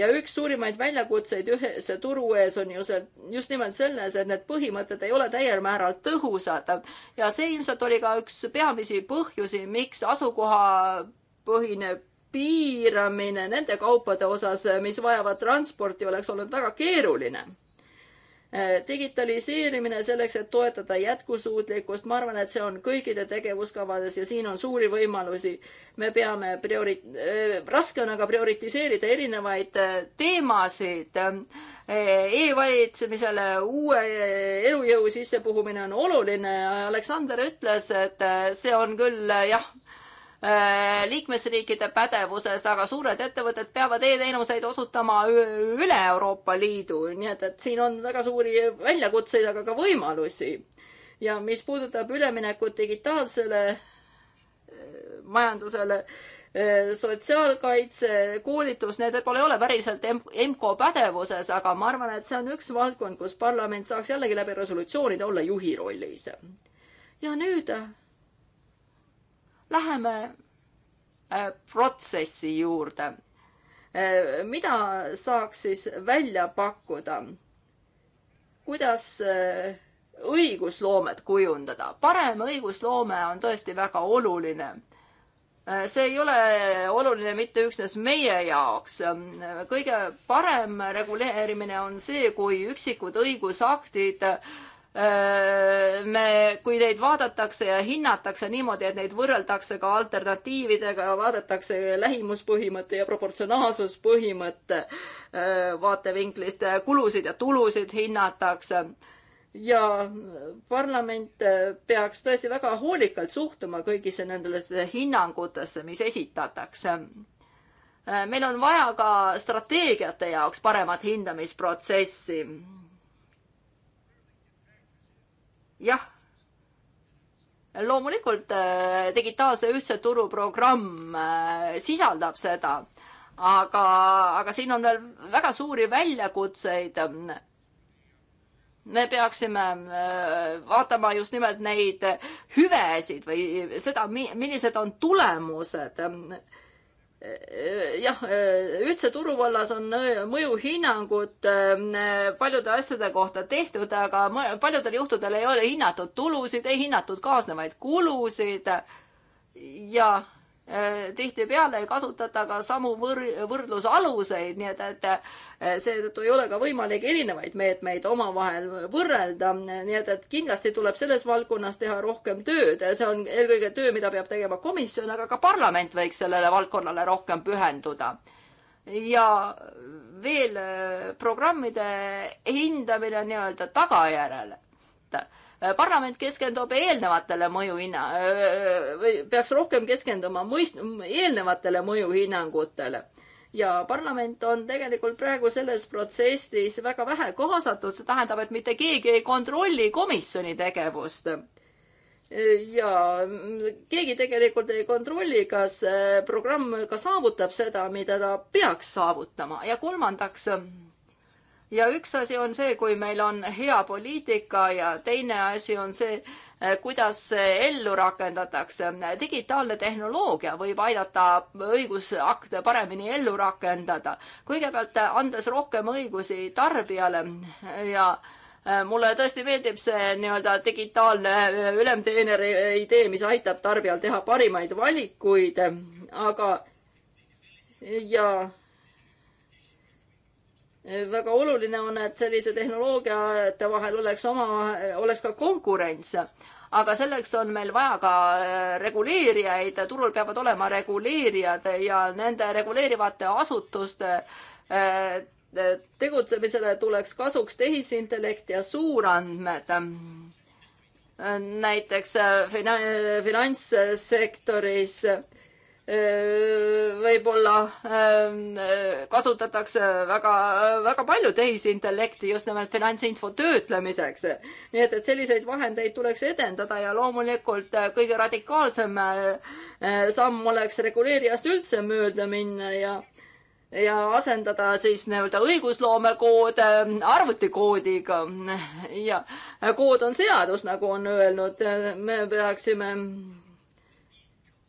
ja üks suurimaid väljakutseid ühese turu ees on ju see, just nimelt selles, et need põhimõtted ei ole täiel määral tõhusad. ja see ilmselt oli ka üks peamisi põhjusi, miks asukohapõhine piiramine nende kaupade osas, mis vajavad transporti, oleks olnud väga keeruline digitaliseerimine selleks, et toetada jätkusuutlikkust, ma arvan, et see on kõigide tegevuskavades ja siin on suuri võimalusi. me peame priori-, eh, raske on aga prioritiseerida erinevaid eh, teemasid e. e-valitsemisele uue elujõu sissepuhumine on oluline. Aleksander ütles, et see on küll jah Äh, liikmesriikide pädevuses, aga suured ettevõtted peavad e-teenuseid osutama üle Euroopa Liidu, nii et, et siin on väga suuri väljakutseid, aga ka võimalusi. ja mis puudutab üleminekut digitaalsele äh, majandusele, äh, sotsiaalkaitse, koolitus, need võib-olla ei ole päriselt EMKO pädevuses, aga ma arvan, et see on üks valdkond, kus parlament saaks jällegi läbi resolutsioonide olla juhi rollis. ja nüüd Läheme äh, protsessi juurde. Äh, mida saaks siis välja pakkuda? kuidas äh, õigusloomet kujundada? parem õigusloome on tõesti väga oluline see ei ole oluline mitte üksnes meie jaoks. kõige parem reguleerimine on see, kui üksikud õigusaktid äh, Äh, me, kui neid vaadatakse ja hinnatakse niimoodi, et neid võrreldakse ka alternatiividega, vaadatakse lähimuspõhimõtte ja proportsionaalsuspõhimõtte äh, vaatevinklist, äh, kulusid ja tulusid hinnatakse ja parlament peaks tõesti väga hoolikalt suhtuma kõigisse nendesse hinnangutesse, mis esitatakse. meil on vaja ka strateegiate jaoks paremat hindamisprotsessi jah, loomulikult äh, digitaalse ühtse turu programm äh, sisaldab seda, aga, aga siin on veel väga suuri väljakutseid me peaksime äh, vaatama just nimelt neid hüvesid või seda, millised on tulemused jah, ühtse turu vallas on äh, mõjuhinnangud äh, paljude asjade kohta tehtud, aga paljudel juhtudel ei ole hinnatud tulusid, ei hinnatud kaasnevaid kulusid ja Äh, tihtipeale ei kasutata ka samu võr-, võrdlusaluseid, nii et, et äh, seetõttu ei ole ka võimalik erinevaid meetmeid omavahel võrrelda, nii et, et kindlasti tuleb selles valdkonnas teha rohkem tööd, see on eelkõige töö, mida peab tegema komisjon, aga ka parlament võiks sellele valdkonnale rohkem pühenduda ja veel äh, programmide hindamine nii-öelda tagajärjel. Äh, parlament keskendub eelnevatele mõjuhinna- äh, või peaks rohkem keskenduma mõist-, eelnevatele mõjuhinnangutele ja parlament on tegelikult praegu selles protsessis väga vähe kaasatud, see tähendab, et mitte keegi ei kontrolli komisjoni tegevust. ja keegi tegelikult ei kontrolli, kas äh, programm ka saavutab seda, mida ta peaks saavutama ja kolmandaks ja üks asi on see, kui meil on hea poliitika ja teine asi on see, eh, kuidas see ellu rakendatakse. digitaalne tehnoloogia võib aidata õigusakte paremini ellu rakendada. kõigepealt eh, andes rohkem õigusi tarbijale ja eh, mulle tõesti meeldib see nii-öelda digitaalne ülemteeneri idee, mis aitab tarbijal teha parimaid valikuid, aga ja väga oluline on, et sellise tehnoloogiate vahel oleks oma, oleks ka konkurents. aga selleks on meil vaja ka äh, reguleerijaid, turul peavad olema reguleerijad ja nende reguleerivate asutuste äh, tegutsemisele tuleks kasuks tehisintellekt ja suurandmed. näiteks äh, finan-, finantssektoris äh, Äh, võib-olla ähm, kasutatakse väga, väga palju tehisintellekti just nimelt finantsinfo töötlemiseks. nii et, et selliseid vahendeid tuleks edendada ja loomulikult äh, kõige radikaalsem äh, samm oleks reguleerijast üldse mööda minna ja ja asendada siis nii-öelda õigusloomekood arvutikoodiga. ja kood on seadus, nagu on öelnud, me peaksime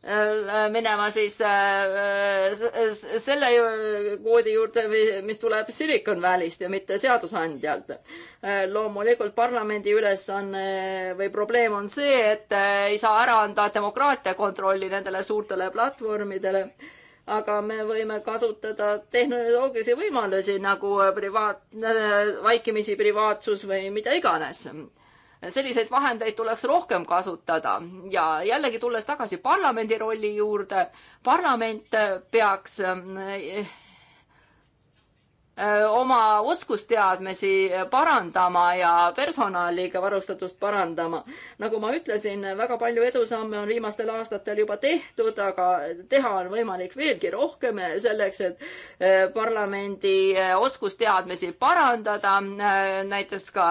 Äh, minema siis äh, selle koodi juurde, mis tuleb Silicon Valley'st ja mitte seadusandjalt. Äh, loomulikult parlamendi ülesanne või probleem on see, et ei saa ära anda demokraatia kontrolli nendele suurtele platvormidele, aga me võime kasutada tehnoloogilisi võimalusi nagu privaat, vaikimisi privaatsus või mida iganes selliseid vahendeid tuleks rohkem kasutada ja jällegi tulles tagasi parlamendi rolli juurde, parlament peaks eh, oma oskusteadmisi parandama ja personaliga varustatust parandama. nagu ma ütlesin, väga palju edusamme on viimastel aastatel juba tehtud, aga teha on võimalik veelgi rohkem selleks, et parlamendi oskusteadmisi parandada, näiteks ka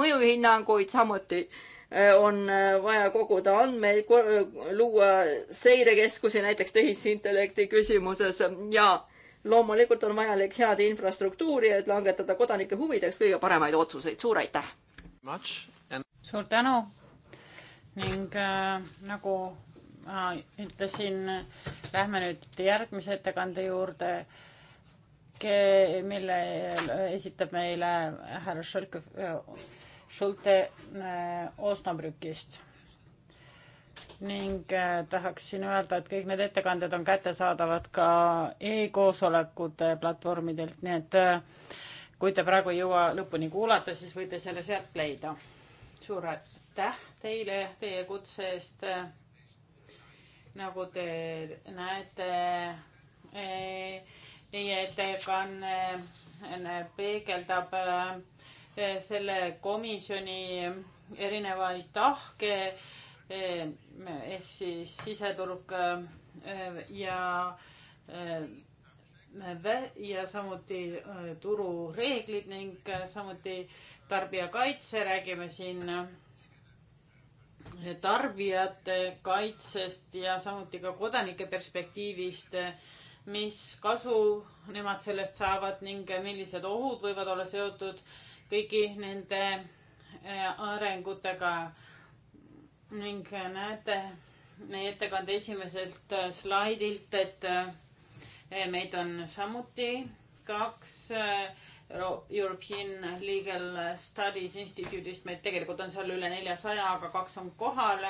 mõjuhinnanguid, samuti on vaja koguda andmeid, luua seirekeskusi näiteks tehisintellekti küsimuses ja loomulikult on vajalik head infrastruktuuri, et langetada kodanike huvideks kõige paremaid otsuseid. suur aitäh! suur tänu ning äh, nagu ma äh, ütlesin, lähme nüüd järgmise ettekande juurde, mille äh, esitab meile härra Šolkov, äh, Schulte Osnabrükist ning äh, tahaksin öelda, et kõik need ettekanded on kättesaadavad ka e-koosolekute platvormidelt, nii et äh, kui te praegu ei jõua lõpuni kuulata, siis võite selle sealt leida. suur aitäh teile teie kutse eest. nagu te näete, äh, teie ettekanne peegeldab selle komisjoni erinevaid tahke ehk siis siseturg äh, ja äh, ja samuti äh, turureeglid ning samuti tarbijakaitse, räägime siin tarbijate kaitsest ja samuti ka kodanike perspektiivist, mis kasu nemad sellest saavad ning millised ohud võivad olla seotud kõigi nende arengutega ning äh, näete meie ettekande esimeselt äh, slaidilt, et äh, meid on samuti kaks European Legal Studies Instituute'ist, meid tegelikult on seal üle neljasaja, aga kaks on kohal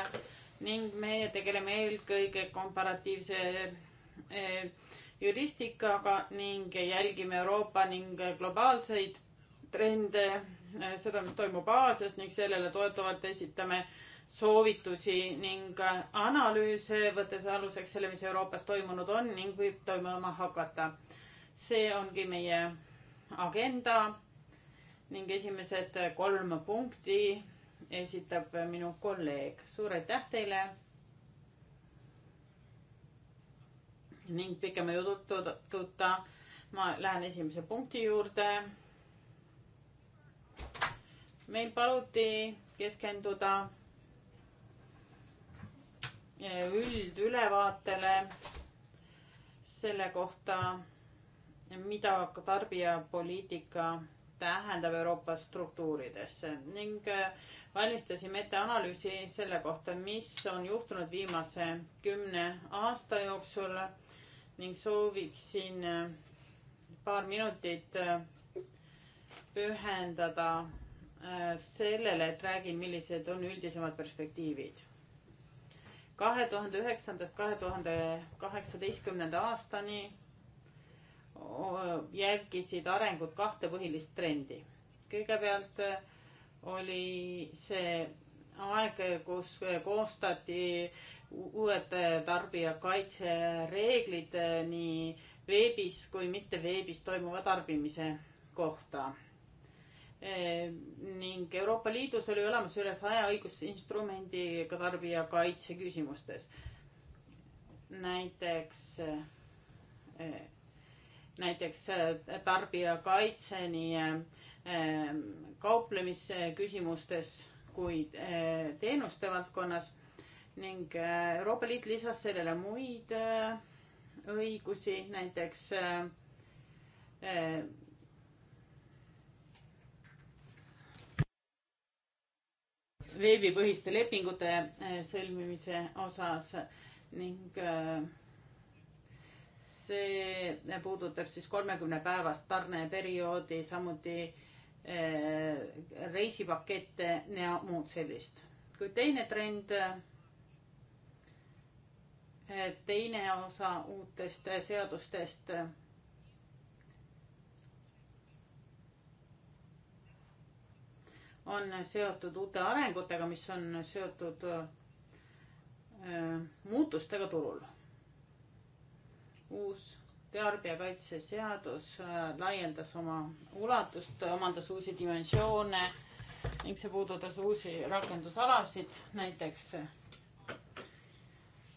ning meie tegeleme eelkõige komparatiivse juristikaga ning jälgime Euroopa ning globaalseid trende, seda, mis toimub Aasias ning sellele toetuvalt esitame äh, soovitusi ning analüüse, võttes aluseks selle, mis Euroopas toimunud on ning võib toimuma hakata. see ongi meie agenda ning esimesed kolm punkti esitab minu kolleeg. suur aitäh teile. ning pikema jututa ma lähen esimese punkti juurde. meil paluti keskenduda üldülevaatele selle kohta, mida tarbijapoliitika tähendab Euroopa struktuurides ning äh, valmistasime ette analüüsi selle kohta, mis on juhtunud viimase kümne aasta jooksul ning sooviksin äh, paar minutit äh, pühendada sellele, et räägin, millised on üldisemad perspektiivid kahe tuhande üheksandast kahe tuhande kaheksateistkümnenda aastani jälgisid arengut kahte põhilist trendi. kõigepealt äh, oli see aeg, kus koostati uued tarbijakaitsereeglid äh, nii veebis kui mitte veebis toimuva tarbimise kohta Eh, ning Euroopa Liidus oli olemas üle saja õigusinstrumendiga tarbijakaitse küsimustes. näiteks, eh, näiteks eh, tarbijakaitseni kauplemise küsimustes kui teenuste valdkonnas ning Euroopa Liit lisas sellele muid õigusi, näiteks veebipõhiste lepingute eh, sõlmimise osas ning eh, see puudutab siis kolmekümne päevast tarneperioodi, samuti eh, reisipakette ja muud sellist. kui teine trend, teine osa uutest seadustest on seotud uute arengutega, mis on seotud äh, muutustega turul. uus tarbijakaitseseadus äh, laiendas oma ulatust, omandas uusi dimensioone ning see puudutas uusi rakendusalasid, näiteks,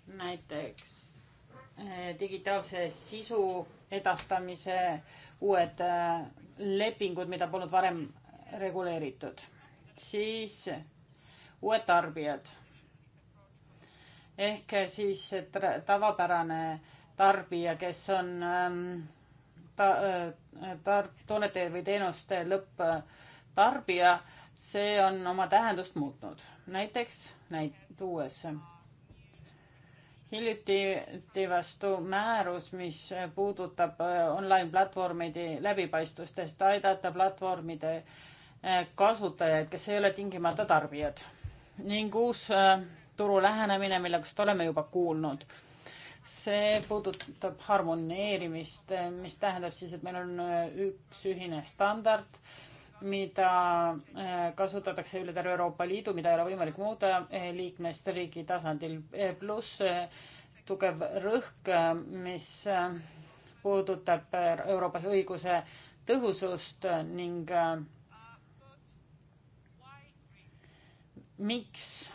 näiteks äh, digitaalse sisu edastamise uued lepingud, mida polnud varem reguleeritud siis uued tarbijad. ehk siis tavapärane tarbija, kes on ähm, ta-, äh, tar-, toodete või teenuste lõpptarbija, see on oma tähendust muutnud. näiteks, näit-, tuues hiljuti vastu määrus, mis puudutab äh, online platvormide läbipaistvust, et aidata platvormide äh, Eh, kasutajaid, kes ei ole tingimata tarbijad ning uus eh, turu lähenemine, millest oleme juba kuulnud. see puudutab harmoneerimist, eh, mis tähendab siis, et meil on üks ühine standard, mida kasutatakse üle terve Euroopa Liidu, mida ei ole võimalik muuta liikmesriigi tasandil, pluss tugev rõhk, mis puudutab Euroopas õiguse tõhusust ning äh, miks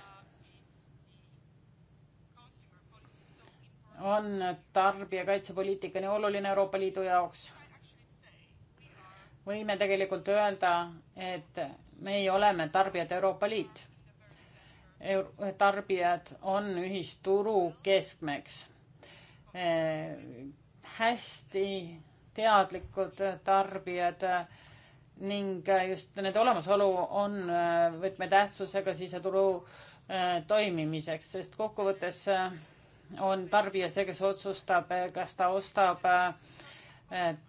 on tarbijakaitsepoliitika nii oluline Euroopa Liidu jaoks? võime tegelikult öelda, et meie oleme tarbijad Euroopa Liit. tarbijad on ühisturu keskmeks eh,. hästi teadlikud tarbijad eh, ning äh, just nende olemasolu on äh, võtmetähtsusega siseturu äh, toimimiseks, sest kokkuvõttes on tarbija see, kes otsustab, kas ta ostab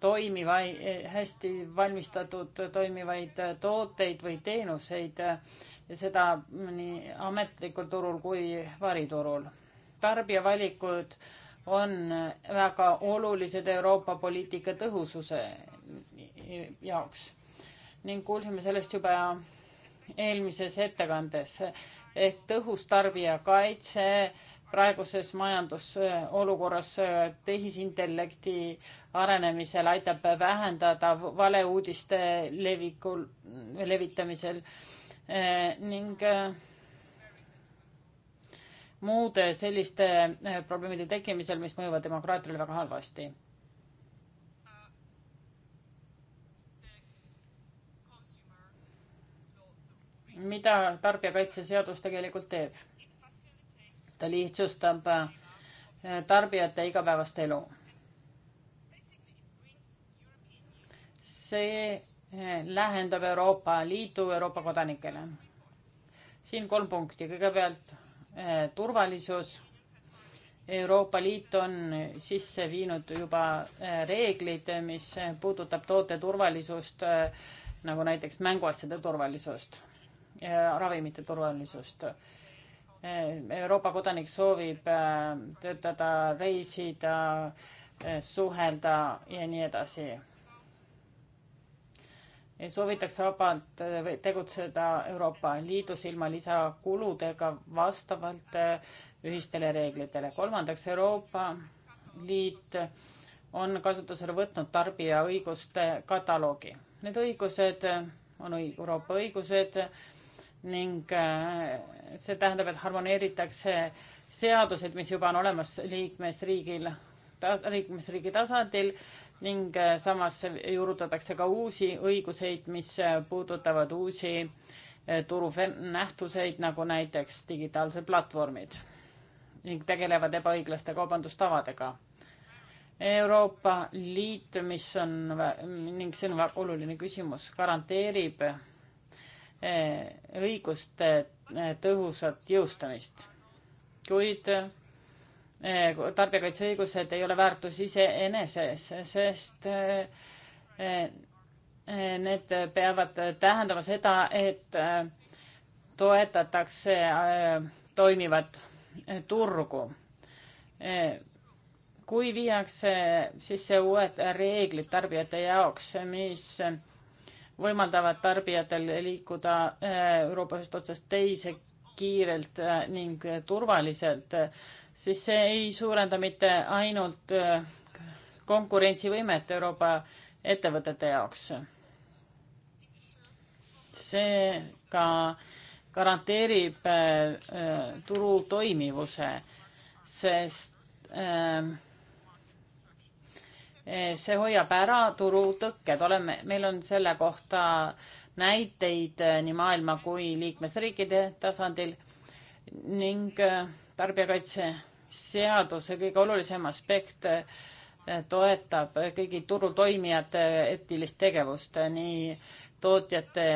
toimiva, hästi valmistatud toimivaid tooteid või teenuseid ja seda nii ametlikul turul kui variturul. tarbija valikud on väga olulised Euroopa poliitika tõhususe jaoks ning kuulsime sellest juba eelmises ettekandes ehk tõhus tarbijakaitse praeguses majandusolukorras tehisintellekti arenemisel aitab vähendada valeuudiste levikul, levitamisel ning muude selliste eh, probleemide tekkimisel, mis mõjuvad demokraatiale väga halvasti mida tarbijakaitseseadus tegelikult teeb. ta lihtsustab äh, tarbijate igapäevast elu. see äh, lähendab Euroopa Liitu Euroopa kodanikele. siin kolm punkti, kõigepealt äh, turvalisus. Euroopa Liit on sisse viinud juba reeglid, mis puudutab toote turvalisust, nagu näiteks mänguasjade turvalisust. Äh, ravimite turvalisust. Äh, Euroopa kodanik soovib äh, töötada, reisida, suhelda ja nii edasi. soovitakse vabalt tegutseda Euroopa Liidus ilma lisakuludega vastavalt ühistele reeglitele. kolmandaks, Euroopa Liit on kasutusele võtnud tarbija õiguste kataloogi. Need õigused on Euroopa õigused ning äh, see tähendab, et harmoneeritakse seadused, mis juba on olemas liikmesriigil, liikmesriigi tasandil ning äh, samas juurutatakse ka uusi õiguseid, mis äh, puudutavad uusi turunähtuseid, nagu näiteks digitaalsed platvormid ning tegelevad ebaõiglaste kaubandustavadega. Euroopa Liit, mis on ning see on oluline küsimus, garanteerib Eh, õiguste eh, tõhusat jõustamist. kuid eh, tarbijakaitseõigused ei ole väärtus iseeneses, sest need peavad tähendama seda, et toetatakse toimivat turgu. kui viiakse sisse uued reeglid tarbijate jaoks, mis võimaldavad tarbijatel liikuda äh, Euroopa ühest otsast teise kiirelt äh, ning turvaliselt, siis see ei suurenda mitte ainult äh, konkurentsivõimet Euroopa ettevõtete jaoks. see ka garanteerib turu toimivuse, sest äh, see hoiab ära turutõkked, oleme, meil on selle kohta näiteid eh, nii maailma kui liikmesriikide tasandil ning eh, tarbijakaitseseaduse kõige olulisem aspekt eh, toetab kõigi turul toimijate etilist tegevust nii tootjate,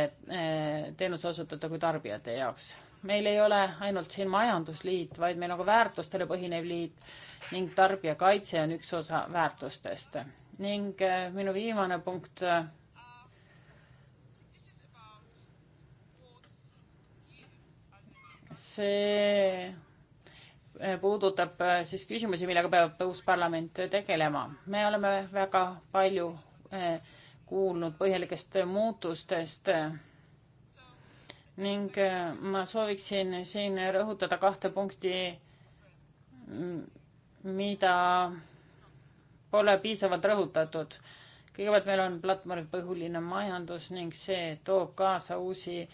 teenuseosutajate kui tarbijate jaoks meil ei ole ainult siin majandusliit, vaid meil on ka väärtustele põhinev liit ning tarbijakaitse on üks osa väärtustest. ning eh, minu viimane punkt. Eh, see puudutab eh, siis küsimusi, millega peab uus parlament tegelema. me oleme väga palju kuulnud põhjalikest muutustest ning äh, ma sooviksin siin rõhutada kahte punkti, mida pole piisavalt rõhutatud. kõigepealt meil on platvormi põhuline majandus ning see toob kaasa uusi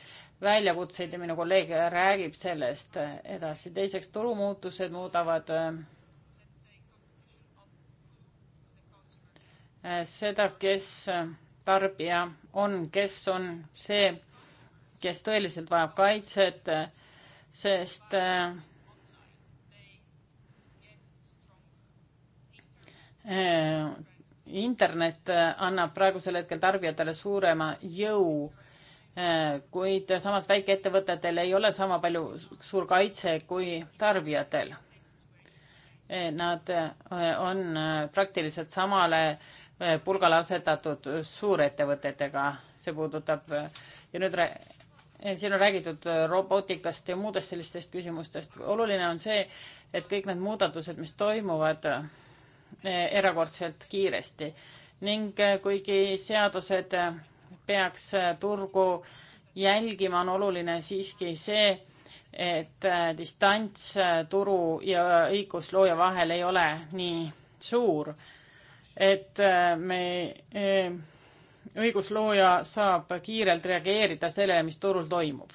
väljakutseid ja minu kolleeg räägib sellest edasi. teiseks, turumuutused muudavad äh, seda, kes tarbija on, kes on see kes tõeliselt vajab kaitset, sest äh, äh, internet annab praegusel hetkel tarbijatele suurema jõu, äh, kuid samas väikeettevõtetel ei ole sama palju suur kaitse kui tarbijatel. Nad on praktiliselt samale pulgale asetatud suurettevõtetega, see puudutab ja nüüd Eh, siin on räägitud eh, robotikast ja muudest sellistest küsimustest. oluline on see, et kõik need muudatused, mis toimuvad eh, erakordselt kiiresti ning kuigi seadused peaks turgu jälgima, on oluline siiski see, et distants turu ja õiguslooja vahel ei ole nii suur, et me õiguslooja saab kiirelt reageerida sellele, mis turul toimub.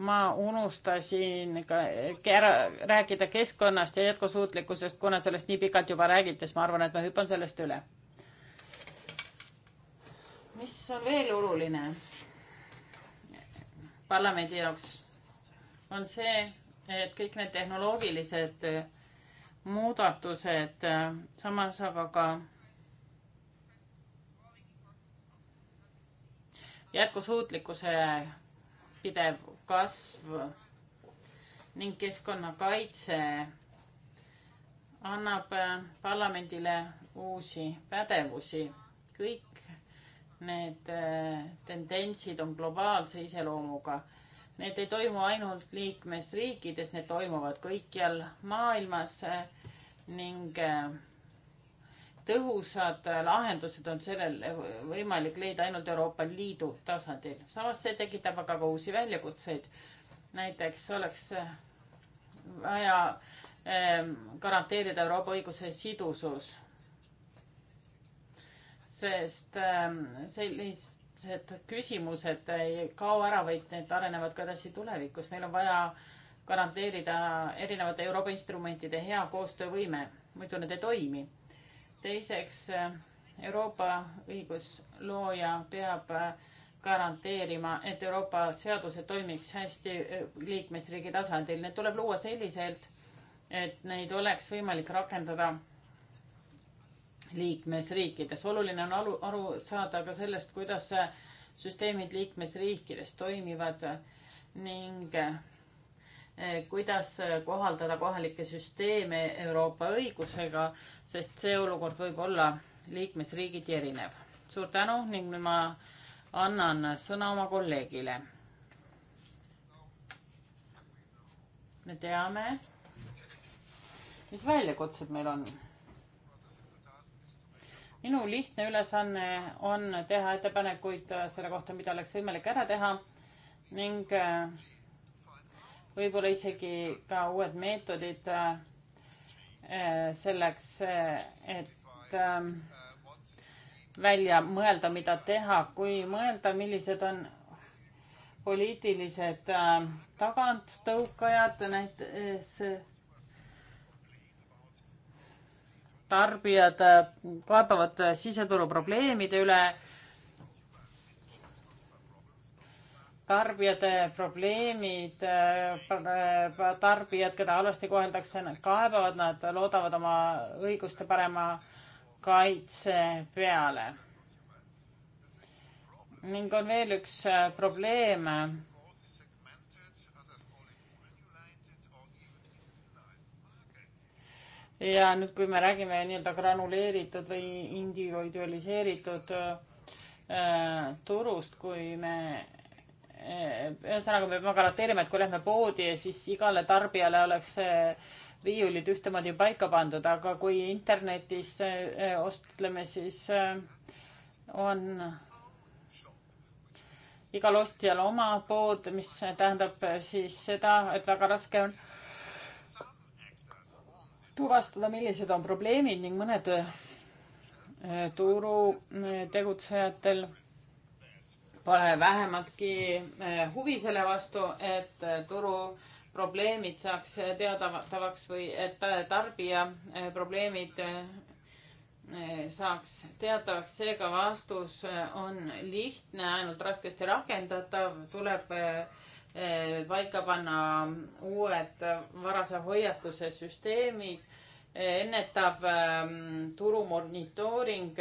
ma unustasin ka ära rääkida keskkonnast ja jätkusuutlikkusest, kuna sellest nii pikalt juba räägiti, siis ma arvan, et ma hüppan sellest üle. mis on veel oluline parlamendi jaoks, on see, et kõik need tehnoloogilised muudatused, samas aga ka jätkusuutlikkuse pidev kasv ning keskkonnakaitse annab parlamendile uusi pädevusi. kõik need tendentsid on globaalse iseloomuga Need ei toimu ainult liikmesriikides, need toimuvad kõikjal maailmas eh, ning eh, tõhusad lahendused on sellel võimalik leida ainult Euroopa Liidu tasandil. samas see tekitab aga ka uusi väljakutseid. näiteks oleks eh, vaja garanteerida Euroopa õiguse sidusus. sest sellist sellised küsimused ei kao ära, vaid need arenevad ka edasi tulevikus. meil on vaja garanteerida erinevate Euroopa instrumentide hea koostöövõime, muidu need ei toimi. teiseks, Euroopa õiguslooja peab garanteerima, et Euroopa seadused toimiks hästi e, liikmesriigi tasandil. Need tuleb luua selliselt, et neid oleks võimalik rakendada liikmesriikides. oluline on aru, aru saada ka sellest, kuidas süsteemid liikmesriikides toimivad ning eh, kuidas kohaldada kohalikke süsteeme Euroopa õigusega, sest see olukord võib olla liikmesriigiti erinev. suur tänu ning nüüd ma annan sõna oma kolleegile. me teame, mis väljakutsed meil on minu lihtne ülesanne on teha ettepanekuid äh, selle kohta, mida oleks võimalik ära teha ning äh, võib-olla isegi ka uued meetodid äh, selleks, et välja mõelda, mida teha, kui mõelda, millised on poliitilised tagantõukajad, näiteks tarbijad kaebavad siseturu probleemide üle. tarbijate probleemid, tarbijad, keda halvasti koheldakse, nad kaebavad, nad loodavad oma õiguste parema kaitse peale. ning on veel üks probleem ja nüüd, kui me räägime nii-öelda granuleeritud või individualiseeritud äh, turust, kui me äh, ühesõnaga äh,, me peame garanteerima, et kui lähme poodi, siis igale tarbijale oleks äh, riiulid ühtemoodi paika pandud, aga kui internetis äh, ostleme, siis äh, on igal ostjal oma pood, mis tähendab siis seda, et väga raske on tuvastada, millised on probleemid ning mõned äh, turu äh, tegutsejatel pole vähematki äh, huvi selle vastu, et turu probleemid saaks teadavaks või et tarbija probleemid saaks teatavaks, seega vastus on lihtne, ainult raskesti rakendatav, tuleb äh, Eh, paika panna uued varase hoiatuse süsteemid, eh, ennetav ehm, turu monitooring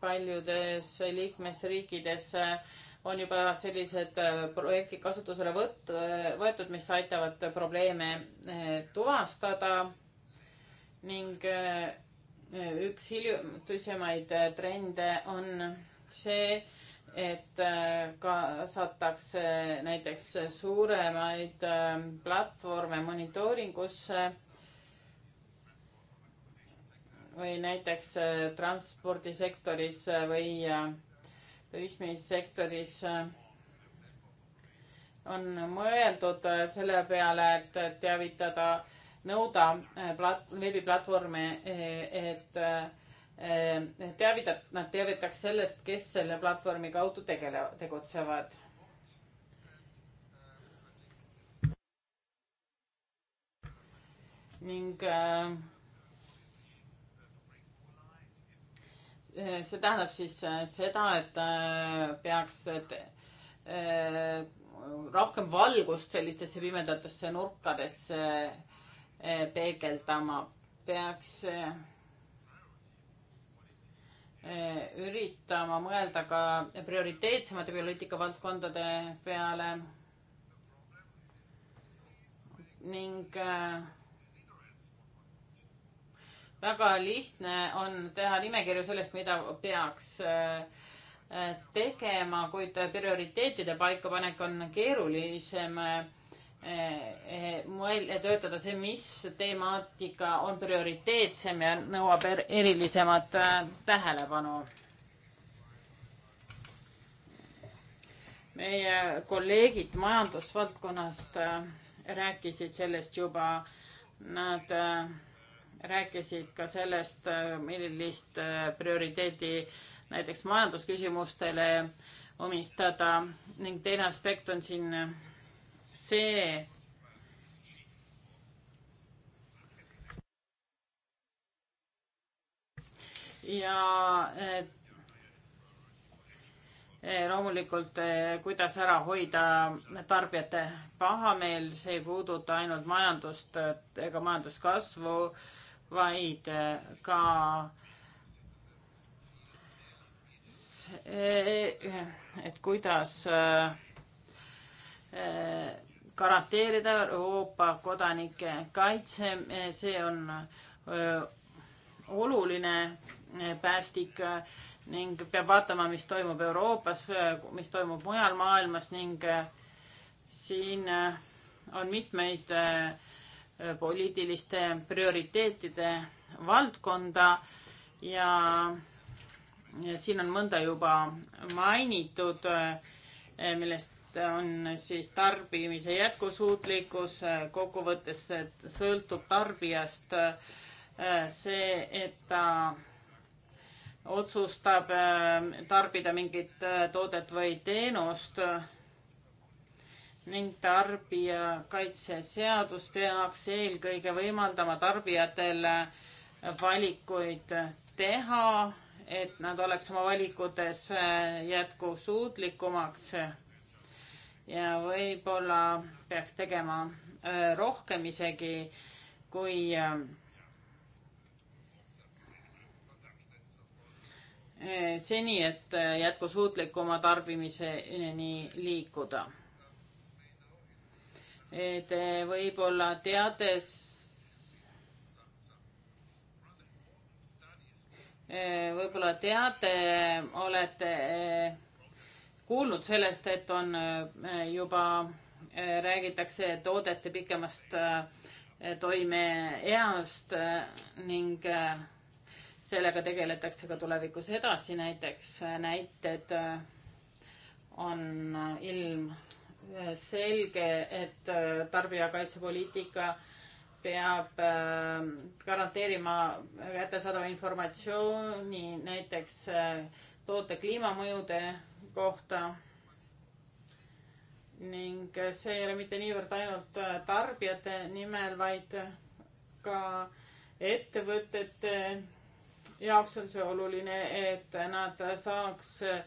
paljudes liikmesriikides eh, on juba sellised projektid kasutusele võt-, võetud, mis aitavad probleeme tuvastada ning üks hiljutisemaid trende on see, et äh, kaasatakse näiteks suuremaid äh, platvorme monitooringusse või näiteks äh, transpordisektoris või turismisektoris on mõeldud selle peale, et teavitada, nõuda plat-, veebiplatvorme, et, et Ehm, teavitab, nad teavitaks sellest, kes selle platvormi kaudu tegele-, tegutsevad. ning äh, see tähendab siis äh, seda, et äh, peaks et, äh, rohkem valgust sellistesse pimedatesse nurkadesse äh, peegeldama, peaks äh, Eh, üritama mõelda ka prioriteetsemate poliitikavaldkondade peale ning eh, väga lihtne on teha nimekirju sellest, mida peaks eh, tegema, kuid prioriteetide paikapanek on keerulisem Eh, mõel- ja töötada see, mis temaatika on prioriteetsem ja nõuab er erilisemat äh, tähelepanu. meie kolleegid majandusvaldkonnast äh, rääkisid sellest juba, nad äh, rääkisid ka sellest, millist prioriteedi näiteks majandusküsimustele omistada ning teine aspekt on siin see ja et, eh, loomulikult, eh, kuidas ära hoida tarbijate pahameel, see ei puuduta ainult majandust ega majanduskasvu, vaid eh, ka see, et kuidas garanteerida Euroopa kodanike kaitse, see on oluline päästik ning peab vaatama, mis toimub Euroopas, mis toimub mujal maailmas ning siin on mitmeid poliitiliste prioriteetide valdkonda ja siin on mõnda juba mainitud, millest on siis tarbimise jätkusuutlikkus, kokkuvõttes sõltub tarbijast see, et ta otsustab ähm, tarbida mingit äh, toodet või teenust ning tarbijakaitseseadus peaks eelkõige võimaldama tarbijatel äh, valikuid teha, et nad oleks oma valikutes äh, jätkusuutlikumaks ja võib-olla peaks tegema rohkem isegi, kui seni, et jätkusuutlikuma tarbimiseni liikuda. et võib-olla teades võib-olla teate, olete kuulnud sellest, et on äh, juba, äh, räägitakse toodete pikemast äh, toimeeast ning sellega tegeletakse ka tulevikus edasi, näiteks näited on ilmselge, et tarbijakaitsepoliitika peab garanteerima kättesaadava informatsiooni näiteks toote kliimamõjude kohta. ning see ei ole mitte niivõrd ainult äh, tarbijate nimel, vaid ka ettevõtete jaoks on see oluline, et nad saaks äh,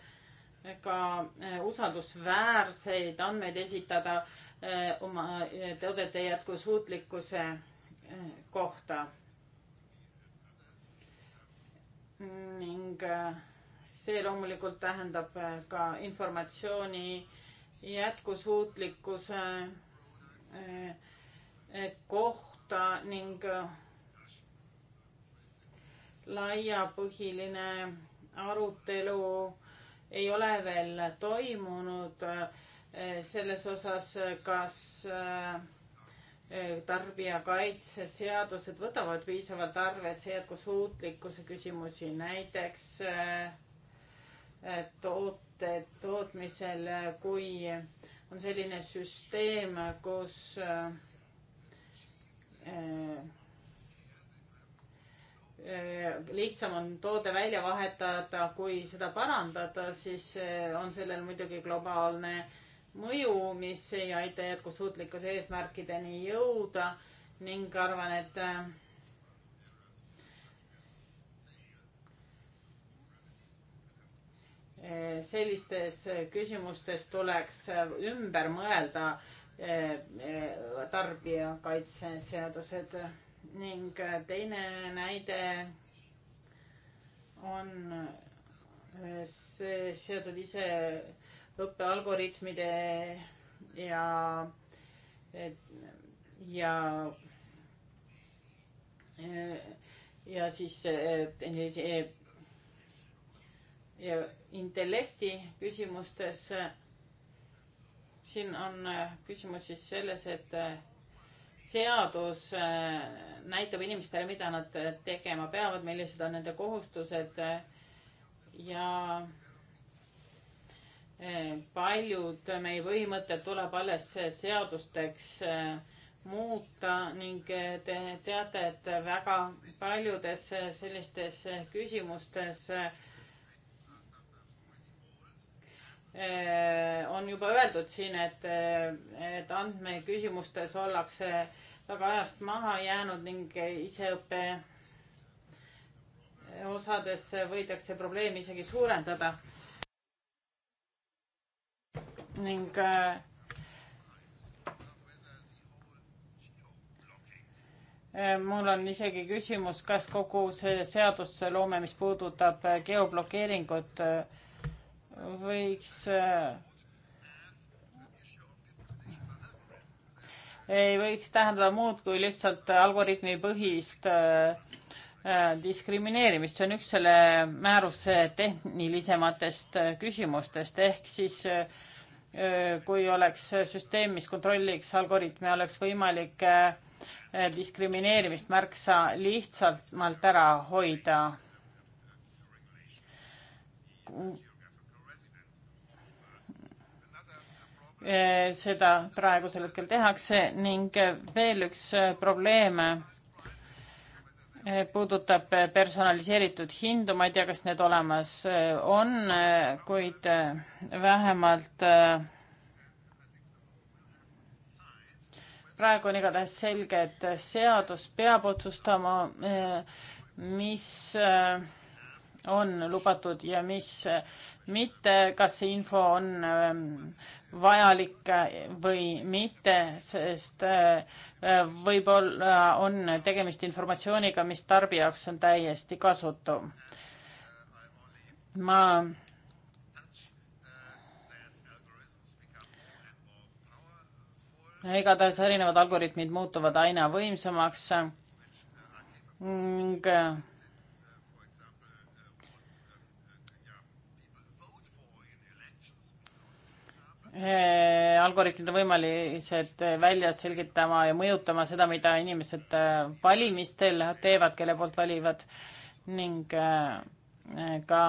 ka äh, usaldusväärseid andmeid esitada oma toodete jätkusuutlikkuse kohta. ning see loomulikult tähendab äh, ka informatsiooni jätkusuutlikkuse äh, äh, kohta ning laiapõhiline arutelu ei ole veel toimunud selles osas, kas tarbijakaitseseadused võtavad piisavalt arvesse jätkusuutlikkuse küsimusi, näiteks äh, Eh, toote tootmisel, eh, kui on selline süsteem, kus eh, lihtsam on toode välja vahetada, kui seda parandada, siis on sellel muidugi globaalne mõju, mis ei aita jätkusuutlikkuse eesmärkideni jõuda ning arvan, et sellistes küsimustes tuleks ümber mõelda eh, eh, tarbijakaitseseadused ning eh, teine näide on see seotud ise õppealgoritmide ja, ja, ja siis ja intellekti küsimustes. siin on äh, küsimus siis selles, et äh, seadus äh, näitab inimestele, mida nad tegema peavad, millised on nende kohustused ja paljud meie põhimõtted tuleb alles seadusteks muuta ning te teate, et väga paljudes sellistes küsimustes äh, Äh, on juba öeldud siin, et, et andmeküsimustes ollakse väga ajast maha jäänud ning iseõppe osades võidakse probleemi isegi suurendada. ning äh, mul on isegi küsimus, kas kogu see seadusloome, mis puudutab geoblokeeringut äh, võiks äh, ei võiks tähendada muud kui lihtsalt algoritmipõhist äh, äh, diskrimineerimist, see on üks selle määruse tehnilisematest küsimustest, ehk siis kui oleks süsteem, mis kontrolliks algoritme, oleks võimalik diskrimineerimist märksa lihtsamalt ära hoida Eh, seda praegusel hetkel tehakse ning eh, veel üks eh, probleem puudutab personaliseeritud hindu, ma ei tea, kas need olemas on, kuid vähemalt praegu on igatahes selge, et seadus peab otsustama, mis on lubatud ja mis mitte kas see info on ähm, vajalik äh, või mitte, sest äh, võib-olla on tegemist informatsiooniga, mis tarbija jaoks on täiesti kasutu. ma igatahes erinevad algoritmid muutuvad aina võimsamaks ning mm Eh, algoritmid on võimalised välja selgitama ja mõjutama seda, mida inimesed eh, valimistel teevad, kelle poolt valivad ning eh, ka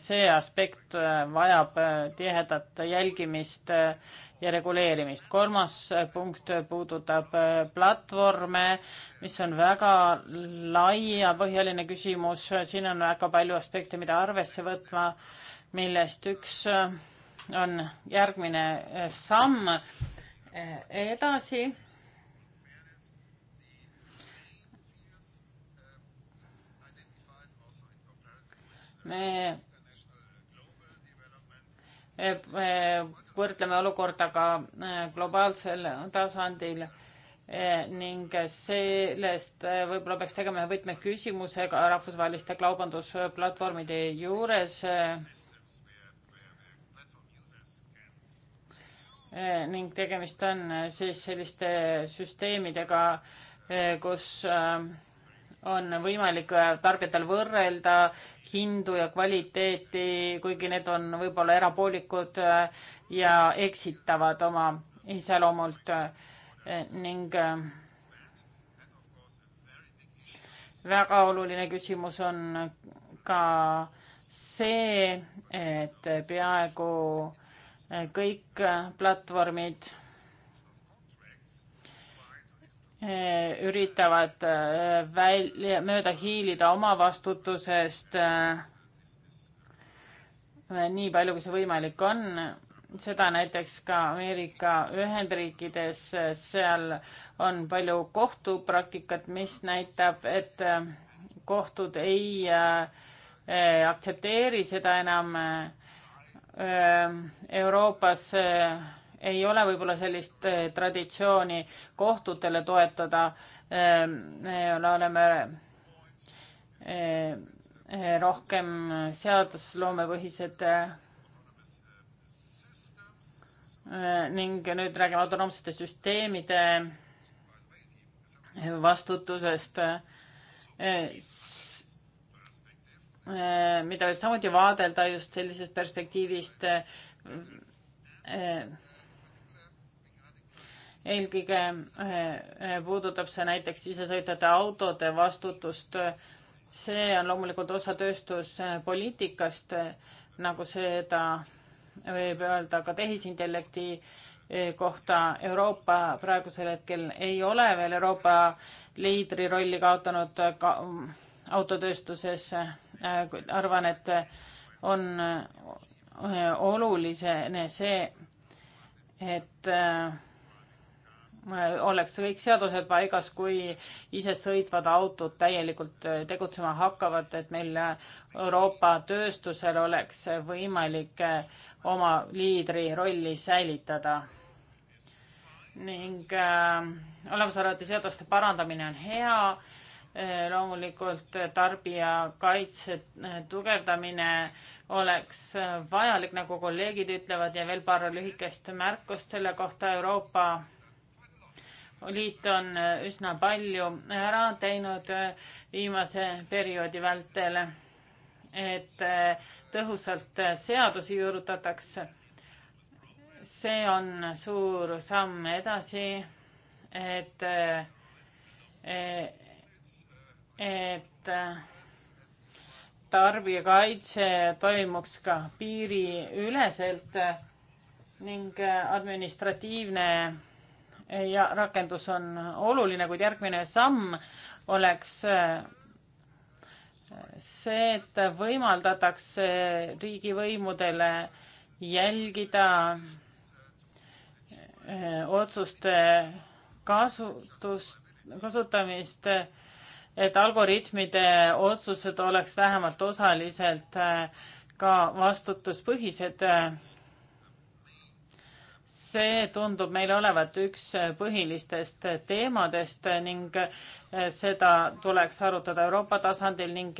see aspekt vajab tihedat jälgimist ja reguleerimist. kolmas punkt puudutab platvorme, mis on väga laiapõhjaline küsimus, siin on väga palju aspekte, mida arvesse võtma, millest üks on järgmine eh, samm eh, edasi. me eh, võrdleme olukorda ka globaalsel tasandil ning sellest võib-olla peaks tegema ühe võtmeküsimusega rahvusvaheliste kaubandusplatvormide juures Eh, ning tegemist on eh, siis selliste süsteemidega, eh, kus on võimalik tarbijatel võrrelda hindu ja kvaliteeti, kuigi need on võib-olla erapoolikud ja eksitavad oma iseloomult ning väga oluline küsimus on ka see, et peaaegu Eh, kõik eh, platvormid eh, üritavad välja, mööda hiilida oma vastutusest nii palju, kui see võimalik on. seda näiteks ka Ameerika Ühendriikides, seal on palju kohtupraktikat, mis näitab, et kohtud ei aktsepteeri seda enam Ehm, Euroopas eh, ei ole võib-olla sellist eh, traditsiooni kohtutele toetada. Ehm, me oleme eh, rohkem seadusloomepõhised ning nüüd räägime autonoomsete süsteemide vastutusest Äh, mida võib samuti vaadelda just sellisest perspektiivist äh, äh, eelkõige puudutab see näiteks sisesõitjate autode vastutust. see on loomulikult osa tööstuspoliitikast, nagu seda võib öelda ka tehisintellekti kohta Euroopa praegusel hetkel ei ole veel Euroopa liidrirolli kaotanud ka mm, autotööstuses Äh, arvan, et on äh, oluline see, et äh, oleks kõik seadused paigas, kui isesõitvad autod täielikult tegutsema hakkavad, et meil Euroopa tööstusel oleks võimalik oma liidri rolli säilitada. ning äh, olemasolevate seaduste parandamine on hea Eh, loomulikult eh, tarbijakaitse eh, tugevdamine oleks vajalik, nagu kolleegid ütlevad ja veel paar lühikest märkust selle kohta. Euroopa Liit on üsna palju ära teinud viimase perioodi vältel, et tõhusalt seadusi juurutataks. see on suur samm edasi, et et äh, tarbijakaitse toimuks ka piiriüleselt äh, ning äh, administratiivne ja rakendus on oluline, kuid järgmine samm oleks see, et võimaldatakse riigivõimudele jälgida otsuste kasutust, kasutamist et algoritmide otsused oleks vähemalt osaliselt äh, ka vastutuspõhised. see tundub meile olevat üks äh, põhilistest äh, teemadest ning seda tuleks arutada Euroopa tasandil ning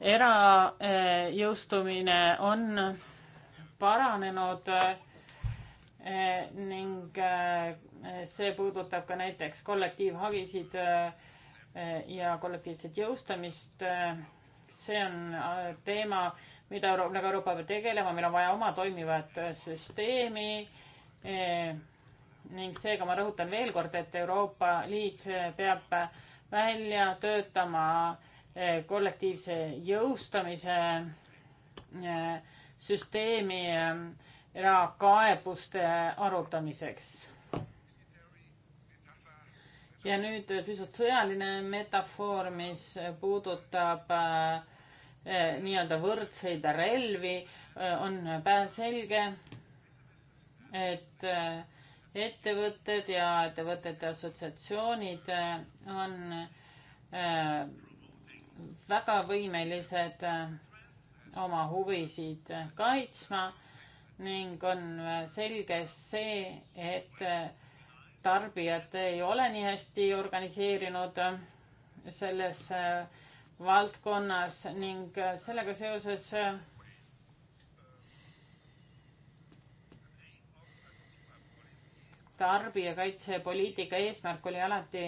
erajõustumine on paranenud ning see puudutab ka näiteks kollektiivhagisid ja kollektiivset jõustamist. see on äh, teema, mida Euro-, millega Euroopa peab tegelema, meil on vaja oma toimivat äh, süsteemi äh, ning seega ma rõhutan veel kord, et Euroopa Liit peab välja töötama kollektiivse jõustamise süsteemi ja kaebuste arutamiseks ja nüüd äh, pisut sõjaline metafoor, mis äh, puudutab eh, nii-öelda võrdseid relvi, on päevselge, et ettevõtted ja ettevõtete assotsiatsioonid on eh, väga võimelised oma huvisid kaitsma ning on selge see, et tarbijad ei ole nii hästi organiseerinud selles äh, valdkonnas ning äh, sellega seoses äh, tarbijakaitsepoliitika eesmärk oli alati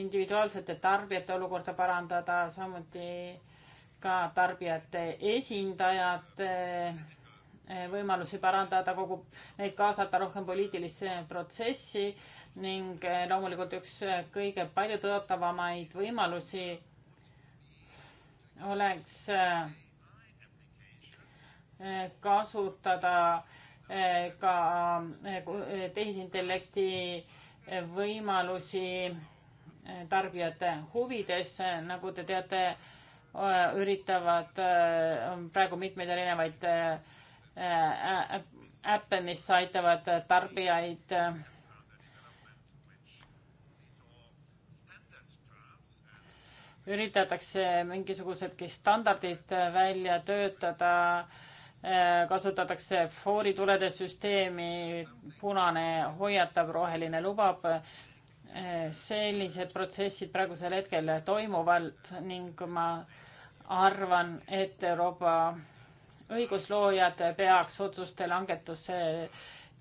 individuaalsete tarbijate olukorda parandada, samuti ka tarbijate esindajate Eh, võimalusi parandada, kogu neid kaasata rohkem poliitilisse protsessi ning eh, loomulikult üks eh, kõige palju tõotavamaid võimalusi oleks kasutada ka tehisintellekti võimalusi tarbijate huvides, nagu te teate, üritavad praegu mitmeid erinevaid Äh, äh, äppe, mis aitavad tarbijaid äh, üritatakse mingisugusedki standardid välja töötada, kasutatakse fooritulede süsteemi, punane hoiatab, roheline lubab. sellised protsessid praegusel hetkel toimuvad ning ma arvan, et Euroopa õigusloojad peaks otsuste langetusse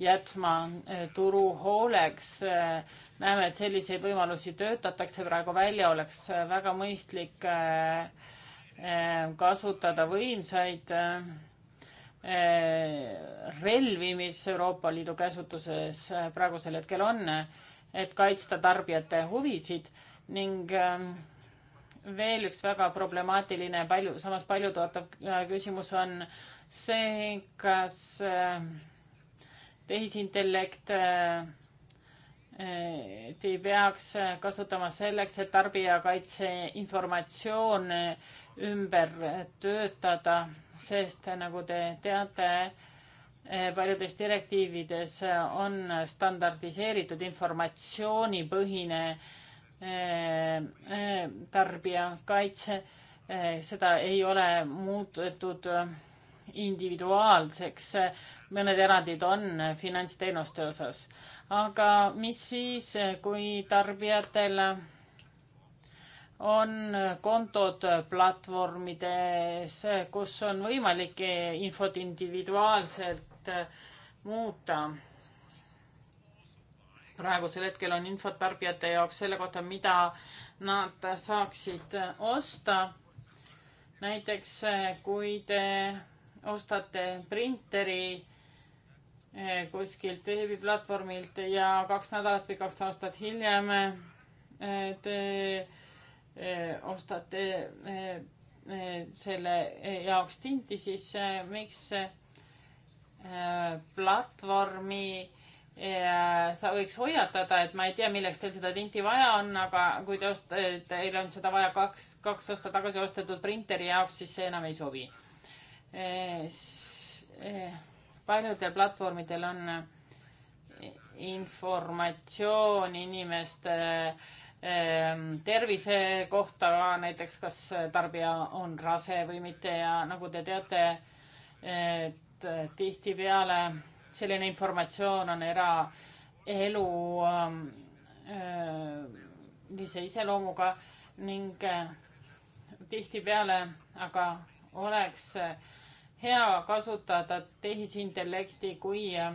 jätma eh, turu hooleks. Eh, näeme, et selliseid võimalusi töötatakse praegu välja, oleks eh, väga mõistlik kasutada võimsaid relvi, mis Euroopa Liidu käsutuses praegusel hetkel on, et kaitsta tarbijate huvisid ning veel üks väga problemaatiline, palju, samas paljutootav äh, küsimus on see, kas äh, tehisintellekt äh, ei peaks kasutama selleks, et tarbijakaitse informatsioon ümber töötada, sest nagu te teate, paljudes direktiivides on standardiseeritud informatsioonipõhine äh, Äh, äh, tarbijakaitse, äh, seda ei ole muudetud individuaalseks, mõned erandid on finantsteenuste osas. aga mis siis, kui tarbijatel on kontod platvormides, kus on võimalik infot individuaalselt muuta praegusel hetkel on infot tarbijate jaoks selle kohta, mida nad saaksid osta. näiteks kui te ostate printeri eh, kuskilt veebiplatvormilt ja kaks nädalat või kaks aastat hiljem eh, te eh, ostate selle jaoks tinti, siis miks platvormi ja sa võiks hoiatada, et ma ei tea, milleks teil seda tinti vaja on, aga kui te ost-, teil on seda vaja kaks, kaks aastat tagasi ostetud printeri jaoks, siis see enam ei sobi e,. E, paljudel platvormidel on informatsioon inimeste e, tervise kohta, näiteks kas tarbija on rase või mitte ja nagu te teate, et tihtipeale selline informatsioon on eraelu lise ähm, äh, iseloomuga ning äh, tihtipeale aga oleks äh, hea kasutada tehisintellekti kui äh,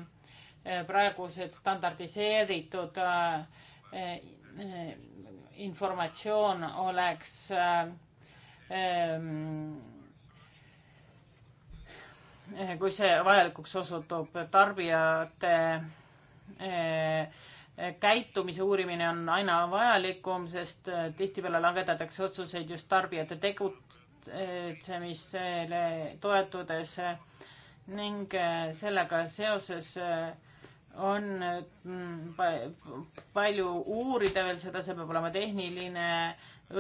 praegused standardiseeritud äh, äh, informatsioon oleks ähm, Eh, kui see vajalikuks osutub. tarbijate eh, käitumise uurimine on aina vajalikum, sest eh, tihtipeale langetatakse otsuseid just tarbijate tegutsemisele toetudes ning sellega seoses on mm, palju uurida veel seda, see peab olema tehniline,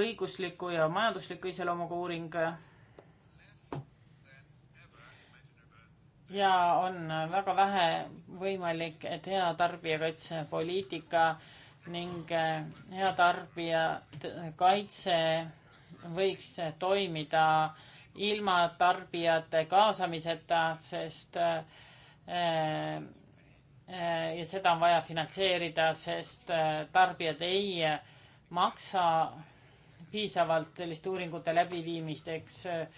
õigusliku ja majandusliku iseloomuga uuring ja on väga vähe võimalik, et hea tarbijakaitsepoliitika ning eh, hea tarbijakaitse võiks toimida ilma tarbijate kaasamiseta, sest eh, eh, ja seda on vaja finantseerida, sest tarbijad ei maksa piisavalt selliste uuringute läbiviimisteks äh,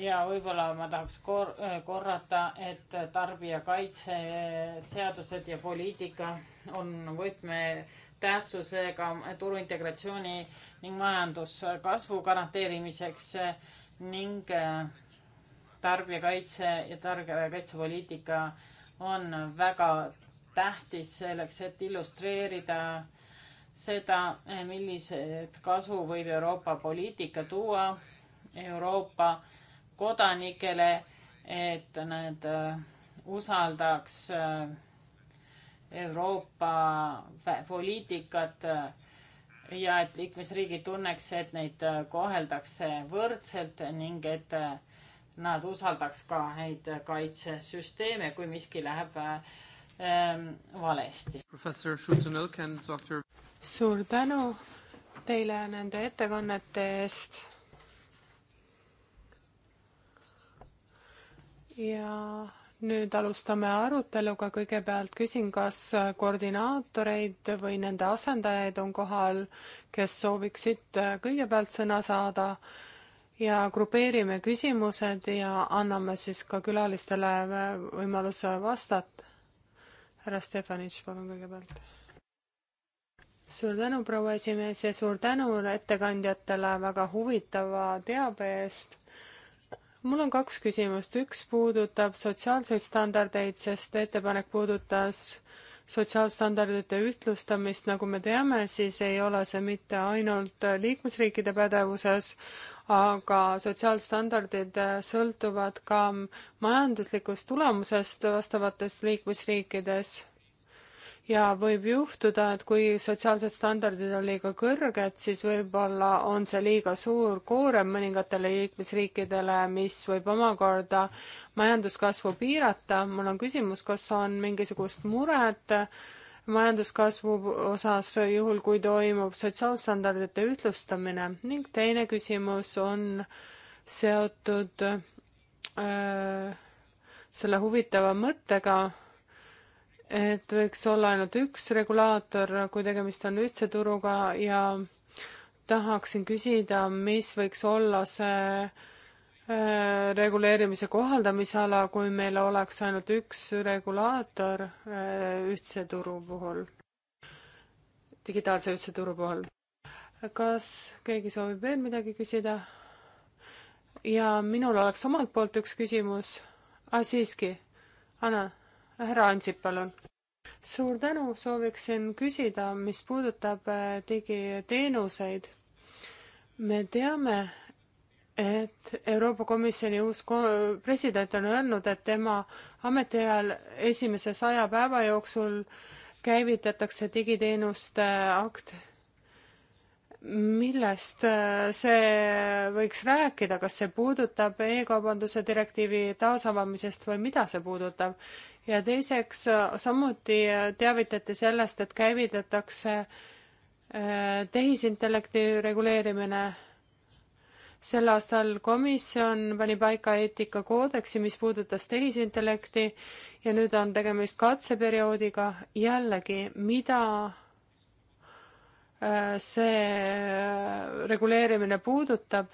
ja võib-olla ma tahaks kor-, äh, korrata, et tarbijakaitseseadused ja poliitika on võtmetähtsusega turu integratsiooni ning majanduskasvu garanteerimiseks ning äh, tarbijakaitse ja tarbijakaitsepoliitika on väga tähtis selleks, et illustreerida seda, millised kasu võib Euroopa poliitika tuua Euroopa kodanikele, et nad äh, usaldaks äh, Euroopa poliitikat äh, ja et liikmesriigid tunneks, et neid koheldakse võrdselt ning et nad usaldaks ka häid kaitsesüsteeme, kui miski läheb ähm, valesti. Doctor... suur tänu teile nende ettekannete eest ja nüüd alustame aruteluga, kõigepealt küsin, kas koordinaatoreid või nende asendajaid on kohal, kes sooviksid kõigepealt sõna saada ja grupeerime küsimused ja anname siis ka külalistele võimaluse vastata. härra Stefanitš, palun kõigepealt. suur tänu, proua esimees ja suur tänu ettekandjatele väga huvitava teabe eest mul on kaks küsimust, üks puudutab sotsiaalseid standardeid, sest ettepanek puudutas sotsiaalstandardite ühtlustamist, nagu me teame, siis ei ole see mitte ainult liikmesriikide pädevuses, aga sotsiaalstandardid sõltuvad ka majanduslikust tulemusest vastavates liikmesriikides ja võib juhtuda, et kui sotsiaalsed standardid on liiga kõrged, siis võib-olla on see liiga suur koorem mõningatele liikmesriikidele, mis võib omakorda majanduskasvu piirata. mul on küsimus, kas on mingisugust muret majanduskasvu osas, juhul kui toimub sotsiaalstandardite ühtlustamine ning teine küsimus on seotud öö, äh, selle huvitava mõttega, et võiks olla ainult üks regulaator, kui tegemist on ühtse turuga ja tahaksin küsida, mis võiks olla see äh, reguleerimise kohaldamisala, kui meil oleks ainult üks regulaator äh, ühtse turu puhul, digitaalse ühtse turu puhul. kas keegi soovib veel midagi küsida? ja minul oleks omalt poolt üks küsimus ah,. siiski, Anna härra Ansip, palun. suur tänu, sooviksin küsida, mis puudutab äh, digiteenuseid. me teame, et Euroopa Komisjoni uus president on öelnud, et tema ametiajal esimese saja päeva jooksul käivitatakse digiteenuste akt. millest äh, see võiks rääkida, kas see puudutab e-kaubanduse direktiivi taasavamisest või mida see puudutab? ja teiseks samuti teavitati sellest, et käivitatakse äh, tehisintellekti reguleerimine. sel aastal komisjon pani paika eetikakoodeksi, mis puudutas tehisintellekti ja nüüd on tegemist katseperioodiga. jällegi, mida äh, see äh, reguleerimine puudutab?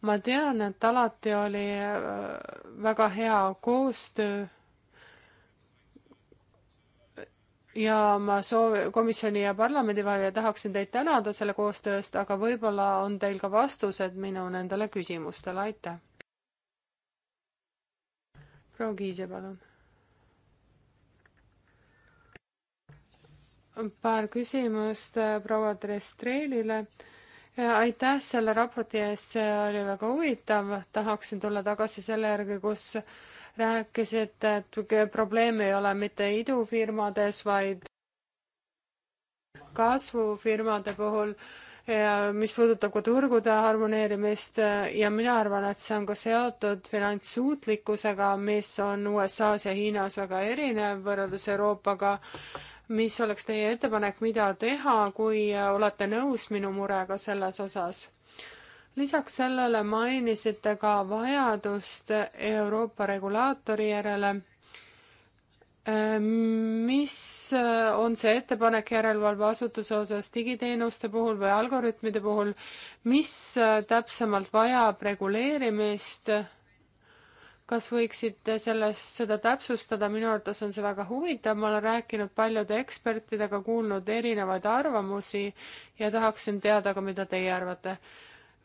ma tean, et alati oli väga hea koostöö ja ma soov-, komisjoni ja parlamendi vahel ja tahaksin teid tänada selle koostöö eest, aga võib-olla on teil ka vastused minu nendele küsimustele, aitäh. proua Kiise, palun. paar küsimust äh, proua Trestrelile. aitäh selle raporti eest, see oli väga huvitav, tahaksin tulla tagasi selle järgi, kus rääkisite, et probleem ei ole mitte idufirmades, vaid kasvufirmade puhul, mis puudutab ka turgude harmoneerimist ja mina arvan, et see on ka seotud finantssuutlikkusega, mis on USA-s ja Hiinas väga erinev võrreldes Euroopaga. mis oleks teie ettepanek, mida teha, kui olete nõus minu murega selles osas? lisaks sellele mainisite ka vajadust Euroopa regulaatori järele. Äh, mis äh, on see ettepanek järelevalveasutuse osas digiteenuste puhul või algoritmide puhul, mis äh, täpsemalt vajab reguleerimist? kas võiksite sellest, seda täpsustada, minu arvates on see väga huvitav, ma olen rääkinud paljude ekspertidega, kuulnud erinevaid arvamusi ja tahaksin teada ka, mida teie arvate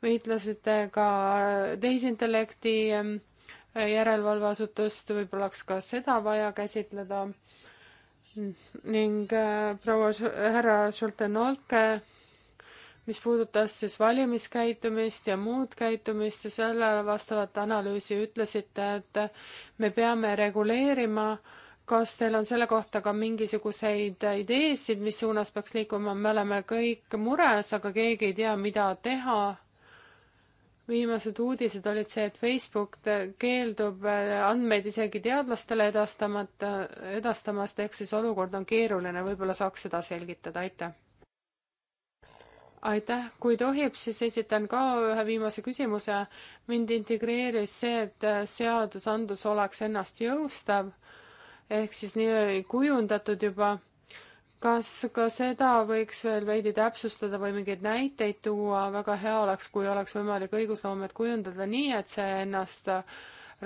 võitlesite ka tehisintellekti ähm, järelevalveasutust, võib-olla oleks ka seda vaja käsitleda. ning äh, proua härra Schultenolke, mis puudutas siis valimiskäitumist ja muud käitumist ja sellele vastavat analüüsi ütlesite, et me peame reguleerima kas teil on selle kohta ka mingisuguseid ideesid, mis suunas peaks liikuma, me oleme kõik mures, aga keegi ei tea, mida teha viimased uudised olid see, et Facebook keeldub äh, andmeid isegi teadlastele edastamata, edastamast, ehk siis olukord on keeruline, võib-olla saaks seda selgitada, aitäh. aitäh, kui tohib, siis esitan ka ühe viimase küsimuse. mind integreeris see, et äh, seadusandlus oleks ennast jõustav ehk siis nii kujundatud juba kas ka seda võiks veel veidi täpsustada või mingeid näiteid tuua, väga hea oleks, kui oleks võimalik õigusloomet kujundada nii, et see ennast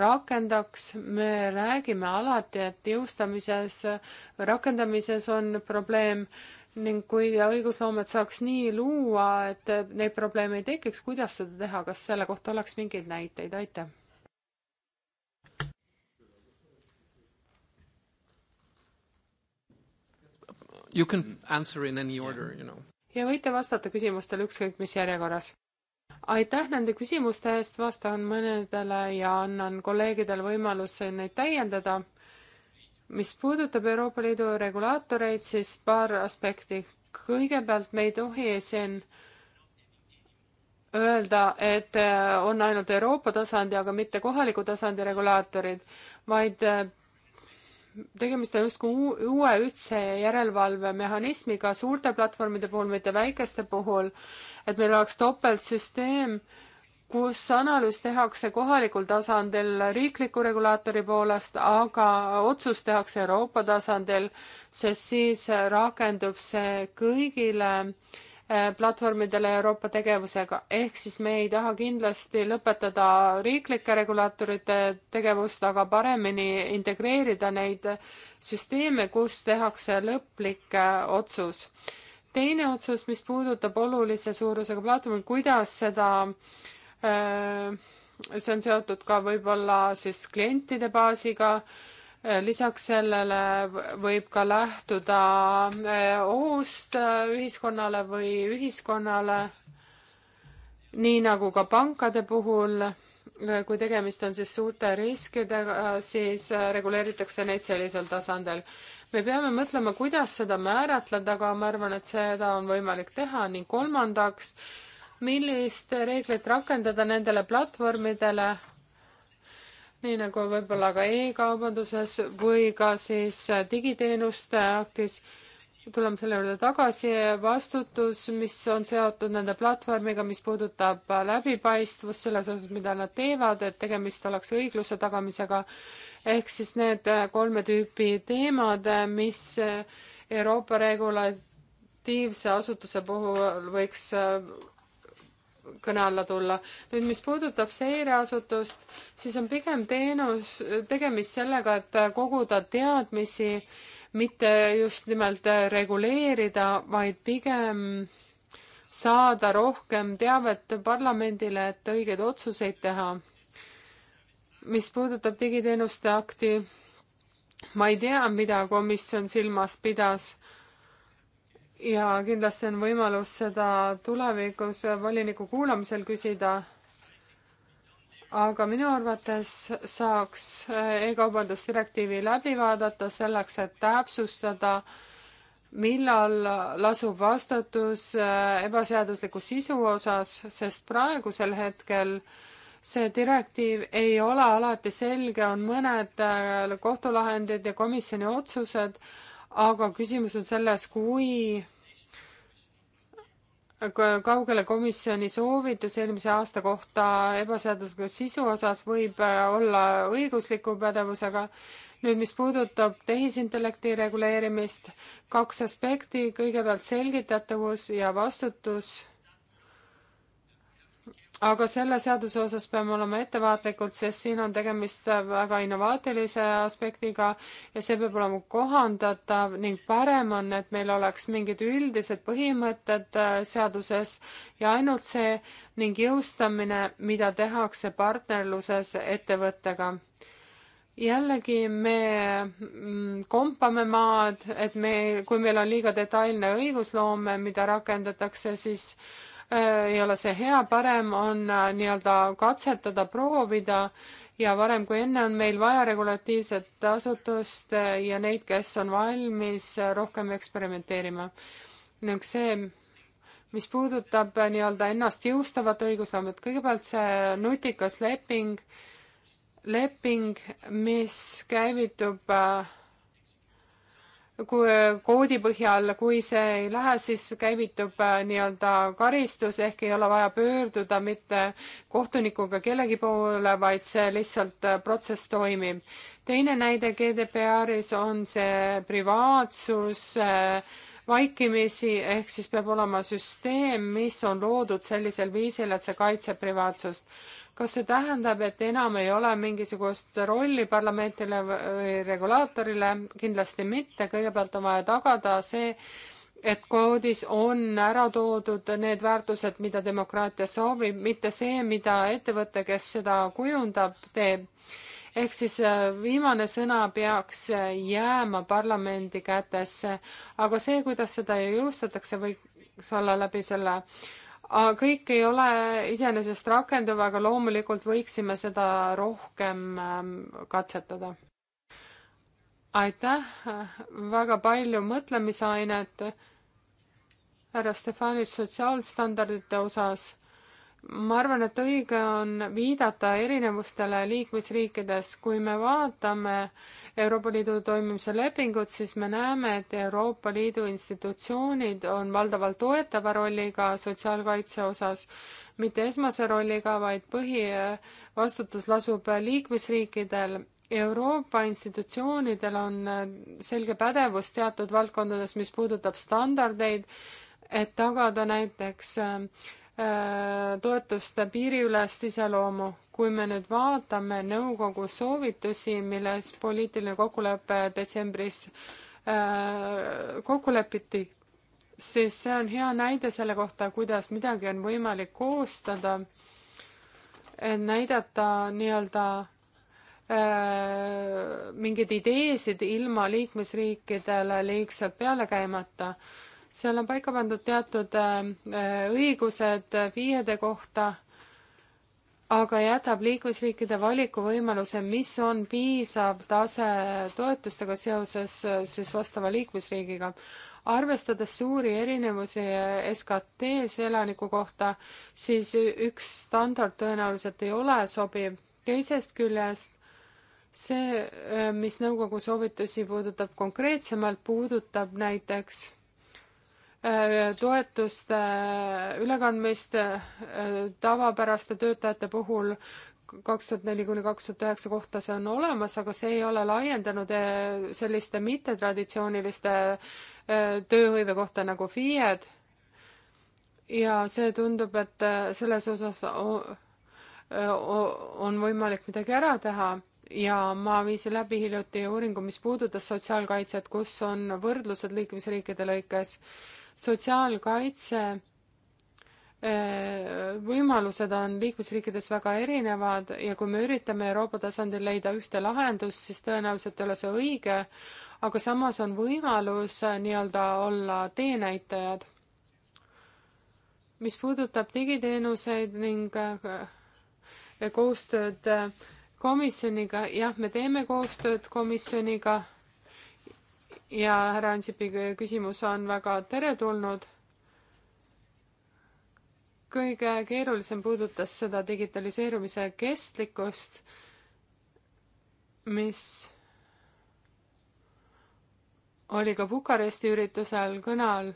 rakendaks, me räägime alati, et jõustamises, rakendamises on probleem ning kui õigusloomet saaks nii luua, et neid probleeme ei tekiks, kuidas seda teha, kas selle kohta oleks mingeid näiteid, aitäh? You can answer in any order, you know. ja võite vastata küsimustele ükskõik mis järjekorras. aitäh nende küsimuste eest, vastan mõnedele ja annan kolleegidele võimaluse neid täiendada. mis puudutab Euroopa Liidu regulaatoreid, siis paar aspekti. kõigepealt me ei tohi siin öelda, et on ainult Euroopa tasandi, aga mitte kohaliku tasandi regulaatorid, vaid tegemist on justkui uue ühtse järelevalvemehhanismiga suurte platvormide puhul, mitte väikeste puhul, et meil oleks topeltsüsteem, kus analüüs tehakse kohalikul tasandil riikliku regulaatori poolest, aga otsus tehakse Euroopa tasandil, sest siis rakendub see kõigile äh, Äh, platvormidele Euroopa tegevusega, ehk siis me ei taha kindlasti lõpetada riiklike regulaatorite tegevust, aga paremini integreerida neid süsteeme, kus tehakse lõplik äh, otsus. teine otsus, mis puudutab olulise suurusega platvormi, kuidas seda äh, see on seotud ka võib-olla siis klientide baasiga, lisaks sellele võib ka lähtuda eh, ohust eh, ühiskonnale või ühiskonnale, nii nagu ka pankade puhul, eh, kui tegemist on siis suurte riskidega, siis reguleeritakse neid sellisel tasandil. me peame mõtlema, kuidas seda määratleda, aga ma arvan, et seda on võimalik teha ning kolmandaks, millist reeglit rakendada nendele platvormidele, nii nagu võib-olla ka e-kaubanduses või ka siis äh, digiteenuste aktis. tuleme selle juurde tagasi, vastutus, mis on seotud nende platvormiga, mis puudutab äh, läbipaistvust selles osas, mida nad teevad, et tegemist oleks õigluse tagamisega. ehk siis need äh, kolme tüüpi teemad, mis Euroopa regulatiivse asutuse puhul võiks kõne alla tulla. nüüd, mis puudutab seireasutust, siis on pigem teenus, tegemist sellega, et koguda teadmisi, mitte just nimelt reguleerida, vaid pigem saada rohkem teavet parlamendile, et õigeid otsuseid teha. mis puudutab digiteenuste akti, ma ei tea, mida komisjon silmas pidas ja kindlasti on võimalus seda tulevikus voliniku kuulamisel küsida. aga minu arvates saaks e-kaubandusdirektiivi läbi vaadata selleks, et täpsustada, millal lasub vastutus ebaseadusliku sisu osas, sest praegusel hetkel see direktiiv ei ole alati selge, on mõned kohtulahendid ja komisjoni otsused aga küsimus on selles, kui kaugele komisjoni soovitus eelmise aasta kohta ebaseadusliku sisu osas võib äh, olla õigusliku pädevusega. nüüd, mis puudutab tehisintellekti reguleerimist, kaks aspekti, kõigepealt selgitatavus ja vastutus aga selle seaduse osas peame olema ettevaatlikud, sest siin on tegemist väga innovaatilise aspektiga ja see peab olema kohandatav ning parem on, et meil oleks mingid üldised põhimõtted äh, seaduses ja ainult see ning jõustamine, mida tehakse partnerluses ettevõttega jällegi me mm, kompame maad, et me, kui meil on liiga detailne õigusloome, mida rakendatakse, siis äh, ei ole see hea, parem on äh, nii-öelda katsetada, proovida ja varem kui enne on meil vaja regulatiivset asutust äh, ja neid, kes on valmis äh, rohkem eksperimenteerima. nüüd see, mis puudutab nii-öelda ennast jõustavat õigusloomet, kõigepealt see nutikas leping, leping, mis käivitub äh, kui koodi põhjal, kui see ei lähe, siis käivitub äh, nii-öelda karistus ehk ei ole vaja pöörduda mitte kohtunikuga kellegi poole, vaid see lihtsalt äh, protsess toimib. teine näide GDPR-is on see privaatsus äh, vaikimisi, ehk siis peab olema süsteem, mis on loodud sellisel viisil, et see kaitseb privaatsust. kas see tähendab, et enam ei ole mingisugust rolli parlamendile või regulaatorile? kindlasti mitte, kõigepealt on vaja tagada see, et koodis on ära toodud need väärtused, mida demokraatia soovib, mitte see, mida ettevõte, kes seda kujundab, teeb ehk siis äh, viimane sõna peaks äh, jääma parlamendi kätesse, aga see, kuidas seda jõustatakse, võiks olla läbi selle kõik ei ole iseenesest rakenduv, aga loomulikult võiksime seda rohkem ähm, katsetada. aitäh, väga palju mõtlemisainet härra Stefanit sotsiaalstandardite osas ma arvan, et õige on viidata erinevustele liikmesriikides. kui me vaatame Euroopa Liidu toimimise lepingut, siis me näeme, et Euroopa Liidu institutsioonid on valdavalt toetava rolliga sotsiaalkaitse osas, mitte esmase rolliga, vaid põhivastutus lasub liikmesriikidel. Euroopa institutsioonidel on selge pädevus teatud valdkondades, mis puudutab standardeid, et tagada näiteks äh, Äh, toetuste piiriülest iseloomu. kui me nüüd vaatame nõukogu soovitusi, milles poliitiline kokkulepe detsembris äh, kokku lepiti, siis see on hea näide selle kohta, kuidas midagi on võimalik koostada, et näidata nii-öelda äh, mingeid ideesid ilma liikmesriikidele liigselt peale käimata seal on paika pandud teatud äh, äh, õigused FIE-de äh, kohta, aga jätab liikmesriikide valikuvõimaluse, mis on piisav tase toetustega seoses siis vastava liikmesriigiga. arvestades suuri erinevusi SKT-s elaniku kohta, siis üks standard tõenäoliselt ei ole sobiv, teisest küljest see, mis nõukogu soovitusi puudutab konkreetsemalt, puudutab näiteks Äh, toetuste äh, ülekandmist äh, tavapäraste töötajate puhul kaks tuhat neli kuni kaks tuhat üheksa kohta see on olemas, aga see ei ole laiendanud selliste mittetraditsiooniliste tööhõive kohta nagu FIE-d. ja see tundub, et selles osas on võimalik midagi ära teha ja ma viisin läbi hiljuti uuringu, mis puudutas sotsiaalkaitset, kus on võrdlused liikmesriikide lõikes sotsiaalkaitse eh, võimalused on liikmesriikides väga erinevad ja kui me üritame Euroopa tasandil leida ühte lahendust, siis tõenäoliselt ei ole see õige, aga samas on võimalus eh, nii-öelda olla teenäitajad. mis puudutab digiteenuseid ning eh, koostööd komisjoniga, jah, me teeme koostööd komisjoniga ja härra Ansipi küsimus on väga teretulnud. kõige keerulisem puudutas seda digitaliseerumise kestlikkust, mis oli ka Bukaresti üritusel kõne all.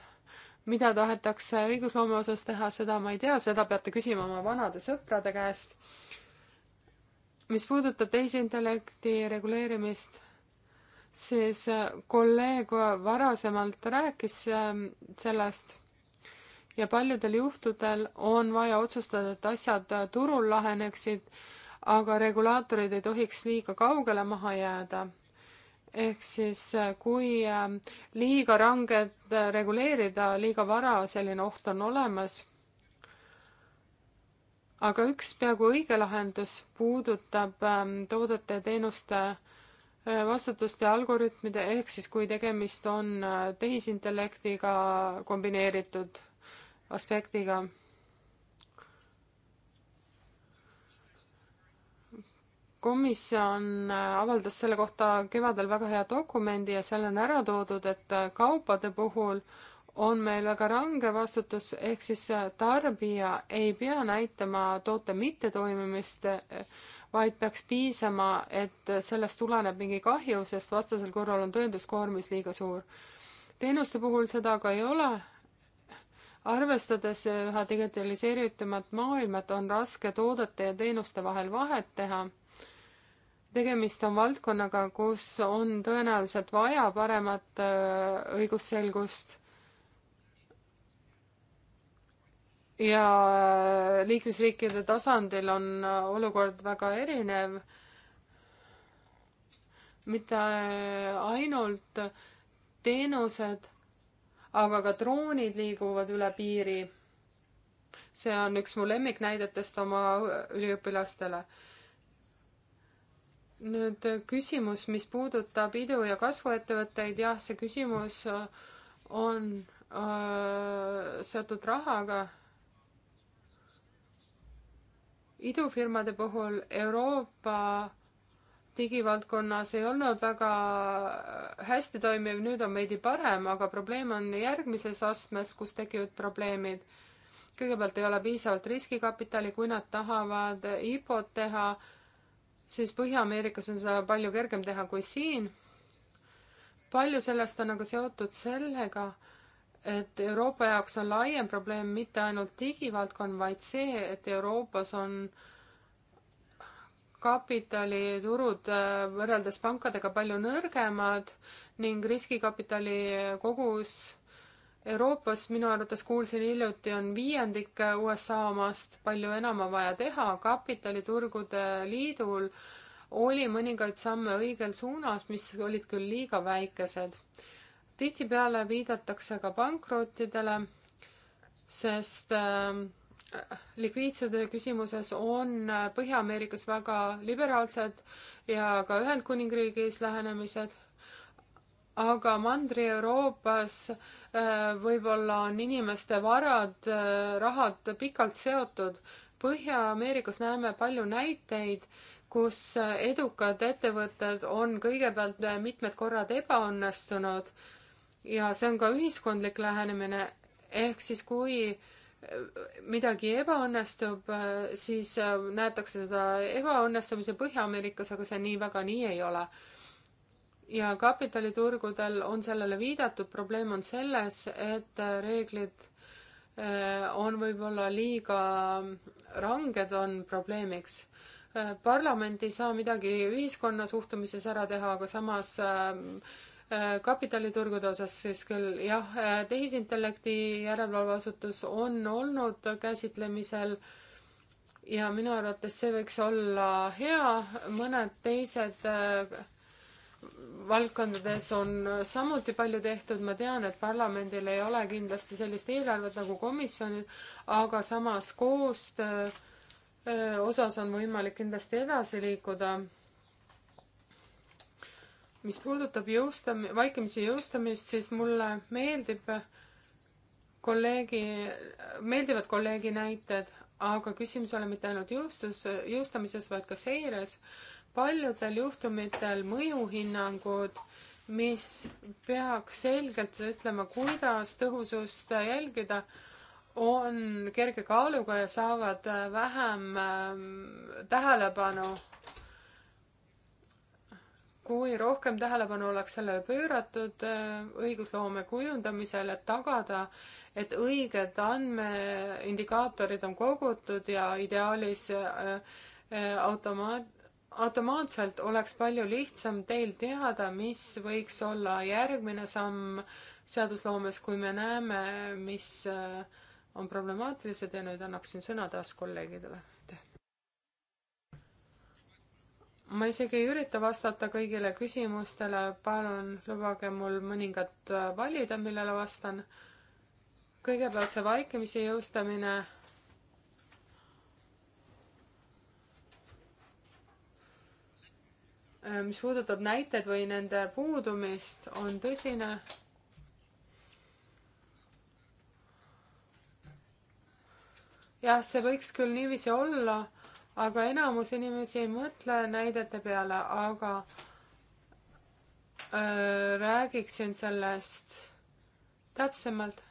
mida tahetakse õigusloome osas teha, seda ma ei tea, seda peate küsima oma vanade sõprade käest. mis puudutab tehisintellekti reguleerimist siis äh, kolleeg varasemalt rääkis ähm, sellest ja paljudel juhtudel on vaja otsustada, et asjad äh, turul laheneksid, aga regulaatorid ei tohiks liiga kaugele maha jääda. ehk siis, äh, kui ähm, liiga ranged reguleerida liiga vara, selline oht on olemas. aga üks peaaegu õige lahendus puudutab ähm, toodete ja teenuste Äh, vastutuste algoritmide, ehk siis kui tegemist on äh, tehisintellektiga kombineeritud aspektiga. komisjon äh, avaldas selle kohta kevadel väga hea dokumendi ja seal on ära toodud, et kaupade puhul on meil väga range vastutus, ehk siis tarbija ei pea näitama toote mittetoimimist eh, vaid peaks piisama, et sellest tuleneb mingi kahju, sest vastasel korral on tõenduskoormis liiga suur. teenuste puhul seda aga ei ole. arvestades üha digitaliseeritumat maailma, et on raske toodete ja teenuste vahel vahet teha, tegemist on valdkonnaga, kus on tõenäoliselt vaja paremat äh, õigusselgust ja äh, liikmesriikide tasandil on äh, olukord väga erinev. mitte äh, ainult teenused, aga ka droonid liiguvad üle piiri. see on üks mu lemmiknäidetest oma üliõpilastele. nüüd küsimus, mis puudutab idu- ja kasvuettevõtteid, jah, see küsimus on öö, seotud rahaga idufirmade puhul Euroopa digivaldkonnas ei olnud väga hästi toimiv, nüüd on veidi parem, aga probleem on järgmises astmes, kus tekivad probleemid. kõigepealt ei ole piisavalt riskikapitali, kui nad tahavad IPO-d teha, siis Põhja-Ameerikas on seda palju kergem teha kui siin. palju sellest on aga seotud sellega et Euroopa jaoks on laiem probleem mitte ainult digivaldkond, vaid see, et Euroopas on kapitaliturud äh, võrreldes pankadega palju nõrgemad ning riskikapitali kogus Euroopas minu arvates kuulsin hiljuti on viiendik USA omast, palju enam on vaja teha, kapitaliturgude liidul oli mõningaid samme õigel suunas, mis olid küll liiga väikesed tihtipeale viidatakse ka pankrottidele, sest ähm, likviidsuse küsimuses on äh, Põhja-Ameerikas väga liberaalsed ja ka Ühendkuningriigis lähenemised, aga Mandri-Euroopas äh, võib-olla on inimeste varad, äh, rahad pikalt seotud. Põhja-Ameerikas näeme palju näiteid, kus edukad ettevõtted on kõigepealt mitmed korrad ebaõnnestunud ja see on ka ühiskondlik lähenemine, ehk siis kui midagi ebaõnnestub, siis äh, näetakse seda ebaõnnestumise Põhja-Ameerikas, aga see nii väga nii ei ole. ja kapitaliturgudel on sellele viidatud, probleem on selles, et äh, reeglid äh, on võib-olla liiga ranged, on probleemiks parlament ei saa midagi ühiskonna suhtumises ära teha, aga samas Äh, kapitaliturgude osas siis küll jah, äh, tehisintellekti järelevalveasutus on olnud käsitlemisel ja minu arvates see võiks olla hea, mõned teised äh, valdkondades on samuti palju tehtud, ma tean, et parlamendil ei ole kindlasti sellist eelarvet nagu komisjonil, aga samas koostöö osas on võimalik kindlasti edasi liikuda mis puudutab jõustam-, vaikimise jõustamist, siis mulle meeldib kolleegi, meeldivad kolleegi näited, aga küsimus ei ole mitte ainult jõustus, jõustamises, vaid ka seires. paljudel juhtumitel mõjuhinnangud, mis peaks selgelt ütlema, kuidas tõhusust jälgida, on kerge kaaluga ja saavad vähem ähm, tähelepanu kui rohkem tähelepanu oleks sellele pööratud äh, õigusloome kujundamisel, et tagada, et õiged andmeindikaatorid on kogutud ja ideaalis äh, äh, automaat, automaatselt oleks palju lihtsam teil teada, mis võiks olla järgmine samm seadusloomes, kui me näeme, mis on problemaatilised ja nüüd annaksin sõna taas kolleegidele ma isegi ei ürita vastata kõigile küsimustele, palun lubage mul mõningad äh, valida, millele vastan. kõigepealt see vaikimise jõustamine. Äh, mis puudutab näiteid või nende puudumist, on tõsine. jah, see võiks küll niiviisi olla aga enamus inimesi ei mõtle näidete peale, aga öö, äh, räägiksin sellest täpsemalt.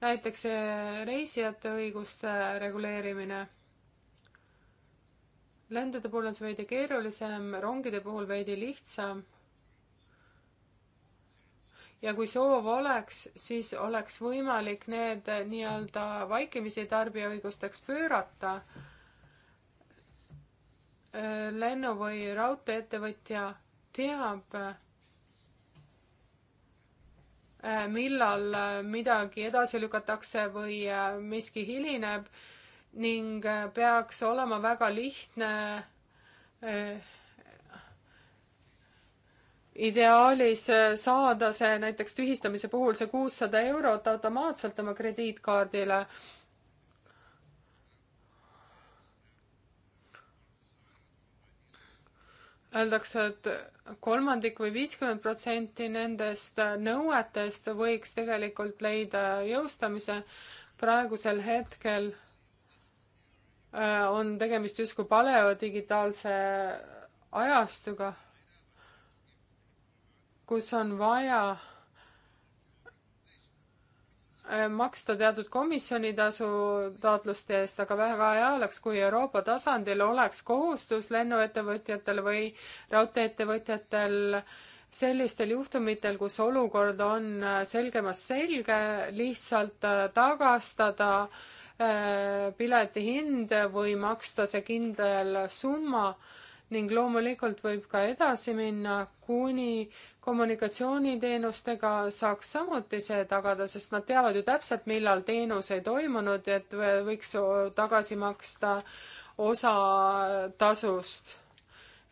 näiteks äh, reisijate õiguste reguleerimine. lendude puhul on see veidi keerulisem, rongide puhul veidi lihtsam. ja kui soov oleks, siis oleks võimalik need äh, nii-öelda vaikimisi tarbijaõigusteks pöörata lennu- või raudteeettevõtja teab, äh, millal äh, midagi edasi lükatakse või äh, miski hilineb ning peaks olema väga lihtne ideaalis saada see näiteks tühistamise puhul see kuussada eurot automaatselt oma krediitkaardile öeldakse, et kolmandik või viiskümmend protsenti nendest nõuetest võiks tegelikult leida jõustamise. praegusel hetkel äh, on tegemist justkui paleodigitaalse ajastuga, kus on vaja Äh, maksta teatud komisjonitasu taotluste eest, aga väga hea oleks, kui Euroopa tasandil oleks kohustus lennuettevõtjatel või raudteeettevõtjatel sellistel juhtumitel, kus olukord on äh, selgemast selge, lihtsalt äh, tagastada pileti hind või maksta see kindel summa ning loomulikult võib ka edasi minna, kuni kommunikatsiooniteenustega saaks samuti see tagada, sest nad teavad ju täpselt, millal teenus ei toimunud, et võiks tagasi maksta osa tasust.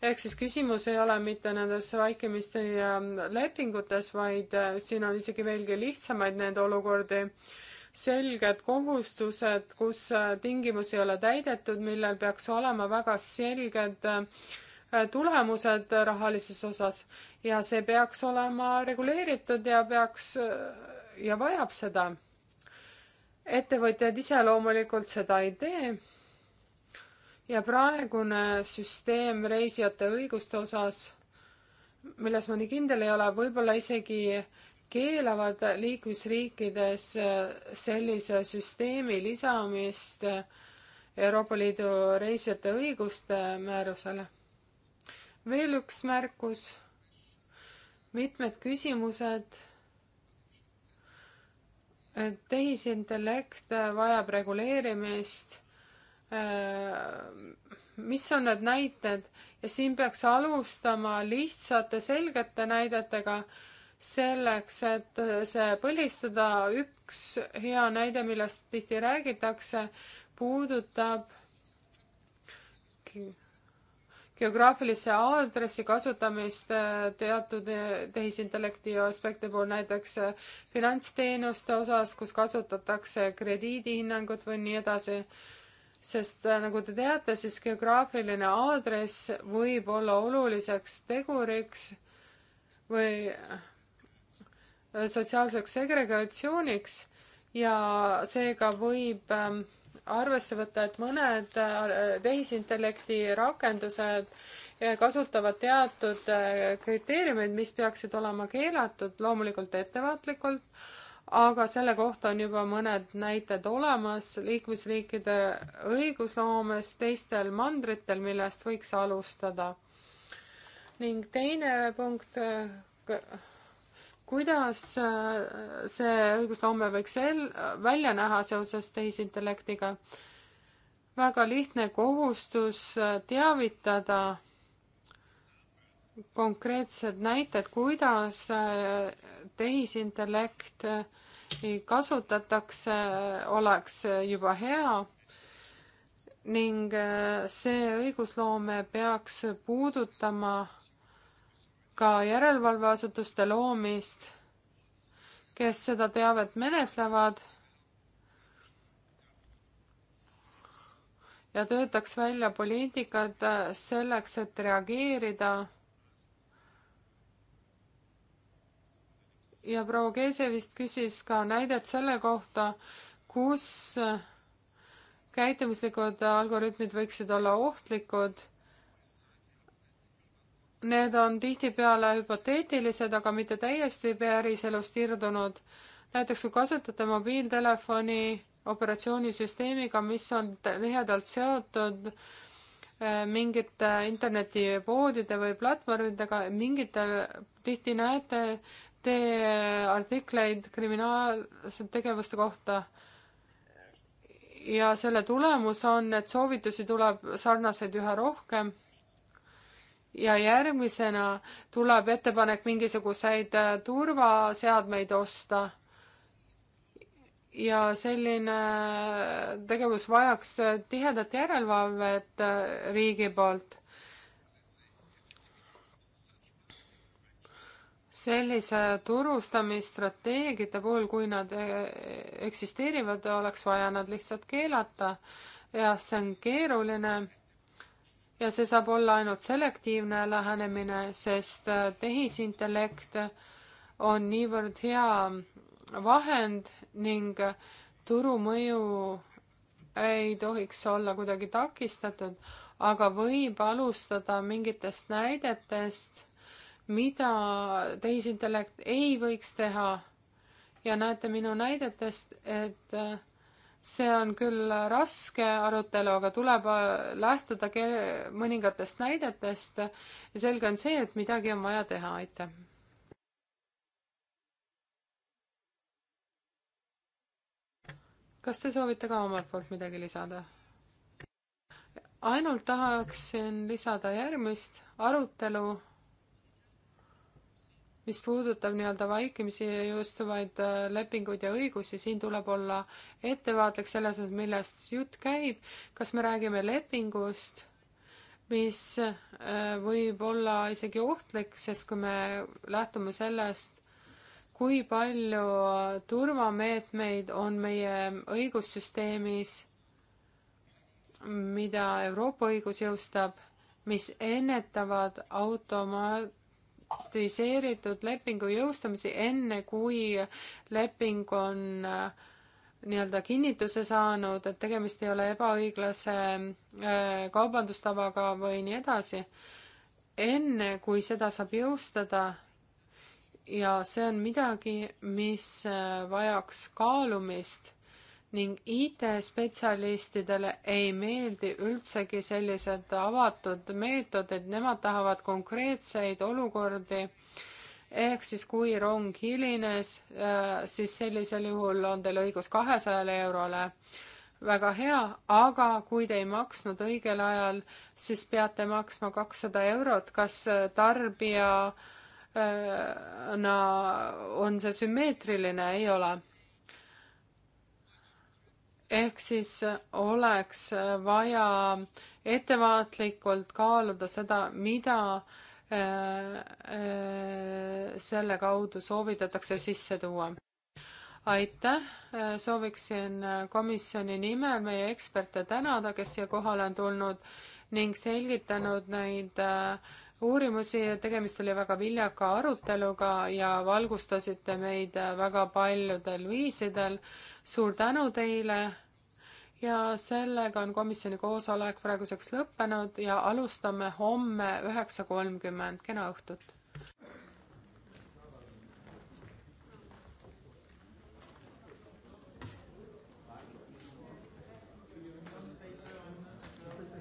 ehk siis küsimus ei ole mitte nendes vaikimiste ähm, lepingutes, vaid äh, siin on isegi veelgi lihtsamaid neid olukordi, selged kohustused, kus äh, tingimusi ei ole täidetud, millel peaks olema väga selged äh, tulemused rahalises osas ja see peaks olema reguleeritud ja peaks ja vajab seda. ettevõtjad ise loomulikult seda ei tee. ja praegune süsteem reisijate õiguste osas, milles ma nii kindel ei ole, võib-olla isegi keelavad liikmesriikides eh, sellise süsteemi lisamist eh, Euroopa Liidu reisijate õiguste määrusele. veel üks märkus mitmed küsimused. tehisintellekt vajab reguleerimist. mis on need näited ja siin peaks alustama lihtsate selgete näidetega selleks, et see põlistada. üks hea näide, millest tihti räägitakse, puudutab geograafilise aadressi kasutamist äh, teatud äh, tehisintellekti aspekti puhul, näiteks äh, finantsteenuste osas, kus kasutatakse krediidihinnangut või nii edasi. sest nagu te teate, siis geograafiline aadress võib olla oluliseks teguriks või sotsiaalseks segregatsiooniks ja seega võib ähm, arvesse võtta, et mõned äh, tehisintellekti rakendused äh, kasutavad teatud äh, kriteeriumeid, mis peaksid olema keelatud, loomulikult ettevaatlikult, aga selle kohta on juba mõned näited olemas liikmesriikide õigusloomes teistel mandritel, millest võiks alustada. ning teine punkt kuidas äh, see õigusloome võiks el-, välja näha seoses tehisintellektiga? väga lihtne kohustus äh, teavitada konkreetsed näited, kuidas äh, tehisintellekt kasutatakse, oleks juba hea ning see õigusloome peaks puudutama ka järelevalveasutuste loomist, kes seda teavet menetlevad ja töötaks välja poliitikad selleks, et reageerida ja proua Keese vist küsis ka näidet selle kohta, kus käitumislikud algoritmid võiksid olla ohtlikud Need on tihtipeale hüpoteetilised, aga mitte täiesti päriselust irdunud. näiteks kui kasutate mobiiltelefoni operatsioonisüsteemiga, mis on tihedalt seotud eh, mingite internetipoodide või platvormidega, mingitel tihti näete te artikleid kriminaalsete tegevuste kohta. ja selle tulemus on, et soovitusi tuleb sarnaseid üha rohkem ja järgmisena tuleb ettepanek mingisuguseid äh, turvaseadmeid osta. ja selline äh, tegevus vajaks äh, tihedat järelevalvet riigi poolt. sellise turustamisstrateegiate puhul, kui nad eksisteerivad, oleks vaja nad lihtsalt keelata. jah, see on keeruline ja see saab olla ainult selektiivne lähenemine, sest äh, tehisintellekt on niivõrd hea vahend ning äh, turumõju ei tohiks olla kuidagi takistatud, aga võib alustada mingitest näidetest, mida tehisintellekt ei võiks teha. ja näete minu näidetest, et äh, see on küll raske arutelu, aga tuleb äh, lähtuda mõningatest näidetest ja selge on see, et midagi on vaja teha, aitäh. kas te soovite ka omalt poolt midagi lisada? ainult tahaksin lisada järgmist arutelu mis puudutab nii-öelda vaikimisi jõustuvaid äh, lepinguid ja õigusi, siin tuleb olla ettevaatlik selles osas, millest jutt käib. kas me räägime lepingust, mis äh, võib olla isegi ohtlik, sest kui me lähtume sellest, kui palju turvameetmeid on meie õigussüsteemis, mida Euroopa õigus jõustab, mis ennetavad automaat-, automatiseeritud lepingu jõustamisi, enne kui leping on äh, nii-öelda kinnituse saanud, et tegemist ei ole ebaõiglase äh, kaubandustavaga või nii edasi. enne kui seda saab jõustada ja see on midagi, mis äh, vajaks kaalumist ning IT-spetsialistidele ei meeldi üldsegi sellised avatud meetodid, nemad tahavad konkreetseid olukordi, ehk siis kui rong hilines, äh, siis sellisel juhul on teil õigus kahesajale eurole. väga hea, aga kui te ei maksnud õigel ajal, siis peate maksma kakssada eurot, kas äh, tarbija äh, na, on see sümmeetriline, ei ole ehk siis äh, oleks äh, vaja ettevaatlikult kaaluda seda, mida äh, selle kaudu soovitatakse sisse tuua. aitäh, sooviksin komisjoni nimel meie eksperte tänada, kes siia kohale on tulnud ning selgitanud neid äh, uurimusi, tegemist oli väga viljaka aruteluga ja valgustasite meid väga paljudel viisidel. suur tänu teile ja sellega on komisjoni koosolek praeguseks lõppenud ja alustame homme üheksa kolmkümmend, kena õhtut!